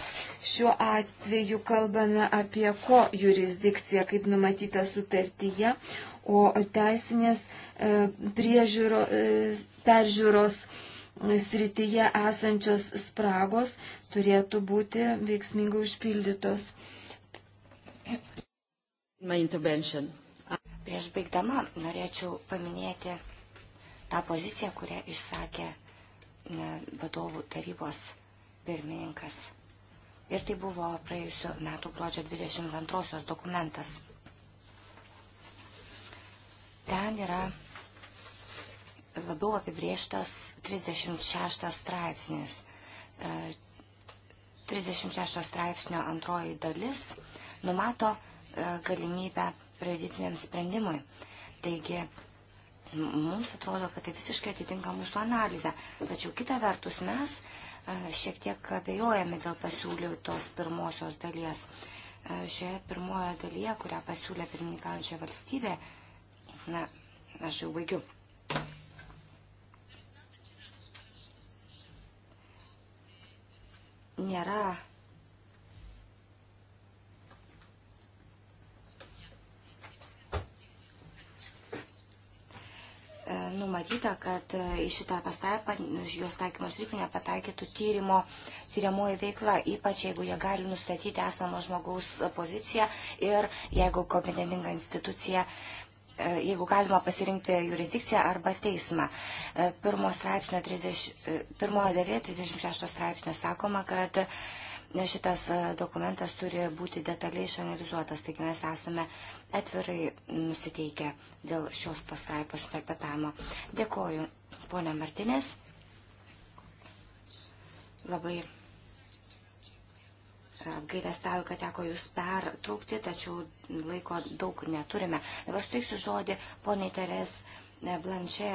Šiuo atveju kalbame apie ko jurisdikciją, kaip numatyta sutartyje, o teisinės e, priežiūro, e, peržiūros e, srityje esančios spragos turėtų būti veiksmingai užpildytos. Prieš baigdama norėčiau paminėti tą poziciją, kurią išsakė vadovų tarybos pirmininkas. Ir tai buvo praėjusiu metu gruodžio 22 dokumentas. Ten yra labiau apibrieštas 36 straipsnis. 36 e, straipsnio antroji dalis numato e, galimybę prejudiciniam sprendimui. Taigi Mums atrodo, kad tai visiškai atitinka mūsų analizę. Tačiau kita vertus mes e, šiek tiek abejojame dėl pasiūlytos pirmosios dalies. E, šioje pirmojo dalyje, kurią pasiūlė pirmininkaujančia valstybė, na, aš jau baigiu. Nėra E, numatyta, kad e, į šitą pastaipą, jos taikymos rytį nepataikytų tyrimo, tyriamoji veikla, ypač jeigu jie gali nustatyti esamą žmogaus poziciją ir jeigu kompetentinga institucija e, jeigu galima pasirinkti jurisdikciją arba teismą. Pirmo straipsnio 30, pirmojo dalyje 36 straipsnio sakoma, kad nes šitas e, dokumentas turi būti detaliai išanalizuotas, taigi mes esame atvirai nusiteikę dėl šios pastraipos interpretavimo. Dėkoju, ponia Martinės. Labai e, apgailestauju, kad teko jūs pertraukti, tačiau laiko daug neturime. Dabar suteiksiu žodį poniai Teres e, Blanche,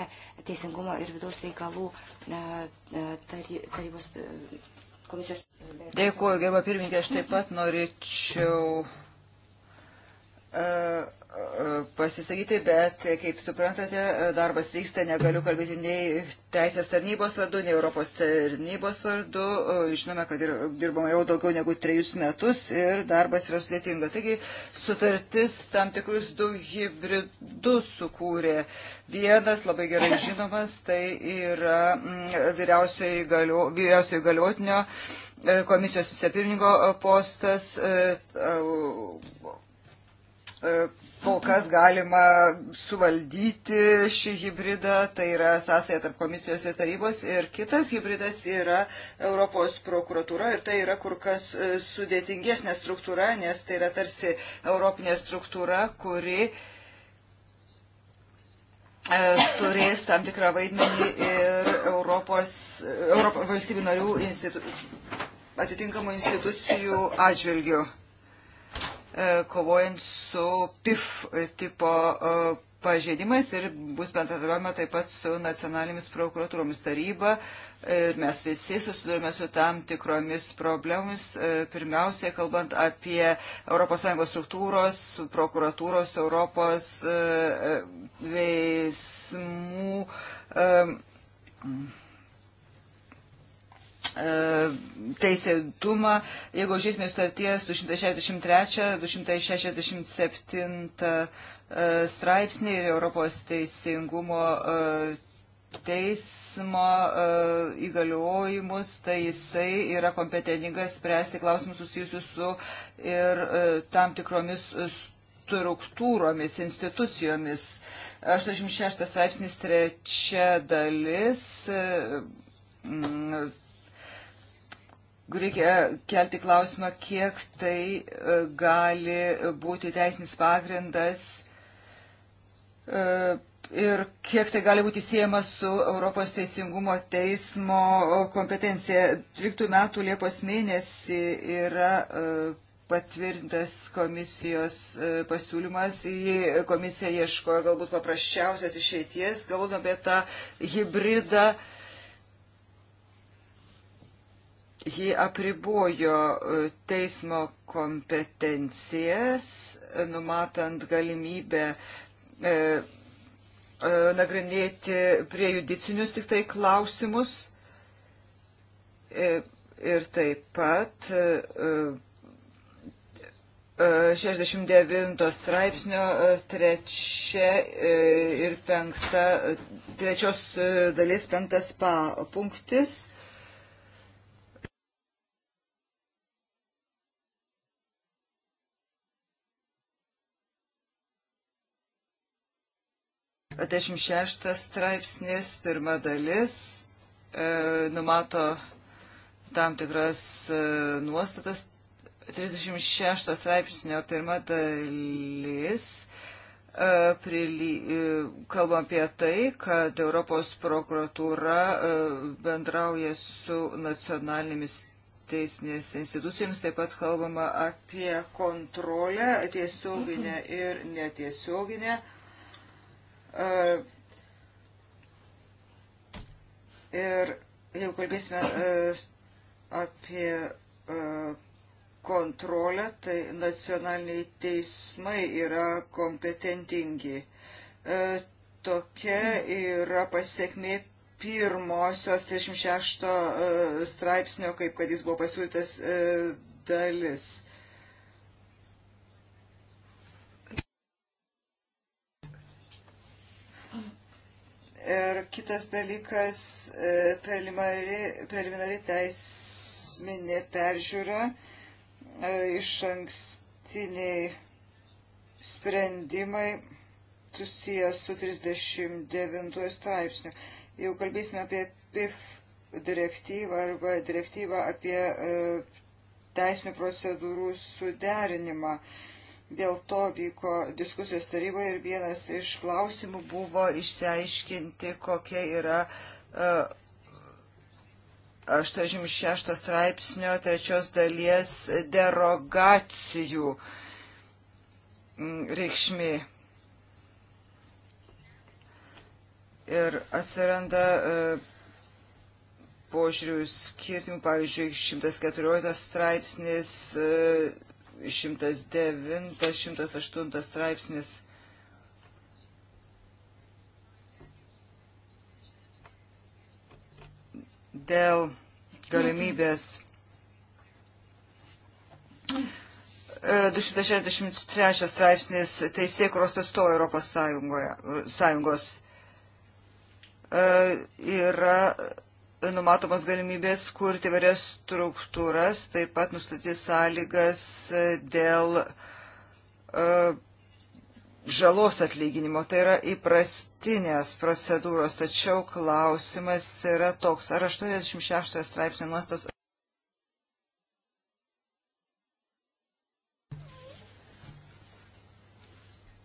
Teisingumo ir vidaus reikalų tarybos komisijos. Dėkuoju, gerba pirmininkė, aš taip pat norėčiau E, e, pasisakyti, bet, kaip suprantate, darbas vyksta, negaliu kalbėti nei teisės tarnybos vardu, nei Europos tarnybos vardu. E, žinome, kad dirbama jau daugiau negu trejus metus ir darbas yra sudėtinga. Taigi sutartis tam tikrus du hybridus sukūrė. Vienas labai gerai žinomas, tai yra mm, vyriausiojo galio, galiotinio komisijos vicepirmininko postas E, kol kas galima suvaldyti šį hybridą, tai yra sąsaja tarp komisijos ir tarybos. Ir kitas hybridas yra Europos prokuratūra ir tai yra kur kas e, sudėtingesnė struktūra, nes tai yra tarsi Europinė struktūra, kuri e, turės tam tikrą vaidmenį ir Europos, Europos valstybių narių institu, atitinkamų institucijų atžvilgių. E, kovojant su PIF tipo e, pažeidimais ir bus bendradarbiavama taip pat su nacionalinėmis prokuratūromis taryba. Ir mes visi susidurime su tam tikromis problemomis. E, pirmiausia, kalbant apie ES struktūros, prokuratūros, Europos veiksmų E, teisėtumą, jeigu žiūrėsime starties 263-267 straipsnį ir Europos teisingumo e, teismo e, įgaliojimus, tai jisai yra kompetentingas spręsti klausimus susijusius su ir tam tikromis struktūromis, institucijomis. 86 straipsnis trečia dalis reikia kelti klausimą, kiek tai e, gali būti teisinis pagrindas e, ir kiek tai gali būti siejama su Europos Teisingumo teismo kompetencija. 13 metų Liepos mėnesį yra e, patvirtintas komisijos pasiūlymas, į komisiją ieškojo galbūt paprasčiausios išeities, galbūt apie tą hybridą uh, jį apribojo e, teismo kompetencijas, e, numatant galimybę e, e, nagrinėti prie judicinius tik tai klausimus e, ir taip pat e, 69 straipsnio trečia ir penkta, trečios dalies penktas pa, punktis 26 straipsnis, pirma dalis, e, numato tam tikras e, nuostatas. 36 straipsnio pirma dalis e, kalbam apie tai, kad Europos prokuratūra bendrauja su nacionalinėmis teisinės institucijomis, taip pat kalbama apie kontrolę tiesioginę ir netiesioginę E, ir jeigu kalbėsime e, apie e, kontrolę, tai nacionaliniai teismai yra kompetentingi. Tokia yra pasiekmė pirmosios 36 straipsnio, kaip kad jis buvo pasiūlytas dalis. Ir kitas dalykas e, preliminari, preliminari teisminė peržiūra e, iš ankstiniai sprendimai susijęs su 39 straipsniu. Jau kalbėsime apie PIF direktyvą arba direktyvą apie e, teisinių procedūrų suderinimą. E, Dėl to vyko diskusijos taryboje ir vienas iš klausimų buvo išsiaiškinti, kokia yra 86 e, straipsnio trečios dalies derogacijų mm, reikšmė. Ir atsiranda e, požiūrių skirtimų, pavyzdžiui, 114 straipsnis e, 109-108 straipsnis. Dėl galimybės 263 e, straipsnis teisėkuros atstovo Europos Sąjungoje, Sąjungos e, yra numatomos galimybės kurti varias struktūras, taip pat nustatys sąlygas dėl uh, žalos atlyginimo. Tai yra įprastinės procedūros, tačiau klausimas yra toks, ar 86 straipsnio nuostos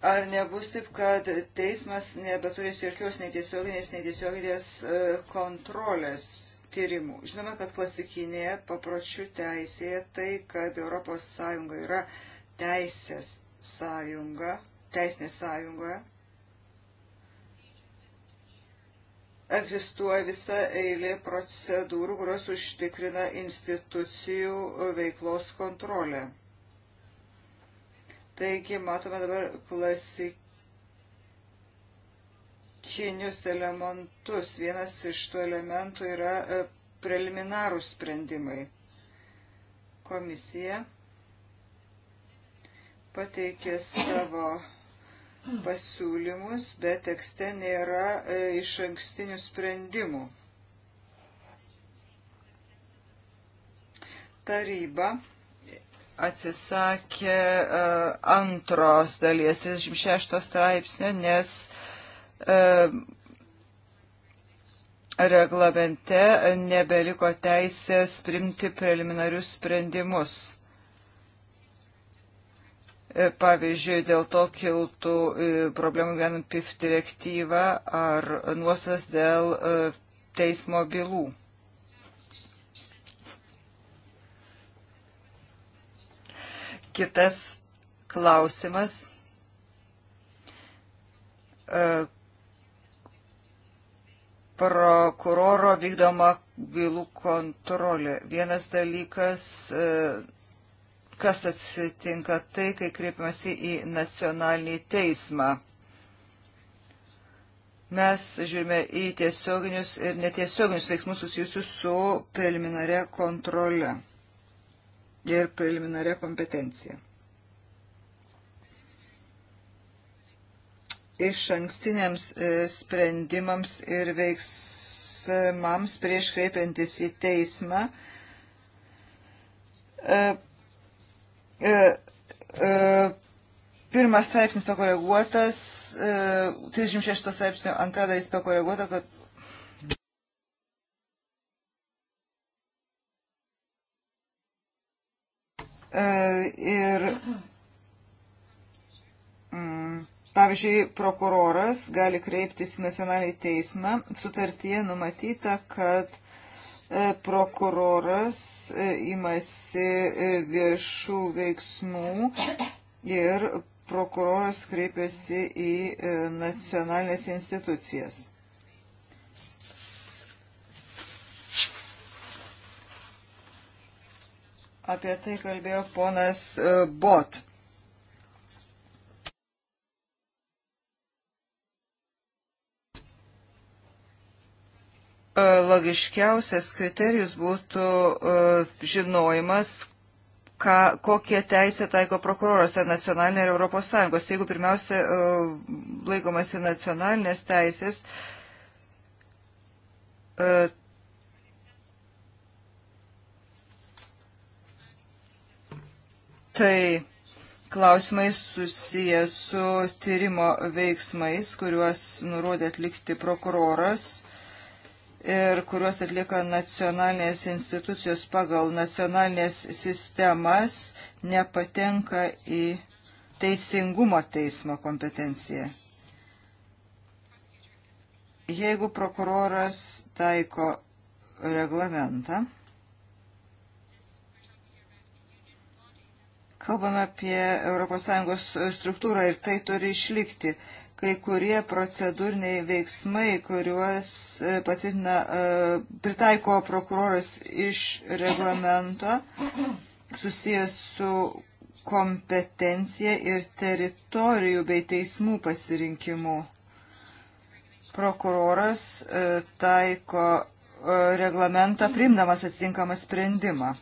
Ar nebus taip, kad teismas nebeturės jokios netiesioginės, netiesioginės e, kontrolės tyrimų? Žinome, kad klasikinėje papročių teisėje tai, kad ES yra teisės sąjunga, teisinė sąjungoje, egzistuoja visa eilė procedūrų, kurios užtikrina institucijų veiklos kontrolę. Taigi matome dabar klasikinius elementus. Vienas iš tų elementų yra e, preliminarų sprendimai. Komisija pateikė savo pasiūlymus, bet tekste nėra e, iš ankstinių sprendimų. Taryba atsisakė e, antros dalies 36 straipsnio, nes e, reglamente nebeliko teisės primti preliminarius sprendimus. E, pavyzdžiui, dėl to kiltų problemų gan PIF direktyva ar nuostas dėl teismo bylų. Kitas klausimas. E, prokuroro vykdoma bylų kontrolė. Vienas dalykas e, kas atsitinka tai, kai kreipiamasi į nacionalinį teismą. Mes žiūrime į tiesioginius ir netiesioginius veiksmus susijusius su preliminare kontrole ir preliminaria kompetencija. Iš ankstiniams e, sprendimams ir veiksmams prieš kreipiantis į teismą e, e, pirmas straipsnis pakoreguotas, 36 straipsnio antra dalis pakoreguota, kad E, ir, mm, pavyzdžiui, prokuroras gali kreiptis į nacionalinį teismą. Sutartyje numatyta, kad e, prokuroras e, imasi viešų veiksmų ir prokuroras kreipiasi į nacionalinės institucijas. Apie tai kalbėjo ponas e, Bot. E, logiškiausias kriterijus būtų e, žinojimas, ką, kokią teisę taiko prokuroras, ar nacionalinė, ar Europos Sąjungos. Jeigu pirmiausia laikomasi nacionalinės teisės, Tai klausimai susiję su tyrimo veiksmais, kuriuos nurodė atlikti prokuroras ir kuriuos atlieka nacionalinės institucijos pagal nacionalinės sistemas, nepatenka į teisingumo teismo kompetenciją. Jeigu prokuroras taiko reglamentą, Kalbame apie ES struktūrą ir tai turi išlikti. Kai kurie procedūriniai veiksmai, kuriuos e, patvirtina, e, pritaiko prokuroras iš reglamento, susijęs su kompetencija ir teritorijų bei teismų pasirinkimu. Prokuroras e, taiko reglamentą primdamas atitinkamą sprendimą.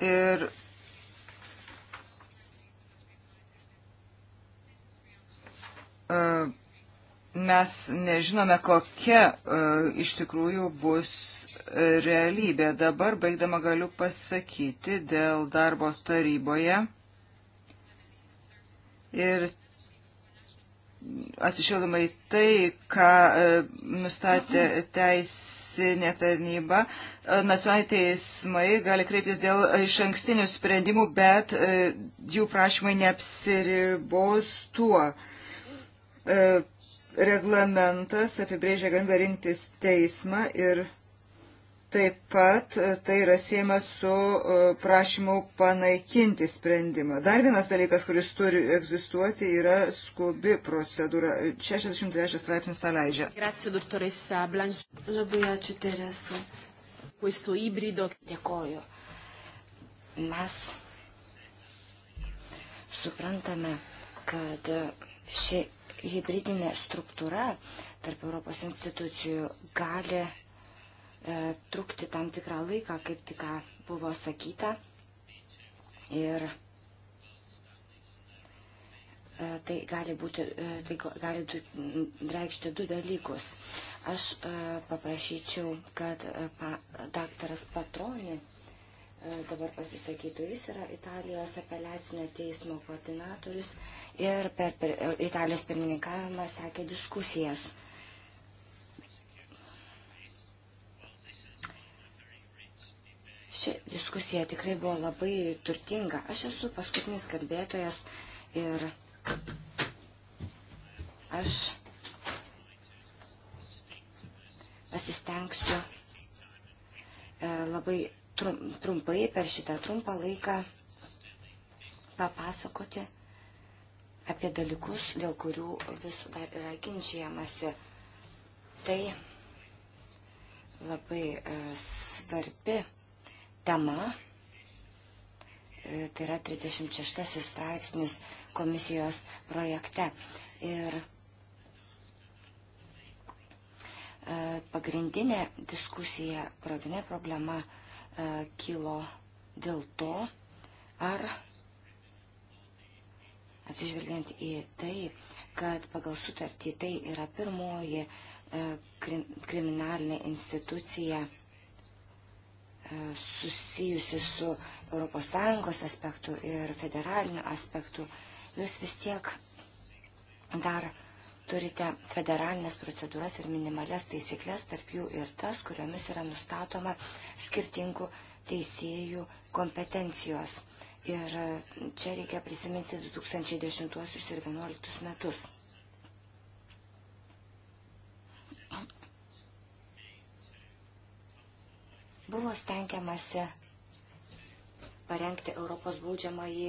Ir e, mes nežinome, kokia e, iš tikrųjų bus realybė. Dabar baigdama galiu pasakyti dėl darbo taryboje ir atsižvelgdama į tai, ką e, nustatė teisinė tarnyba, e, nacionaliniai teismai gali kreiptis dėl iš ankstinių sprendimų, bet e, jų prašymai neapsiribos tuo. Reglamentas apibrėžia galimybę rinktis teismą ir Taip pat e, tai yra siejama su e, prašymu panaikinti sprendimą. Dar vienas dalykas, kuris turi egzistuoti, yra skubi procedūra. 63 straipsnis tą leidžia. Grazie, doktoressa Blanche. Labai ačiū, Teresa. Questo ibrido. Dėkoju. Mes suprantame, kad ši hybridinė struktūra tarp Europos institucijų gali E, trukti tam tikrą laiką, kaip tik buvo sakyta. Ir e, tai gali, būti, e, tai gali reikšti du dalykus. Aš paprašyčiau, kad pa, daktaras Patroni dabar pasisakytų. Jis yra Italijos apeliacinio teismo koordinatorius ir per, per Italijos pirmininkavimą sekė diskusijas. Ši diskusija tikrai buvo labai turtinga. Aš esu paskutinis kalbėtojas ir aš pasistengsiu e, labai trumpai per šitą trumpą laiką papasakoti apie dalykus, dėl kurių vis dar yra ginčiamasi. Tai labai e, svarbi tema. E, tai yra 36 straipsnis komisijos projekte. Ir e, pagrindinė diskusija, pagrindinė problema e, kilo dėl to, ar atsižvelgiant į tai, kad pagal sutartį tai yra pirmoji kriminalinė institucija E, susijusi su ES aspektu ir federaliniu aspektu, jūs vis tiek dar turite federalinės procedūras ir minimalias taisyklės, tarp jų ir tas, kuriomis yra nustatoma skirtingų teisėjų kompetencijos. Ir čia reikia prisiminti 2010 ir 2011 metus. buvo stengiamasi parengti Europos baudžiamąjį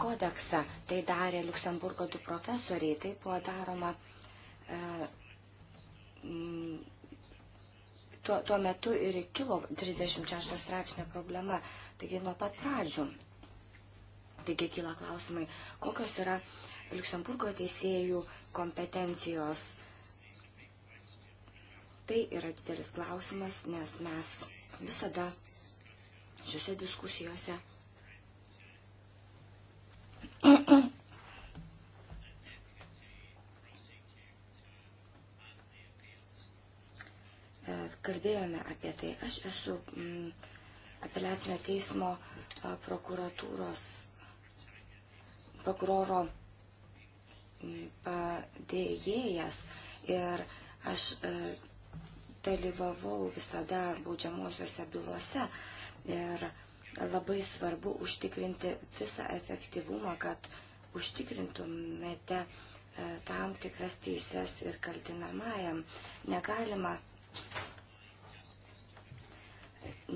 kodeksą. Tai darė Luksemburgo du profesoriai. Tai buvo daroma e, mm, tuo, tuo metu ir kilo 36 straipsnio problema. Taigi nuo pat pradžių. Taigi kyla klausimai, kokios yra Luksemburgo teisėjų kompetencijos. Tai yra didelis klausimas, nes mes visada šiuose diskusijose e, kalbėjome apie tai. Aš esu mm, apeliacinio teismo a, prokuratūros prokuroro mm, padėjėjas ir aš a, e, dalyvavau visada baudžiamosiuose bylose ir labai svarbu užtikrinti visą efektyvumą, kad užtikrintumėte e, tam tikras teises ir kaltinamajam. Negalima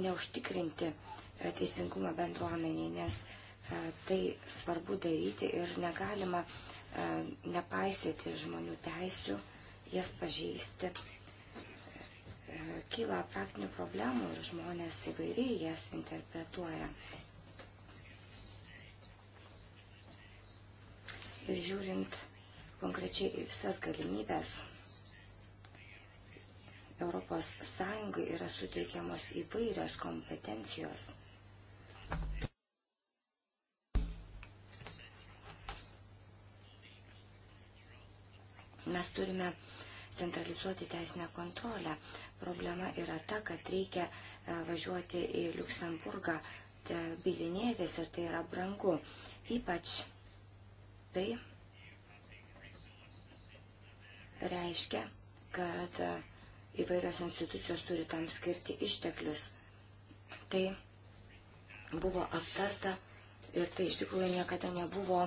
neužtikrinti e, teisingumo bendruomeniai, nes e, tai svarbu daryti ir negalima nepaisyti žmonių teisių, jas pažeisti E, kyla praktinių problemų ir žmonės įvairiai jas interpretuoja. Ir žiūrint konkrečiai į visas galimybės, Europos Sąjungai yra suteikiamos įvairios kompetencijos. Mes turime uh, centralizuoti teisinę kontrolę. Problema yra ta, kad reikia e, važiuoti į Luksemburgą bilinėtis ir tai yra brangu. Ypač tai reiškia, kad e, įvairios institucijos turi tam skirti išteklius. Tai buvo aptarta ir tai iš tikrųjų niekada nebuvo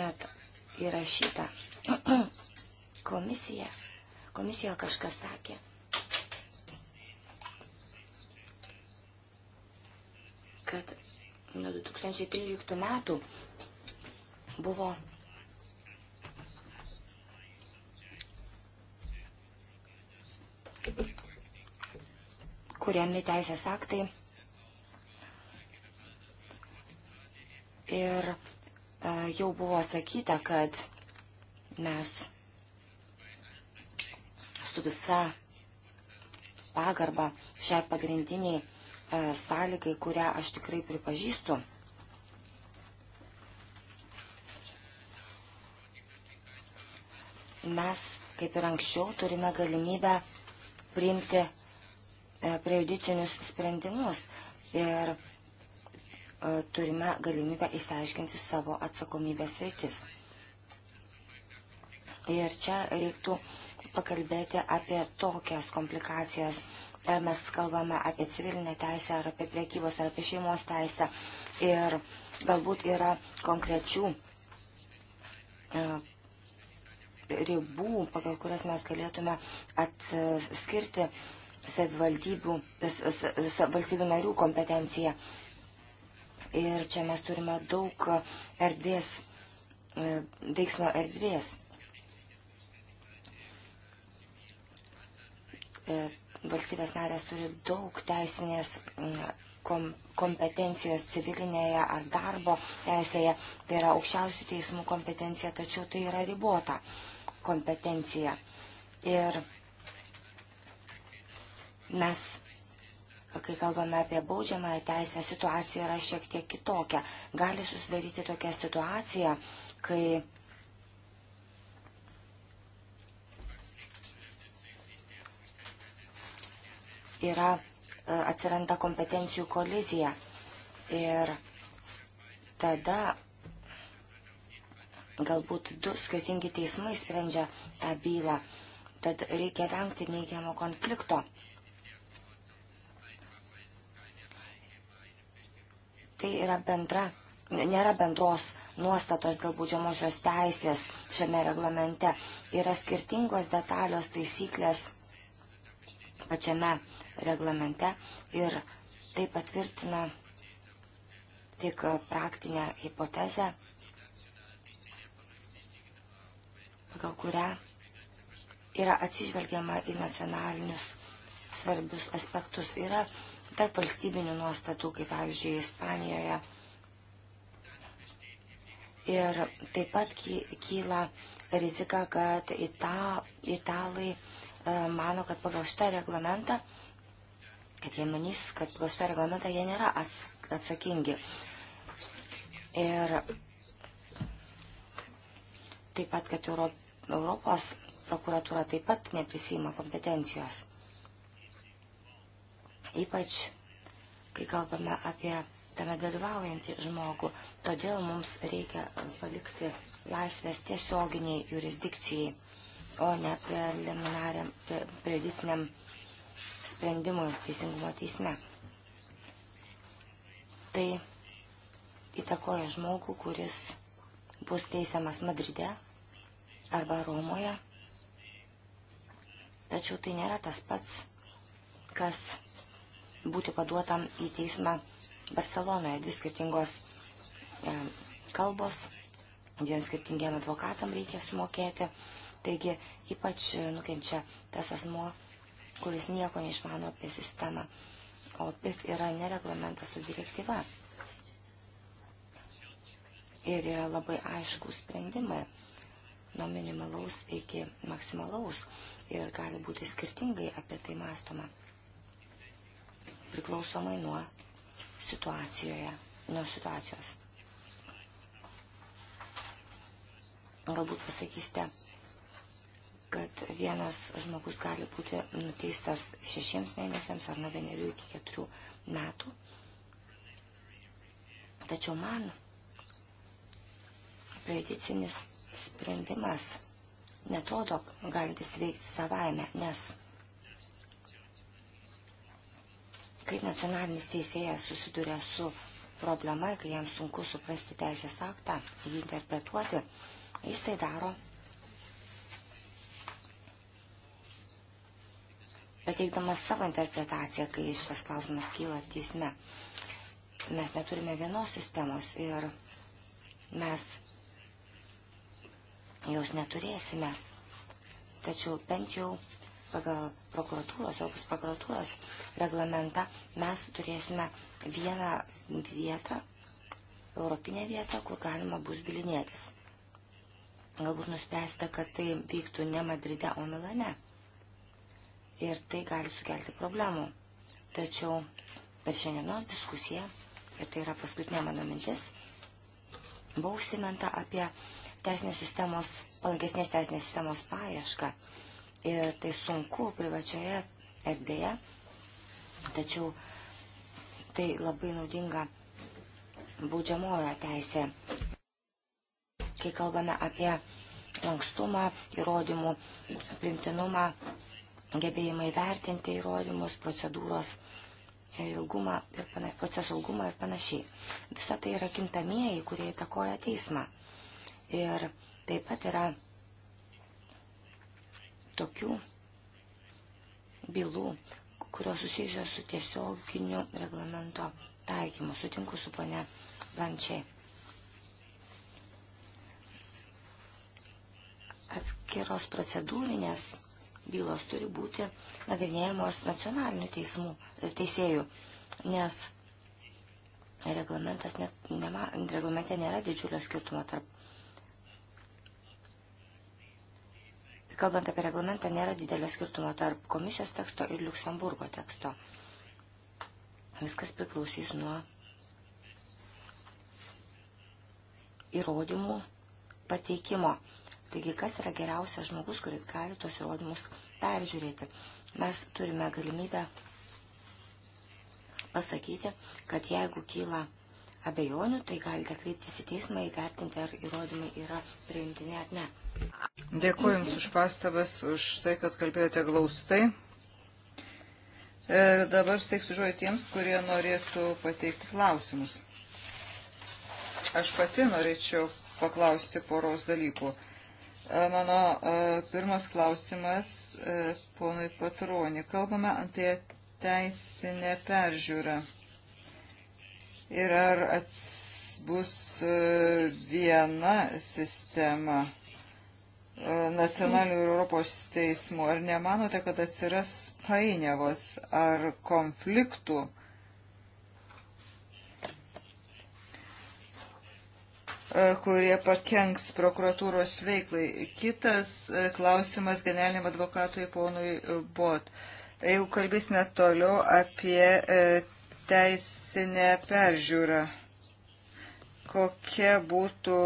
net įrašyta. Komisija komisijoje kažkas sakė. kad nuo 2013 metų buvo kuriami teisės aktai ir e, jau buvo sakyta, kad mes su visa pagarba šiai pagrindiniai e, sąlygai, kurią aš tikrai pripažįstu. Mes, kaip ir anksčiau, turime galimybę priimti e, prejudicinius sprendimus ir e, turime galimybę įsiaiškinti savo atsakomybės rytis. Ir čia reiktų uh, pakalbėti apie tokias komplikacijas. Ar mes kalbame apie civilinę teisę, ar apie priekybos, ar apie šeimos teisę. Ir galbūt yra konkrečių e, ribų, pagal kurias mes galėtume atskirti savivaldybių, valstybių narių kompetenciją. Ir čia mes turime daug erdvės, e, veiksmo erdvės. E, valstybės narės turi daug teisinės kom, kompetencijos civilinėje ar darbo teisėje, tai yra aukščiausių teismų kompetencija, tačiau tai yra ribota kompetencija. Ir mes, kai kalbame apie baudžiamąją teisę, situacija yra šiek tiek kitokia. Gali susidaryti tokia situacija, kai yra, e, atsiranda kompetencijų kolizija. Ir tada galbūt du skirtingi teismai sprendžia tą bylą. Tad reikia vengti neigiamo konflikto. Tai yra bendra, nėra bendros nuostatos dėl būdžiamosios teisės šiame reglamente. Yra skirtingos detalios taisyklės pačiame reglamente ir tai patvirtina tik praktinę hipotezę, pagal kurią yra atsižvelgiama į nacionalinius svarbius aspektus. Yra tarp valstybinių nuostatų, kaip pavyzdžiui, Ispanijoje. Ir taip pat kyla rizika, kad ita, italai E, mano, kad pagal šitą reglamentą, kad jie manys, kad pagal šitą reglamentą jie nėra atsakingi. Ir taip pat, kad Europos prokuratūra taip pat neprisima kompetencijos. Ypač, kai kalbame apie tame dalyvaujantį žmogų. Todėl mums reikia palikti laisvės tiesioginiai jurisdikcijai o ne preliminariam, pre, prejudiciniam sprendimui teisingumo teisme. Tai įtakoja žmogų, kuris bus teisiamas Madride arba Romoje. Tačiau tai nėra tas pats, kas būti paduotam į teismą Barcelonoje. Dvi skirtingos e, kalbos, dviem skirtingiem advokatam reikia sumokėti. Taigi ypač e, nukenčia tas asmo, kuris nieko neišmano apie sistemą. O PIF yra nereglamentas su direktyva. Ir yra labai aiškus sprendimai nuo minimalaus iki maksimalaus. Ir gali būti skirtingai apie tai mąstoma. Priklausomai nuo situacijoje, nuo situacijos. Galbūt pasakysite, kad vienas žmogus gali būti nuteistas šešiems mėnesiams ar nuo vienerių iki keturių metų. Tačiau man prejudicinis sprendimas netrodo galintis veikti savaime, nes kai nacionalinis teisėjas susiduria su problema, kai jam sunku suprasti teisės aktą, jį interpretuoti, jis tai daro pateikdamas savo interpretaciją, kai šios klausimas kyla teisme. Mes neturime vienos sistemos ir mes jos neturėsime. Tačiau bent jau pagal prokuratūros, Europos prokuratūros reglamentą mes turėsime vieną vietą, europinę vietą, kur galima bus bilinėtis. Galbūt nuspręsite, kad tai vyktų ne Madride, o Milane ir tai gali sukelti problemų. Tačiau per šiandienos diskusiją, ir tai yra paskutinė mano mintis, buvo užsiminta apie teisinės sistemos, palankesnės teisinės sistemos paiešką. Ir tai sunku privačioje erdvėje, tačiau tai labai naudinga baudžiamojo teisė. Kai kalbame apie lankstumą, įrodymų primtinumą gebėjimai vertinti įrodymus, procedūros e, ilgumą ir pana, proceso ilgumą ir panašiai. Visa tai yra kintamieji, kurie įtakoja teismą. Ir taip pat yra tokių bylų, kurios susijusios su tiesioginiu reglamento taikymu. Sutinku su pone Blančiai. Atskiros procedūrinės bylos turi būti nagrinėjamos nacionalinių teismų, e, teisėjų, nes reglamentas net, nema, reglamente nėra didžiulio skirtumo tarp. Kalbant apie reglamentą, nėra didelio skirtumo tarp komisijos teksto ir Luksemburgo teksto. Viskas priklausys nuo įrodymų pateikimo Taigi, kas yra geriausias žmogus, kuris gali tuos įrodymus peržiūrėti? Mes turime galimybę pasakyti, kad jeigu kyla abejonių, tai galite kreiptis į teismą įvertinti, ar įrodymai yra priimtini ar ne. Dėkuoju Jums už pastabas, už tai, kad kalbėjote glaustai. E, dabar steiksiu žodį tiems, kurie norėtų pateikti klausimus. Aš pati norėčiau paklausti poros dalykų. E, mano e, pirmas klausimas e, ponui Patronį. Kalbame apie teisinę peržiūrą. Ir ar ats, bus viena sistema nacionalinių ir Europos teismų? Ar nemanote, kad atsiras painiavos ar konfliktų? E, kurie pakenks prokuratūros veiklai. Kitas e, klausimas generaliniam advokatui ponui Bot. Jeigu kalbėsime toliau apie e, teisinę peržiūrą, kokia būtų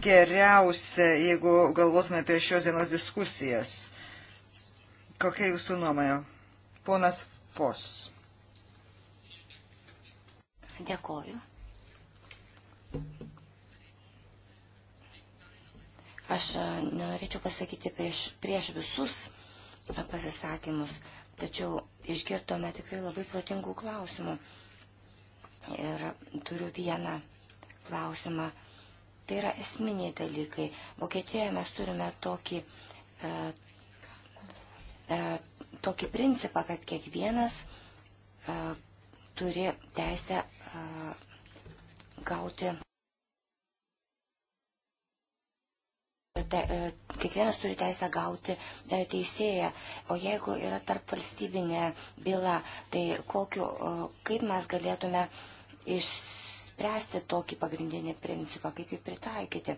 geriausia, jeigu galvotume apie šios dienos diskusijas. Kokia jūsų nuomonė? Ponas Fos. Dėkoju. Aš e, nenorėčiau pasakyti prieš, prieš visus e, pasisakymus, tačiau išgirdome tikrai labai protingų klausimų. Ir turiu vieną klausimą. Tai yra esminiai dalykai. Vokietijoje mes turime tokį, e, e, tokį principą, kad kiekvienas e, turi teisę e, gauti te, e, kiekvienas turi teisę gauti e, teisėją, o jeigu yra tarp valstybinė byla, tai kokiu, kaip mes galėtume išspręsti tokį pagrindinį principą, kaip jį pritaikyti.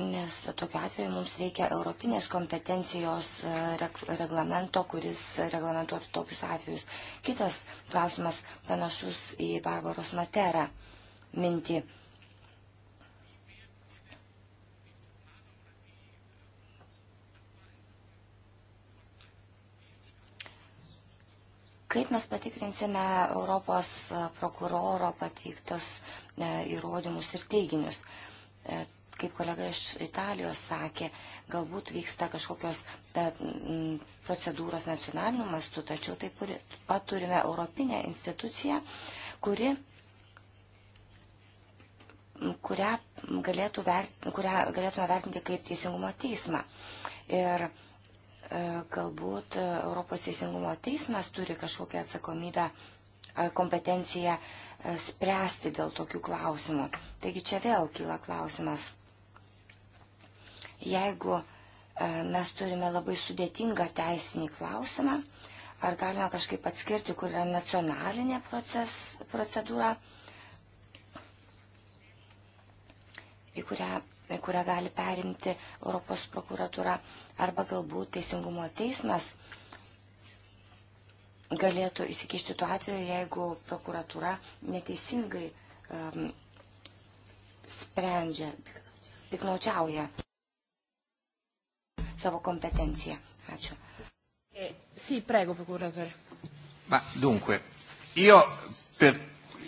Nes tokiu atveju mums reikia europinės kompetencijos e, reglamento, kuris reglamentuotų tokius atvejus. Kitas klausimas panašus į Barbaros Materą mintį Kaip mes patikrinsime Europos prokuroro pateiktus e, įrodymus ir teiginius? E, kaip kolega iš Italijos sakė, galbūt vyksta kažkokios ta, m, procedūros nacionaliniu mastu, tačiau taip pat turime Europinę instituciją, kuri kurią, galėtų vert, kurią galėtume vertinti kaip teisingumo teismą. Ir E, galbūt e, Europos teisingumo teismas turi kažkokią atsakomybę, e, kompetenciją spręsti dėl tokių klausimų. Taigi čia vėl kyla klausimas. Jeigu mes turime labai sudėtingą teisinį klausimą, ar galime kažkaip atskirti, kur yra nacionalinė proces, procedūra, į kurią kurią gali perimti Europos prokuratura arba galbūt Teisingumo teismas galėtų įsikišti tuo atveju, jeigu prokuratura neteisingai um, sprendžia, piknaučiauja savo kompetenciją. Ačiū. E, sì, prego, procuratore. Ma dunque, io per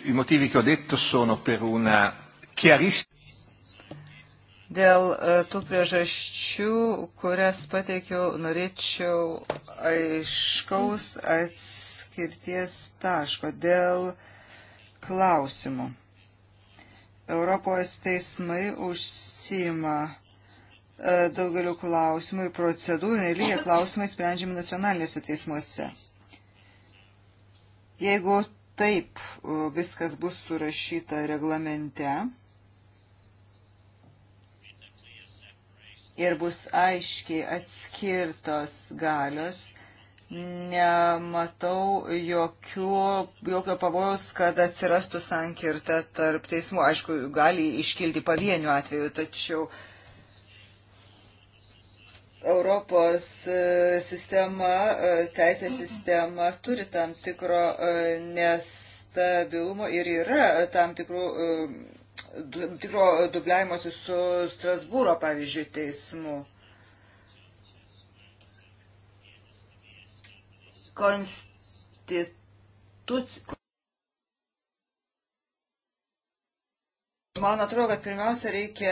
i motivi che ho detto sono per una chiarissima. Dėl e, tų priežasčių, kurias pateikiau, norėčiau aiškaus atskirties taško dėl klausimų. Europos teismai užsima e, daugeliu klausimų ir procedūriniai lygiai klausimai sprendžiami nacionaliniuose teismuose. Jeigu taip e, viskas bus surašyta reglamente, ir bus aiškiai atskirtos galios. Nematau jokio, jokio pavojus, kad atsirastų sankirta tarp teismų. Aišku, gali iškilti pavienių atvejų, tačiau Europos e, sistema, e, teisės sistema turi tam tikro e, nestabilumo ir yra tam tikrų du, tikro dubliavimuose su Strasbūro, pavyzdžiui, teismu. Konstitucija. Man atrodo, kad pirmiausia reikia e,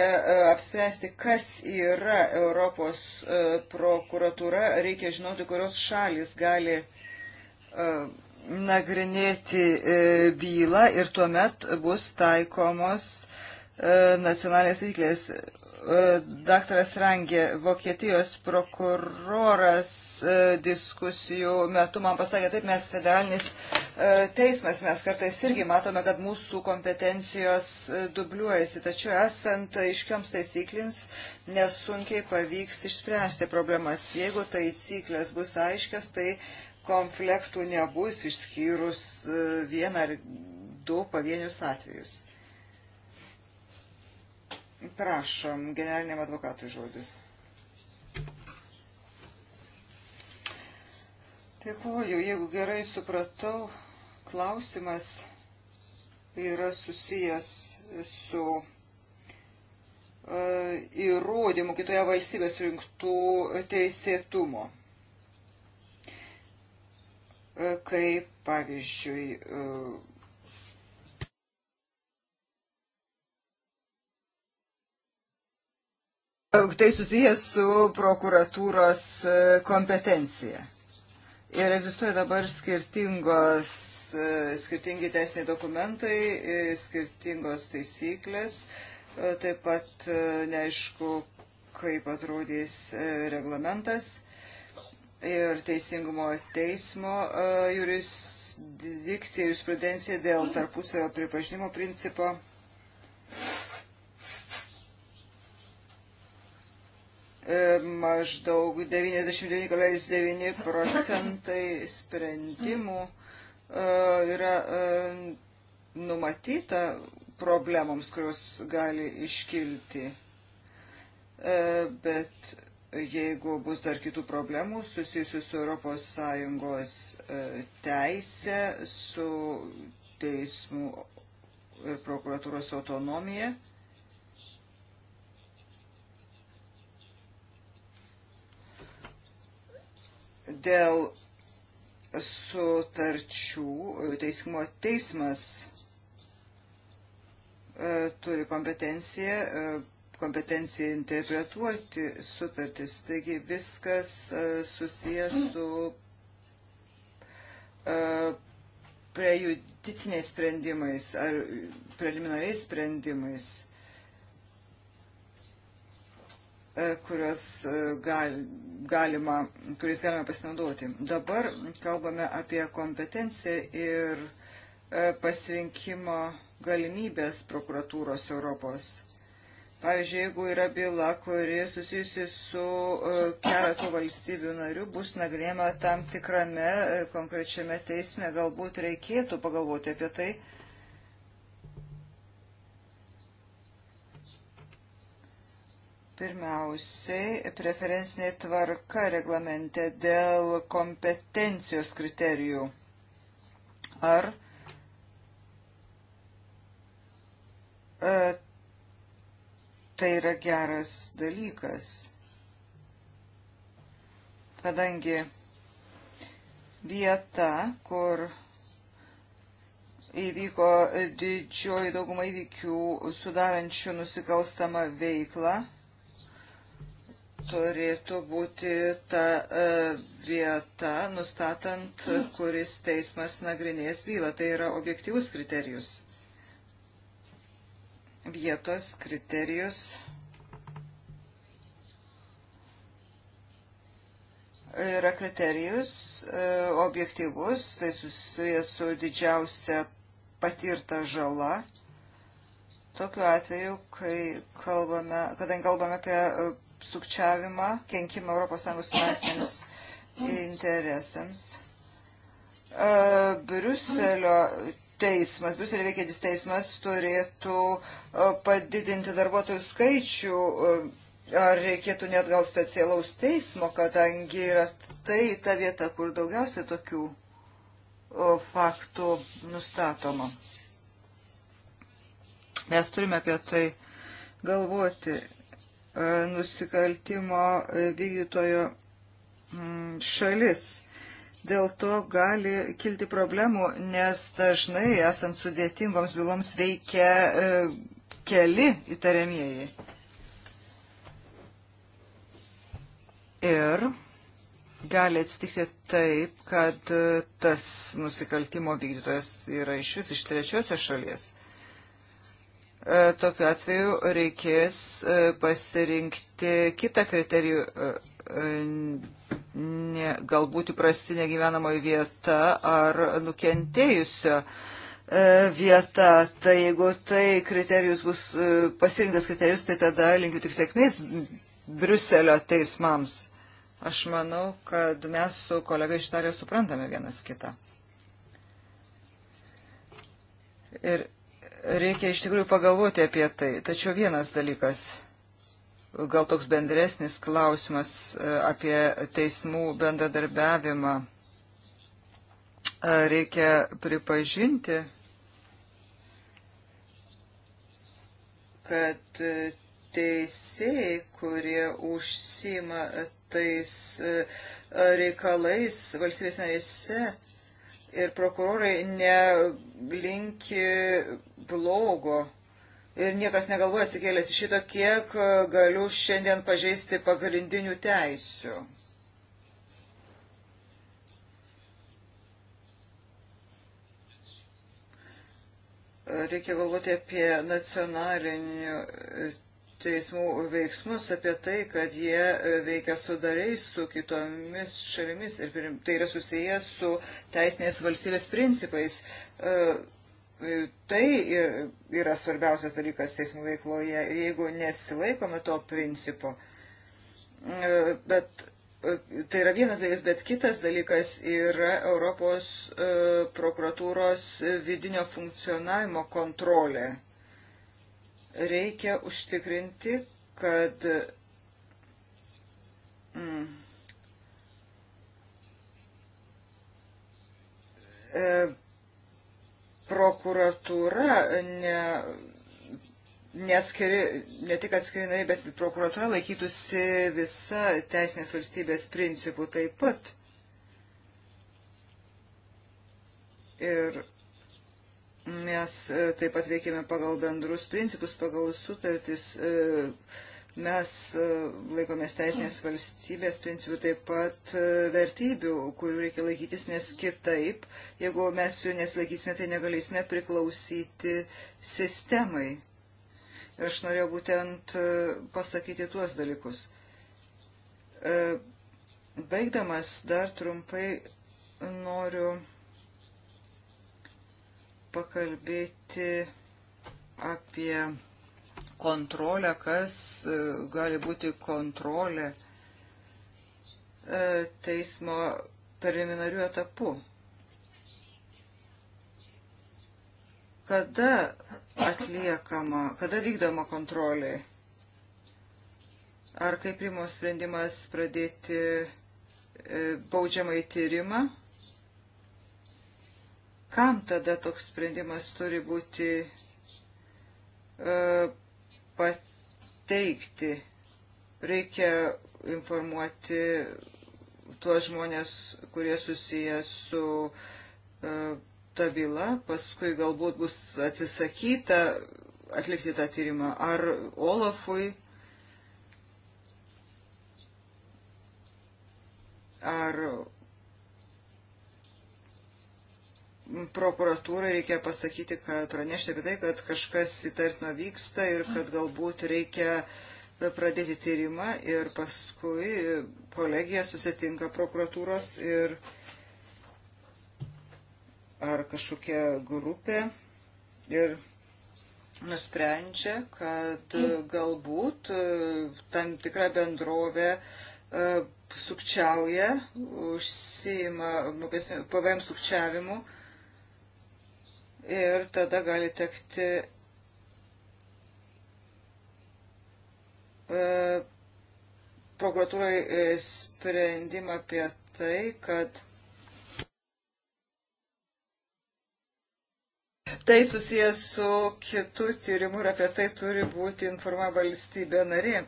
apspręsti, kas yra Europos e, prokuratūra, reikia žinoti, kurios šalis gali e, nagrinėti e, bylą ir tuomet bus taikomos e, nacionalinės taisyklės. E, daktaras Rangė, Vokietijos prokuroras diskusijų metu man pasakė, taip mes federalinis teismas, mes kartais irgi matome, kad mūsų kompetencijos dubliuojasi, tačiau esant aiškioms taisyklėms nesunkiai pavyks išspręsti problemas. Jeigu taisyklės bus aiškios, tai konfliktų nebus išskyrus e, vieną ar du pavienius atvejus. Prašom, generaliniam advokatui žodis. Dėkuoju, jeigu gerai supratau, klausimas yra susijęs su e, įrodymu kitoje valstybės rinktų teisėtumo kaip pavyzdžiui e, Tai susijęs su prokuratūros e, kompetencija. Ir egzistuoja dabar skirtingos, e, skirtingi teisiniai dokumentai, skirtingos taisyklės, taip pat neaišku, kaip atrodys reglamentas ir Teisingumo teismo e, jurisdikcija, jurisprudencija dėl tarpusavio pripažinimo principo. E, maždaug 99,9 procentai sprendimų e, yra numatyta problemoms, kurios gali iškilti. Bet jeigu bus dar kitų problemų susijusių su ES e, teise, su teismų ir prokuratūros autonomija. Dėl sutarčių e, teismo teismas e, turi kompetenciją kompetencija interpretuoti sutartis. Taigi viskas e, susijęs su e, prejudiciniais sprendimais ar preliminariais sprendimais e, kurios gal, galima, kuriais galima pasinaudoti. Dabar kalbame apie kompetenciją ir pasirinkimo galimybės prokuratūros Europos. Pavyzdžiui, jeigu yra byla, kuri susijusi su e, keletų valstybių narių, bus nagrinėjama tam tikrame e, konkrečiame teisme, galbūt reikėtų pagalvoti apie tai. Pirmiausiai, preferencinė tvarka reglamente dėl kompetencijos kriterijų. Ar e, tai yra geras dalykas, kadangi vieta, kur įvyko didžioji dauguma įvykių sudarančių nusikalstamą veiklą, turėtų būti ta e, vieta, nustatant, kuris teismas nagrinės bylą. Tai yra objektyvus kriterijus vietos kriterijus yra kriterijus e, objektyvus, tai susijęs su didžiausia patirta žala. Tokiu atveju, kai kalbame, kadangi kalbame apie e, sukčiavimą, kenkimą ES finansiniams interesams, e, Briuselio teismas, Briuselė veikiantis teismas turėtų e, padidinti darbuotojų skaičių, e, ar reikėtų net gal specialaus teismo, kadangi yra tai ta vieta, kur daugiausia tokių e, faktų nustatoma. Mes turime apie tai galvoti nusikaltimo vykdytojo šalis dėl to gali kilti problemų, nes dažnai esant sudėtingoms byloms veikia e, keli įtariamieji. Ir gali atsitikti taip, kad e, tas nusikaltimo vykdytojas yra iš vis iš trečiosios šalies. E, tokiu atveju reikės e, pasirinkti kitą kriterijų E, ne, galbūt įprastinė gyvenamoji vieta ar nukentėjusio e, vieta. Tai jeigu tai kriterijus bus e, pasirinktas kriterijus, tai tada linkiu tik sėkmės Briuselio teismams. Aš manau, kad mes su kolega iš Italijos suprantame vienas kitą. Ir reikia iš tikrųjų pagalvoti apie tai. Tačiau vienas dalykas – gal toks bendresnis klausimas e, apie teismų bendradarbiavimą. E, reikia pripažinti, kad e, teisėjai, kurie užsima tais reikalais valstybės narėse ir prokurorai nelinki blogo ir niekas negalvoja atsikėlęs iš šito, kiek e, galiu šiandien pažeisti pagrindinių teisių. Reikia galvoti apie nacionalinių e, teismų veiksmus, apie tai, kad jie e, veikia sudariai su kitomis šalimis ir tai yra susijęs su teisinės valstybės principais. Uh, Tai yra svarbiausias dalykas teismų veikloje. Ir jeigu nesilaikome to principo, bet tai yra vienas dalykas, bet kitas dalykas yra Europos e, prokuratūros vidinio funkcionavimo kontrolė. Reikia užtikrinti, kad mm, e, prokuratūra ne, neatskiri, ne tik atskirinai, bet prokuratūra laikytųsi visa teisinės valstybės principų taip pat. Ir mes e, taip pat veikėme pagal bendrus principus, pagal sutartis. E, Mes e, laikomės teisinės valstybės principų, taip pat e, vertybių, kurių reikia laikytis, nes kitaip, jeigu mes jų nesilaikysime, tai negalėsime priklausyti sistemai. Ir aš norėjau būtent e, pasakyti tuos dalykus. Baigdamas dar trumpai noriu pakalbėti apie kontrolę, kas e, gali būti kontrolė e, teismo preliminarių etapų. Kada atliekama, kada vykdoma kontrolė? Ar kaip primo sprendimas pradėti e, baudžiamą įtyrimą? Kam tada toks sprendimas turi būti pateikti. Reikia informuoti tuos žmonės, kurie susiję su uh, ta byla, paskui galbūt bus atsisakyta atlikti tą tyrimą. Ar Olafui, ar prokuratūrai reikia pasakyti, kad pranešti apie tai, kad kažkas įtartino vyksta ir kad galbūt reikia pradėti tyrimą ir paskui kolegija susitinka prokuratūros ir ar kažkokia grupė ir nusprendžia, kad galbūt e, tam tikra bendrovė e, sukčiauja, užsima PVM sukčiavimu ir tada gali tekti e, prokuratūrai e, sprendimą apie tai, kad tai susijęs su kitų tyrimų ir apie tai turi būti informa valstybė narė.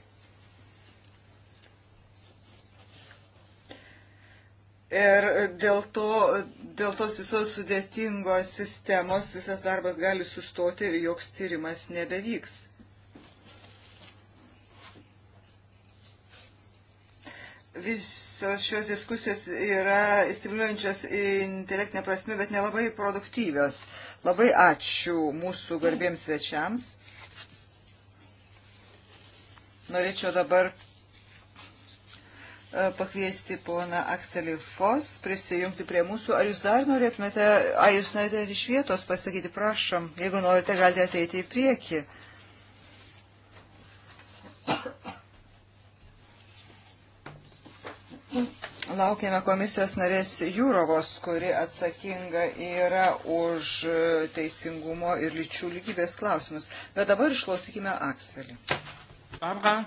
Ir dėl, to, dėl tos visos sudėtingos sistemos visas darbas gali sustoti ir joks tyrimas nebevyks. Visos šios diskusijos yra stimuliuojančios intelektinę prasme, bet nelabai produktyvios. Labai ačiū mūsų garbiems svečiams. Norėčiau dabar pakviesti poną Akselį Fos prisijungti prie mūsų. Ar jūs dar norėtumėte, a, jūs norite iš vietos pasakyti, prašom, jeigu norite, galite ateiti į priekį. Laukiame komisijos narės Jūrovos, kuri atsakinga yra už teisingumo ir lyčių lygybės klausimus. Bet dabar išklausykime Akselį. Barbara.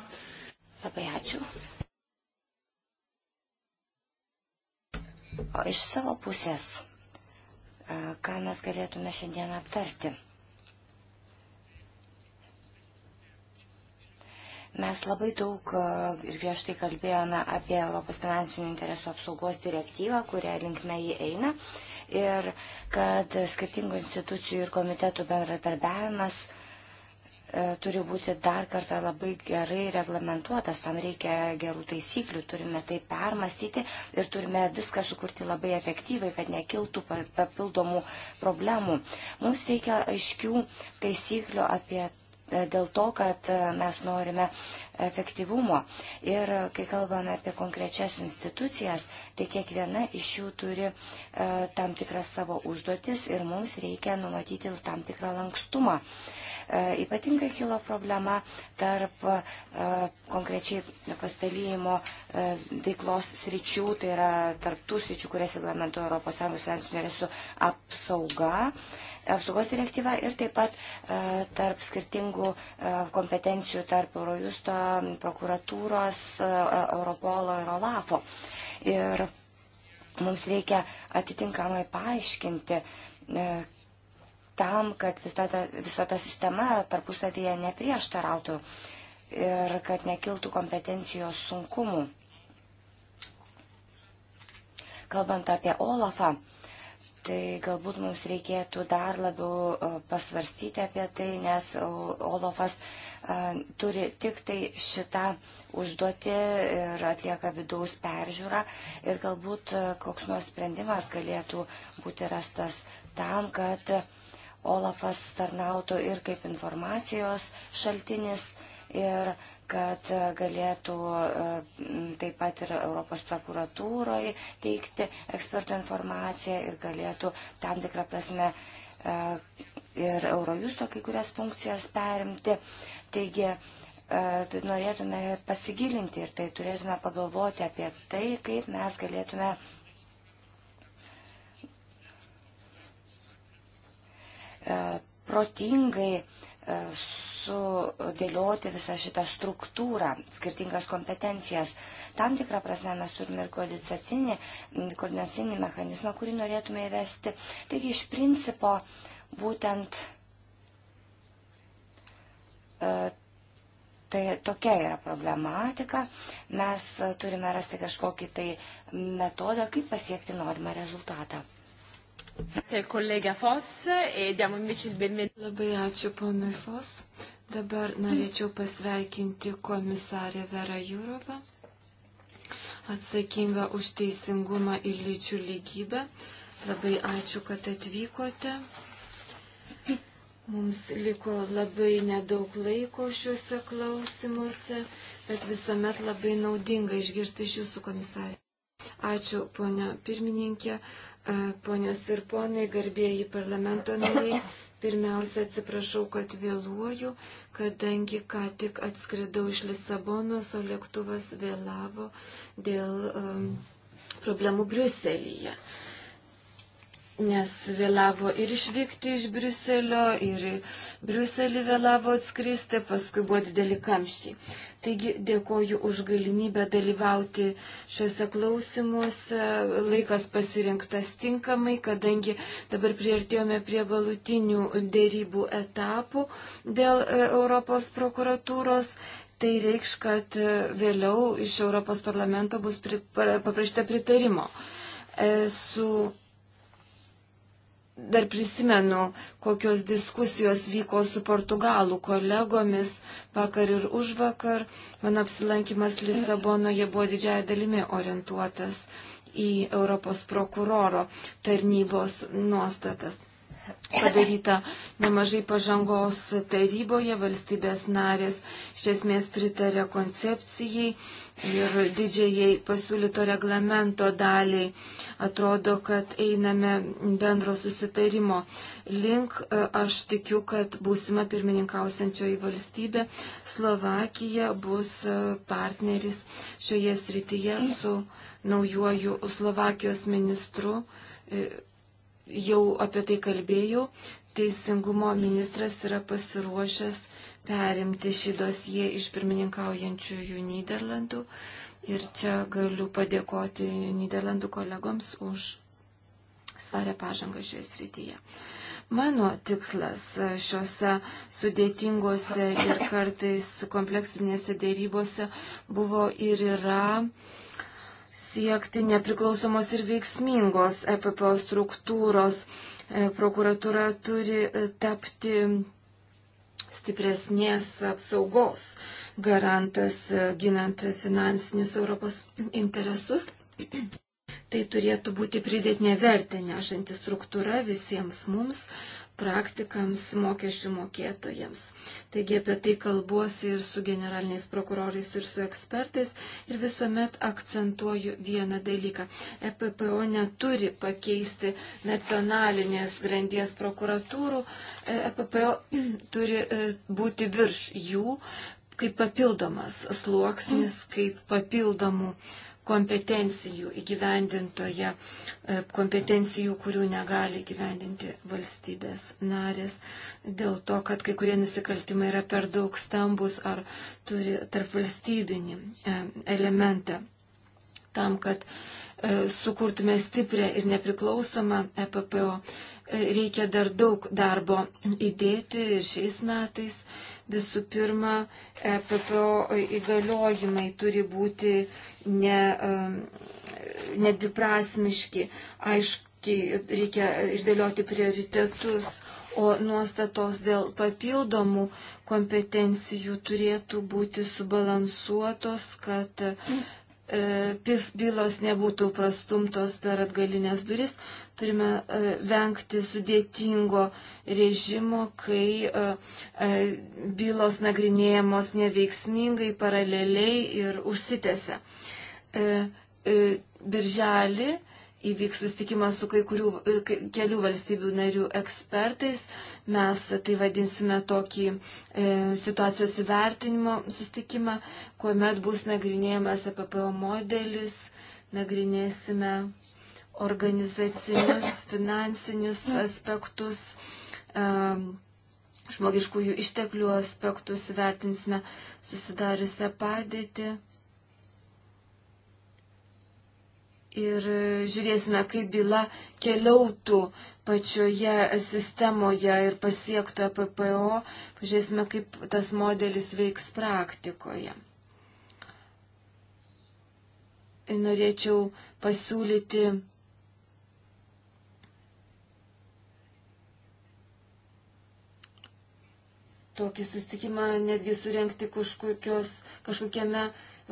Labai ačiū. O iš savo pusės, e, ką mes galėtume šiandien aptarti? Mes labai daug e, ir griežtai kalbėjome apie Europos finansinių interesų apsaugos direktyvą, kurią linkme jį eina, ir kad skirtingų institucijų ir komitetų bendradarbiavimas uh, E, turi būti dar kartą labai gerai reglamentuotas, tam reikia gerų taisyklių, turime tai permastyti ir turime viską sukurti labai efektyvai, kad nekiltų papildomų problemų. Mums reikia aiškių taisyklių apie E, dėl to, kad e, mes norime efektyvumo. Ir e, kai kalbame apie konkrečias institucijas, tai kiekviena iš jų turi tam tikras savo užduotis ir mums reikia numatyti tam tikrą lankstumą. Ypatingai kilo problema tarp konkrečiai pastalyjimo veiklos sričių, tai yra tarp tų sričių, kurias reglamentuoja ES finansinių interesų apsauga apsaugos direktyva ir taip pat e, tarp skirtingų e, kompetencijų tarp Eurojusto, prokuratūros, e, Europolo ir Olafo. Ir mums reikia atitinkamai paaiškinti tam, kad visa ta, visa ta sistema tarpusavyje neprieštarautų ir kad nekiltų kompetencijos sunkumų. Kalbant apie Olafą, tai galbūt mums reikėtų dar labiau e, pasvarstyti apie tai, nes e, Olofas e, turi tik tai šitą užduotį ir atlieka vidaus peržiūrą ir galbūt koks nors sprendimas galėtų būti rastas tam, kad Olafas tarnautų ir kaip informacijos šaltinis ir kad e, galėtų e, taip pat ir Europos prokuratūroje teikti ekspertų informaciją ir galėtų tam tikrą prasme e, ir Eurojusto kai kurias funkcijas perimti. Taigi, tai norėtume pasigilinti ir tai turėtume pagalvoti apie tai, kaip mes galėtume protingai sudėlioti visą šitą struktūrą, skirtingas kompetencijas. Tam tikrą prasme mes turime ir koordinacinį, koordinacinį mechanizmą, kurį norėtume įvesti. Taigi iš principo būtent e, Tai tokia yra problematika. Mes turime rasti kažkokį tai metodą, kaip pasiekti norimą rezultatą. Grazie al collega Foss e diamo invece il benvenuto. Labai ačiū ponui Foss. Dabar norėčiau pasveikinti komisarę Verą Jūrovą, atsakingą už teisingumą ir lyčių lygybę. Labai ačiū, kad atvykote. Mums liko labai nedaug laiko šiuose klausimuose, bet visuomet labai naudinga išgirsti iš jūsų komisarė. Ačiū, ponia pirmininkė, e, ponios ir ponai, garbėjai parlamento nariai. Pirmiausia, atsiprašau, kad vėluoju, kadangi ką tik atskridau iš Lisabonos, o lėktuvas vėlavo dėl um, problemų Briuselyje. Nes vėlavo ir išvykti iš Briuselio, ir Briuselį vėlavo atskristi, paskui buvo dideli kamščiai. Taigi dėkoju už galimybę dalyvauti šiuose klausimuose. Laikas pasirinktas tinkamai, kadangi dabar priartėjome prie galutinių dėrybų etapų dėl e, Europos prokuratūros. Tai reikš, kad e, vėliau iš Europos parlamento bus pri, paprašyta pritarimo. Esu dar prisimenu, kokios diskusijos vyko su portugalų kolegomis vakar ir už vakar. Mano apsilankimas Lisabonoje buvo didžiaja dalimi orientuotas į Europos prokuroro tarnybos nuostatas. Padaryta nemažai pažangos taryboje, valstybės narės iš esmės pritarė koncepcijai ir didžiai pasiūlyto reglamento daliai. Atrodo, kad einame bendro susitarimo link. E, aš tikiu, kad būsima pirmininkausiančioji valstybė Slovakija bus e, partneris šioje srityje su naujuoju Slovakijos ministru. E, jau apie tai kalbėjau. Teisingumo ministras yra pasiruošęs perimti šį dosiją iš pirmininkaujančiųjų Niderlandų. Ir čia galiu padėkoti Niderlandų kolegoms už svarę pažangą šioje srityje. Mano tikslas šiuose sudėtingose ir kartais kompleksinėse dėrybose buvo ir yra siekti nepriklausomos ir veiksmingos EPPO struktūros. E, prokuratūra turi e, tapti stipresnės apsaugos garantas e, ginant finansinius Europos interesus. Tai turėtų būti pridėtinė vertė nešanti struktūra visiems mums, praktikams, mokesčių mokėtojams. Taigi apie tai kalbuosi ir su generaliniais prokurorais, ir su ekspertais ir visuomet akcentuoju vieną dalyką. EPPO neturi pakeisti nacionalinės grandies prokuratūrų, EPPO turi e, būti virš jų kaip papildomas sluoksnis, kaip papildomų uh, kompetencijų įgyvendintoje, e, kompetencijų, kurių negali įgyvendinti valstybės narės, dėl to, kad kai kurie nusikaltimai yra per daug stambus ar turi tarp valstybinį e, elementą, tam, kad e, sukurtume stiprią ir nepriklausomą EPPO. Reikia dar daug darbo įdėti ir šiais metais Visų pirma, e PPO įgaliojimai turi būti ne, um, nedviprasmiški. Aiškiai, reikia išdėlioti prioritetus, o nuostatos dėl papildomų kompetencijų turėtų būti subalansuotos, kad e, PIF bylos nebūtų prastumtos per atgalinės duris. Turime e, vengti sudėtingo režimo, kai e, e, bylos nagrinėjamos neveiksmingai, paraleliai ir užsitęsia. Birželį įvyks susitikimas su kai kurių kelių valstybių narių ekspertais. Mes tai vadinsime tokį e, situacijos įvertinimo susitikimą, kuomet bus nagrinėjamas APPO modelis, nagrinėsime organizacinius, finansinius aspektus, žmogiškųjų išteklių aspektus, vertinsime susidariusią padėtį. ir žiūrėsime, kaip byla keliautų pačioje sistemoje ir pasiektų e PPO, pažiūrėsime, kaip tas modelis veiks praktikoje. Ir norėčiau pasiūlyti tokį susitikimą netgi surenkti kažkokios, kažkokiame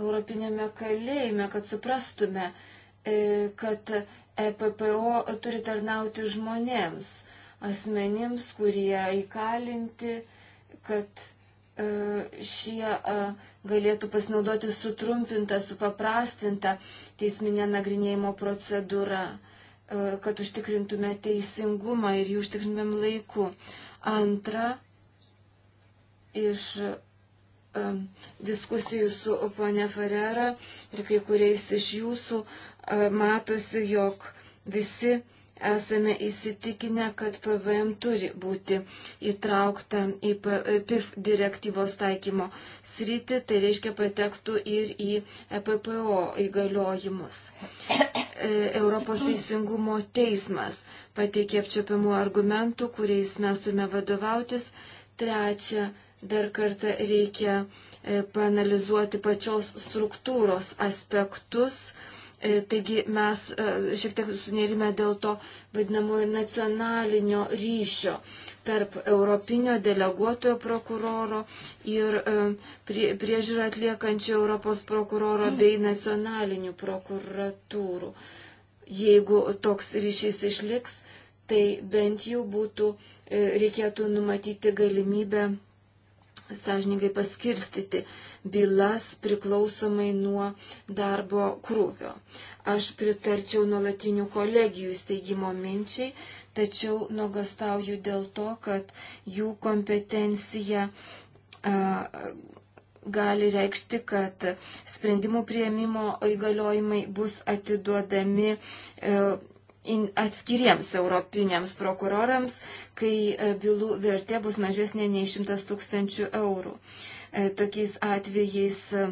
europinėme kalėjime, kad suprastume, e, kad EPPO turi tarnauti žmonėms, asmenims, kurie įkalinti, kad e, šie e, galėtų pasinaudoti sutrumpintą, supaprastintą teisminę nagrinėjimo procedūrą, kad užtikrintume teisingumą ir jį užtikrintumėm laiku. Antra, iš um, diskusijų su ponia Ferrera ir kai kuriais iš jūsų um, matosi, jog visi esame įsitikinę, kad PVM turi būti įtraukta į PIF e, direktyvos taikymo sritį, tai reiškia patektų ir į EPPO įgaliojimus. E, Europos teisingumo teismas pateikė apčiapiamų argumentų, kuriais mes turime vadovautis. Trečia, dar kartą reikia e, panalizuoti pačios struktūros aspektus. E, taigi mes e, šiek tiek sunerime dėl to vadinamojo nacionalinio ryšio tarp Europinio deleguotojo prokuroro ir priežiūrą atliekančio Europos prokuroro mm. bei nacionalinių prokuratūrų. Jeigu toks ryšys išliks, tai bent jau būtų reikėtų numatyti galimybę sąžiningai paskirstyti bylas priklausomai nuo darbo krūvio. Aš pritarčiau nuolatinių kolegijų steigimo minčiai, tačiau nuogastauju dėl to, kad jų kompetencija a, gali reikšti, kad sprendimų prieimimo įgaliojimai bus atiduodami e, atskiriems europiniams prokurorams, kai e, bylų vertė bus mažesnė nei 100 tūkstančių eurų. E, tokiais atvejais e,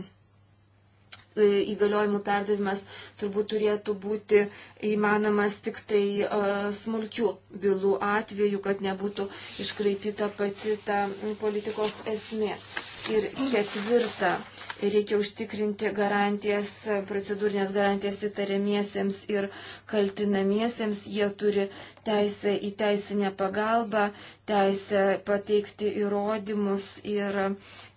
įgaliojimų perdavimas turbūt turėtų būti įmanomas tik tai smulkių bylų atveju, kad nebūtų iškraipyta pati ta politikos esmė. Ir ketvirta reikia užtikrinti garantijas, procedūrinės garantijas įtariamiesiems ir kaltinamiesiems. Jie turi teisę į teisinę pagalbą, teisę pateikti įrodymus ir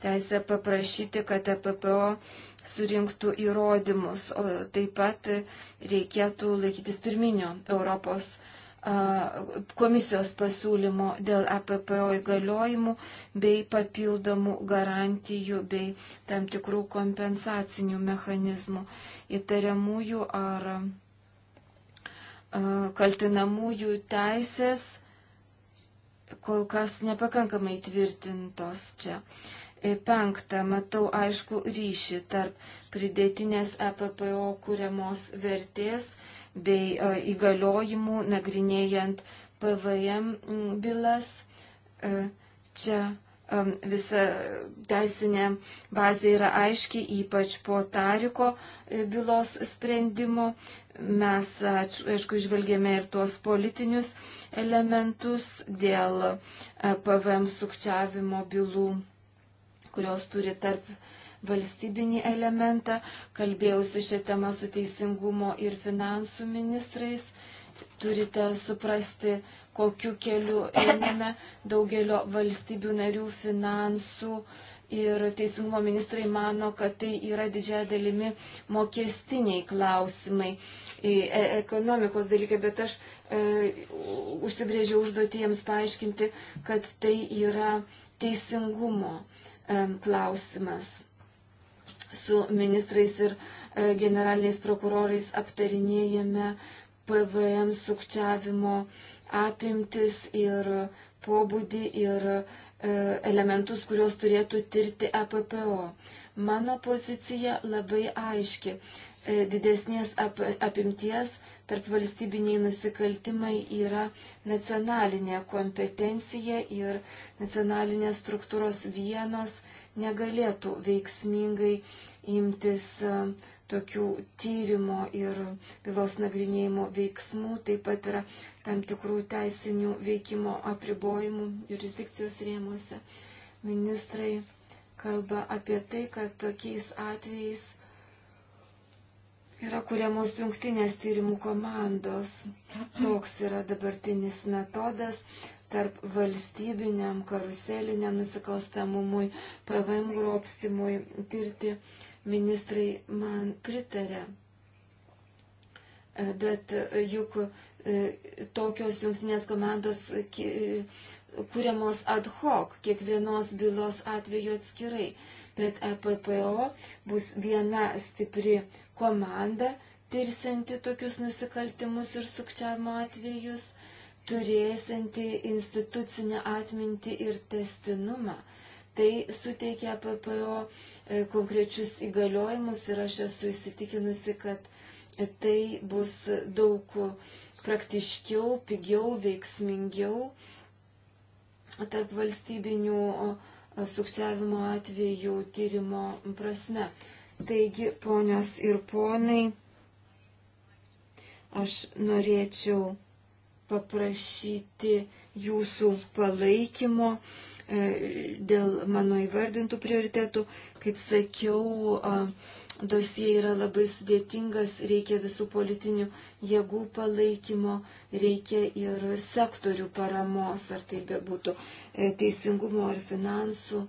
teisę paprašyti, kad APPO e surinktų įrodymus. O taip pat reikėtų laikytis pirminio Europos komisijos pasiūlymo dėl APPO įgaliojimų bei papildomų garantijų bei tam tikrų kompensacinių mechanizmų įtariamųjų ar kaltinamųjų teisės kol kas nepakankamai tvirtintos čia. E, penktą, matau aišku ryšį tarp pridėtinės EPPO kūriamos vertės bei e, įgaliojimų nagrinėjant PVM bylas. E, čia e, visa teisinė bazė yra aiški, ypač po Tariko bylos sprendimo. Mes, aišku, išvelgėme ir tuos politinius elementus dėl PVM sukčiavimo bylų, kurios turi tarp valstybinį elementą. Kalbėjausi šią temą su teisingumo ir finansų ministrais. Turite suprasti, kokiu keliu einame. Daugelio valstybių narių finansų ir teisingumo ministrai mano, kad tai yra didžiąją dalimi mokestiniai klausimai e, e, ekonomikos dalykai, bet aš e, užsibrėžiau užduotį jiems paaiškinti, kad tai yra teisingumo e, klausimas su ministrais ir e, generaliniais prokurorais aptarinėjame PVM sukčiavimo apimtis ir pobūdį ir e, elementus, kuriuos turėtų tirti APPO. E Mano pozicija labai aiški. Didesnės ap apimties tarp valstybiniai nusikaltimai yra nacionalinė kompetencija ir nacionalinės struktūros vienos negalėtų veiksmingai imtis e, tokių tyrimo ir bylos nagrinėjimo veiksmų, taip pat yra tam tikrų teisinių veikimo apribojimų jurisdikcijos rėmuose. Ministrai kalba apie tai, kad tokiais atvejais yra kuriamos jungtinės tyrimų komandos. Toks yra dabartinis metodas tarp valstybiniam karuseliniam nusikalstamumui, PVM grobstimui tirti, ministrai man pritarė. E, bet e, juk e, tokios jungtinės komandos kūriamos ad hoc, kiekvienos bylos atveju atskirai. Bet EPPO bus viena stipri komanda, tirsianti tokius nusikaltimus ir sukčiavimo atvejus turėsinti institucinę atmintį ir testinumą. Tai suteikia PPO e, konkrečius įgaliojimus ir aš esu įsitikinusi, kad tai bus daug praktiškiau, pigiau, veiksmingiau tarp valstybinių sukčiavimo atvejų tyrimo prasme. Taigi, ponios ir ponai, aš norėčiau paprašyti jūsų palaikymo e, dėl mano įvardintų prioritetų. Kaip sakiau, dosie yra labai sudėtingas, reikia visų politinių jėgų palaikymo, reikia ir sektorių paramos, ar tai bebūtų e, teisingumo ar finansų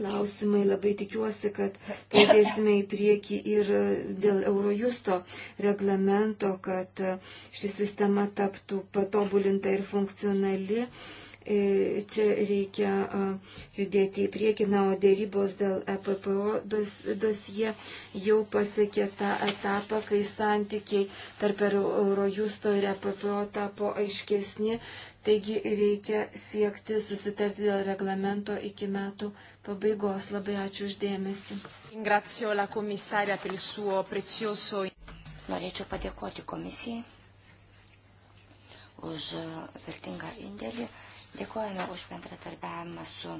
klausimai. Labai tikiuosi, kad pradėsime į priekį ir dėl Eurojusto reglamento, kad ši sistema taptų patobulinta ir funkcionali. E, čia reikia judėti į priekį, na, o dėrybos dėl EPPO dos, dosie jau pasiekė tą etapą, kai santykiai tarp Eurojusto ir EPPO tapo aiškesni, Taigi reikia siekti susitarti dėl reglamento iki metų pabaigos. Labai ačiū uždėmesi. Norėčiau padėkoti komisijai už e, vertingą indėlį. Dėkojame už bendratarbiavimą su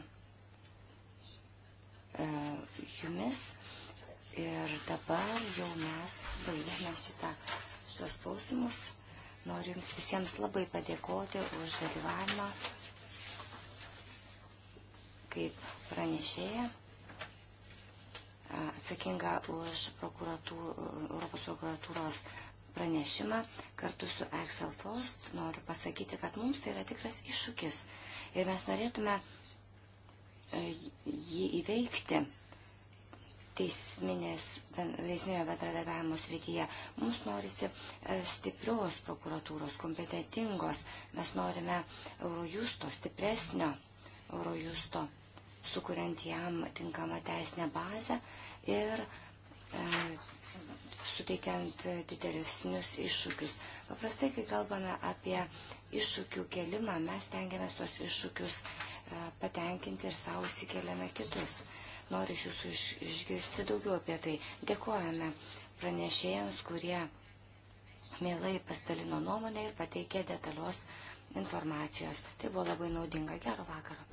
e, jumis. Ir dabar jau mes baigėme šitą, šitos klausimus. Noriu Jums visiems labai padėkoti už dalyvavimą kaip pranešėja atsakinga už prokuratūr, Europos prokuratūros pranešimą kartu su Excel Faust. Noriu pasakyti, kad mums tai yra tikras iššūkis ir mes norėtume jį įveikti teisminės, teisminio bendradarbiavimo srityje. Mums norisi stiprios prokuratūros, kompetentingos. Mes norime Eurojusto, stipresnio Eurojusto sukuriant jam tinkamą teisinę bazę ir e, suteikiant didesnius iššūkius. Paprastai, kai kalbame apie iššūkių kelimą, mes tengiamės tuos iššūkius e, patenkinti ir savo įsikeliame kitus. Noriu iš jūsų iš, išgirsti daugiau apie tai. Dėkojame pranešėjams, kurie mielai pasidalino nuomonę ir pateikė detalios informacijos. Tai buvo labai naudinga. Gero vakaro.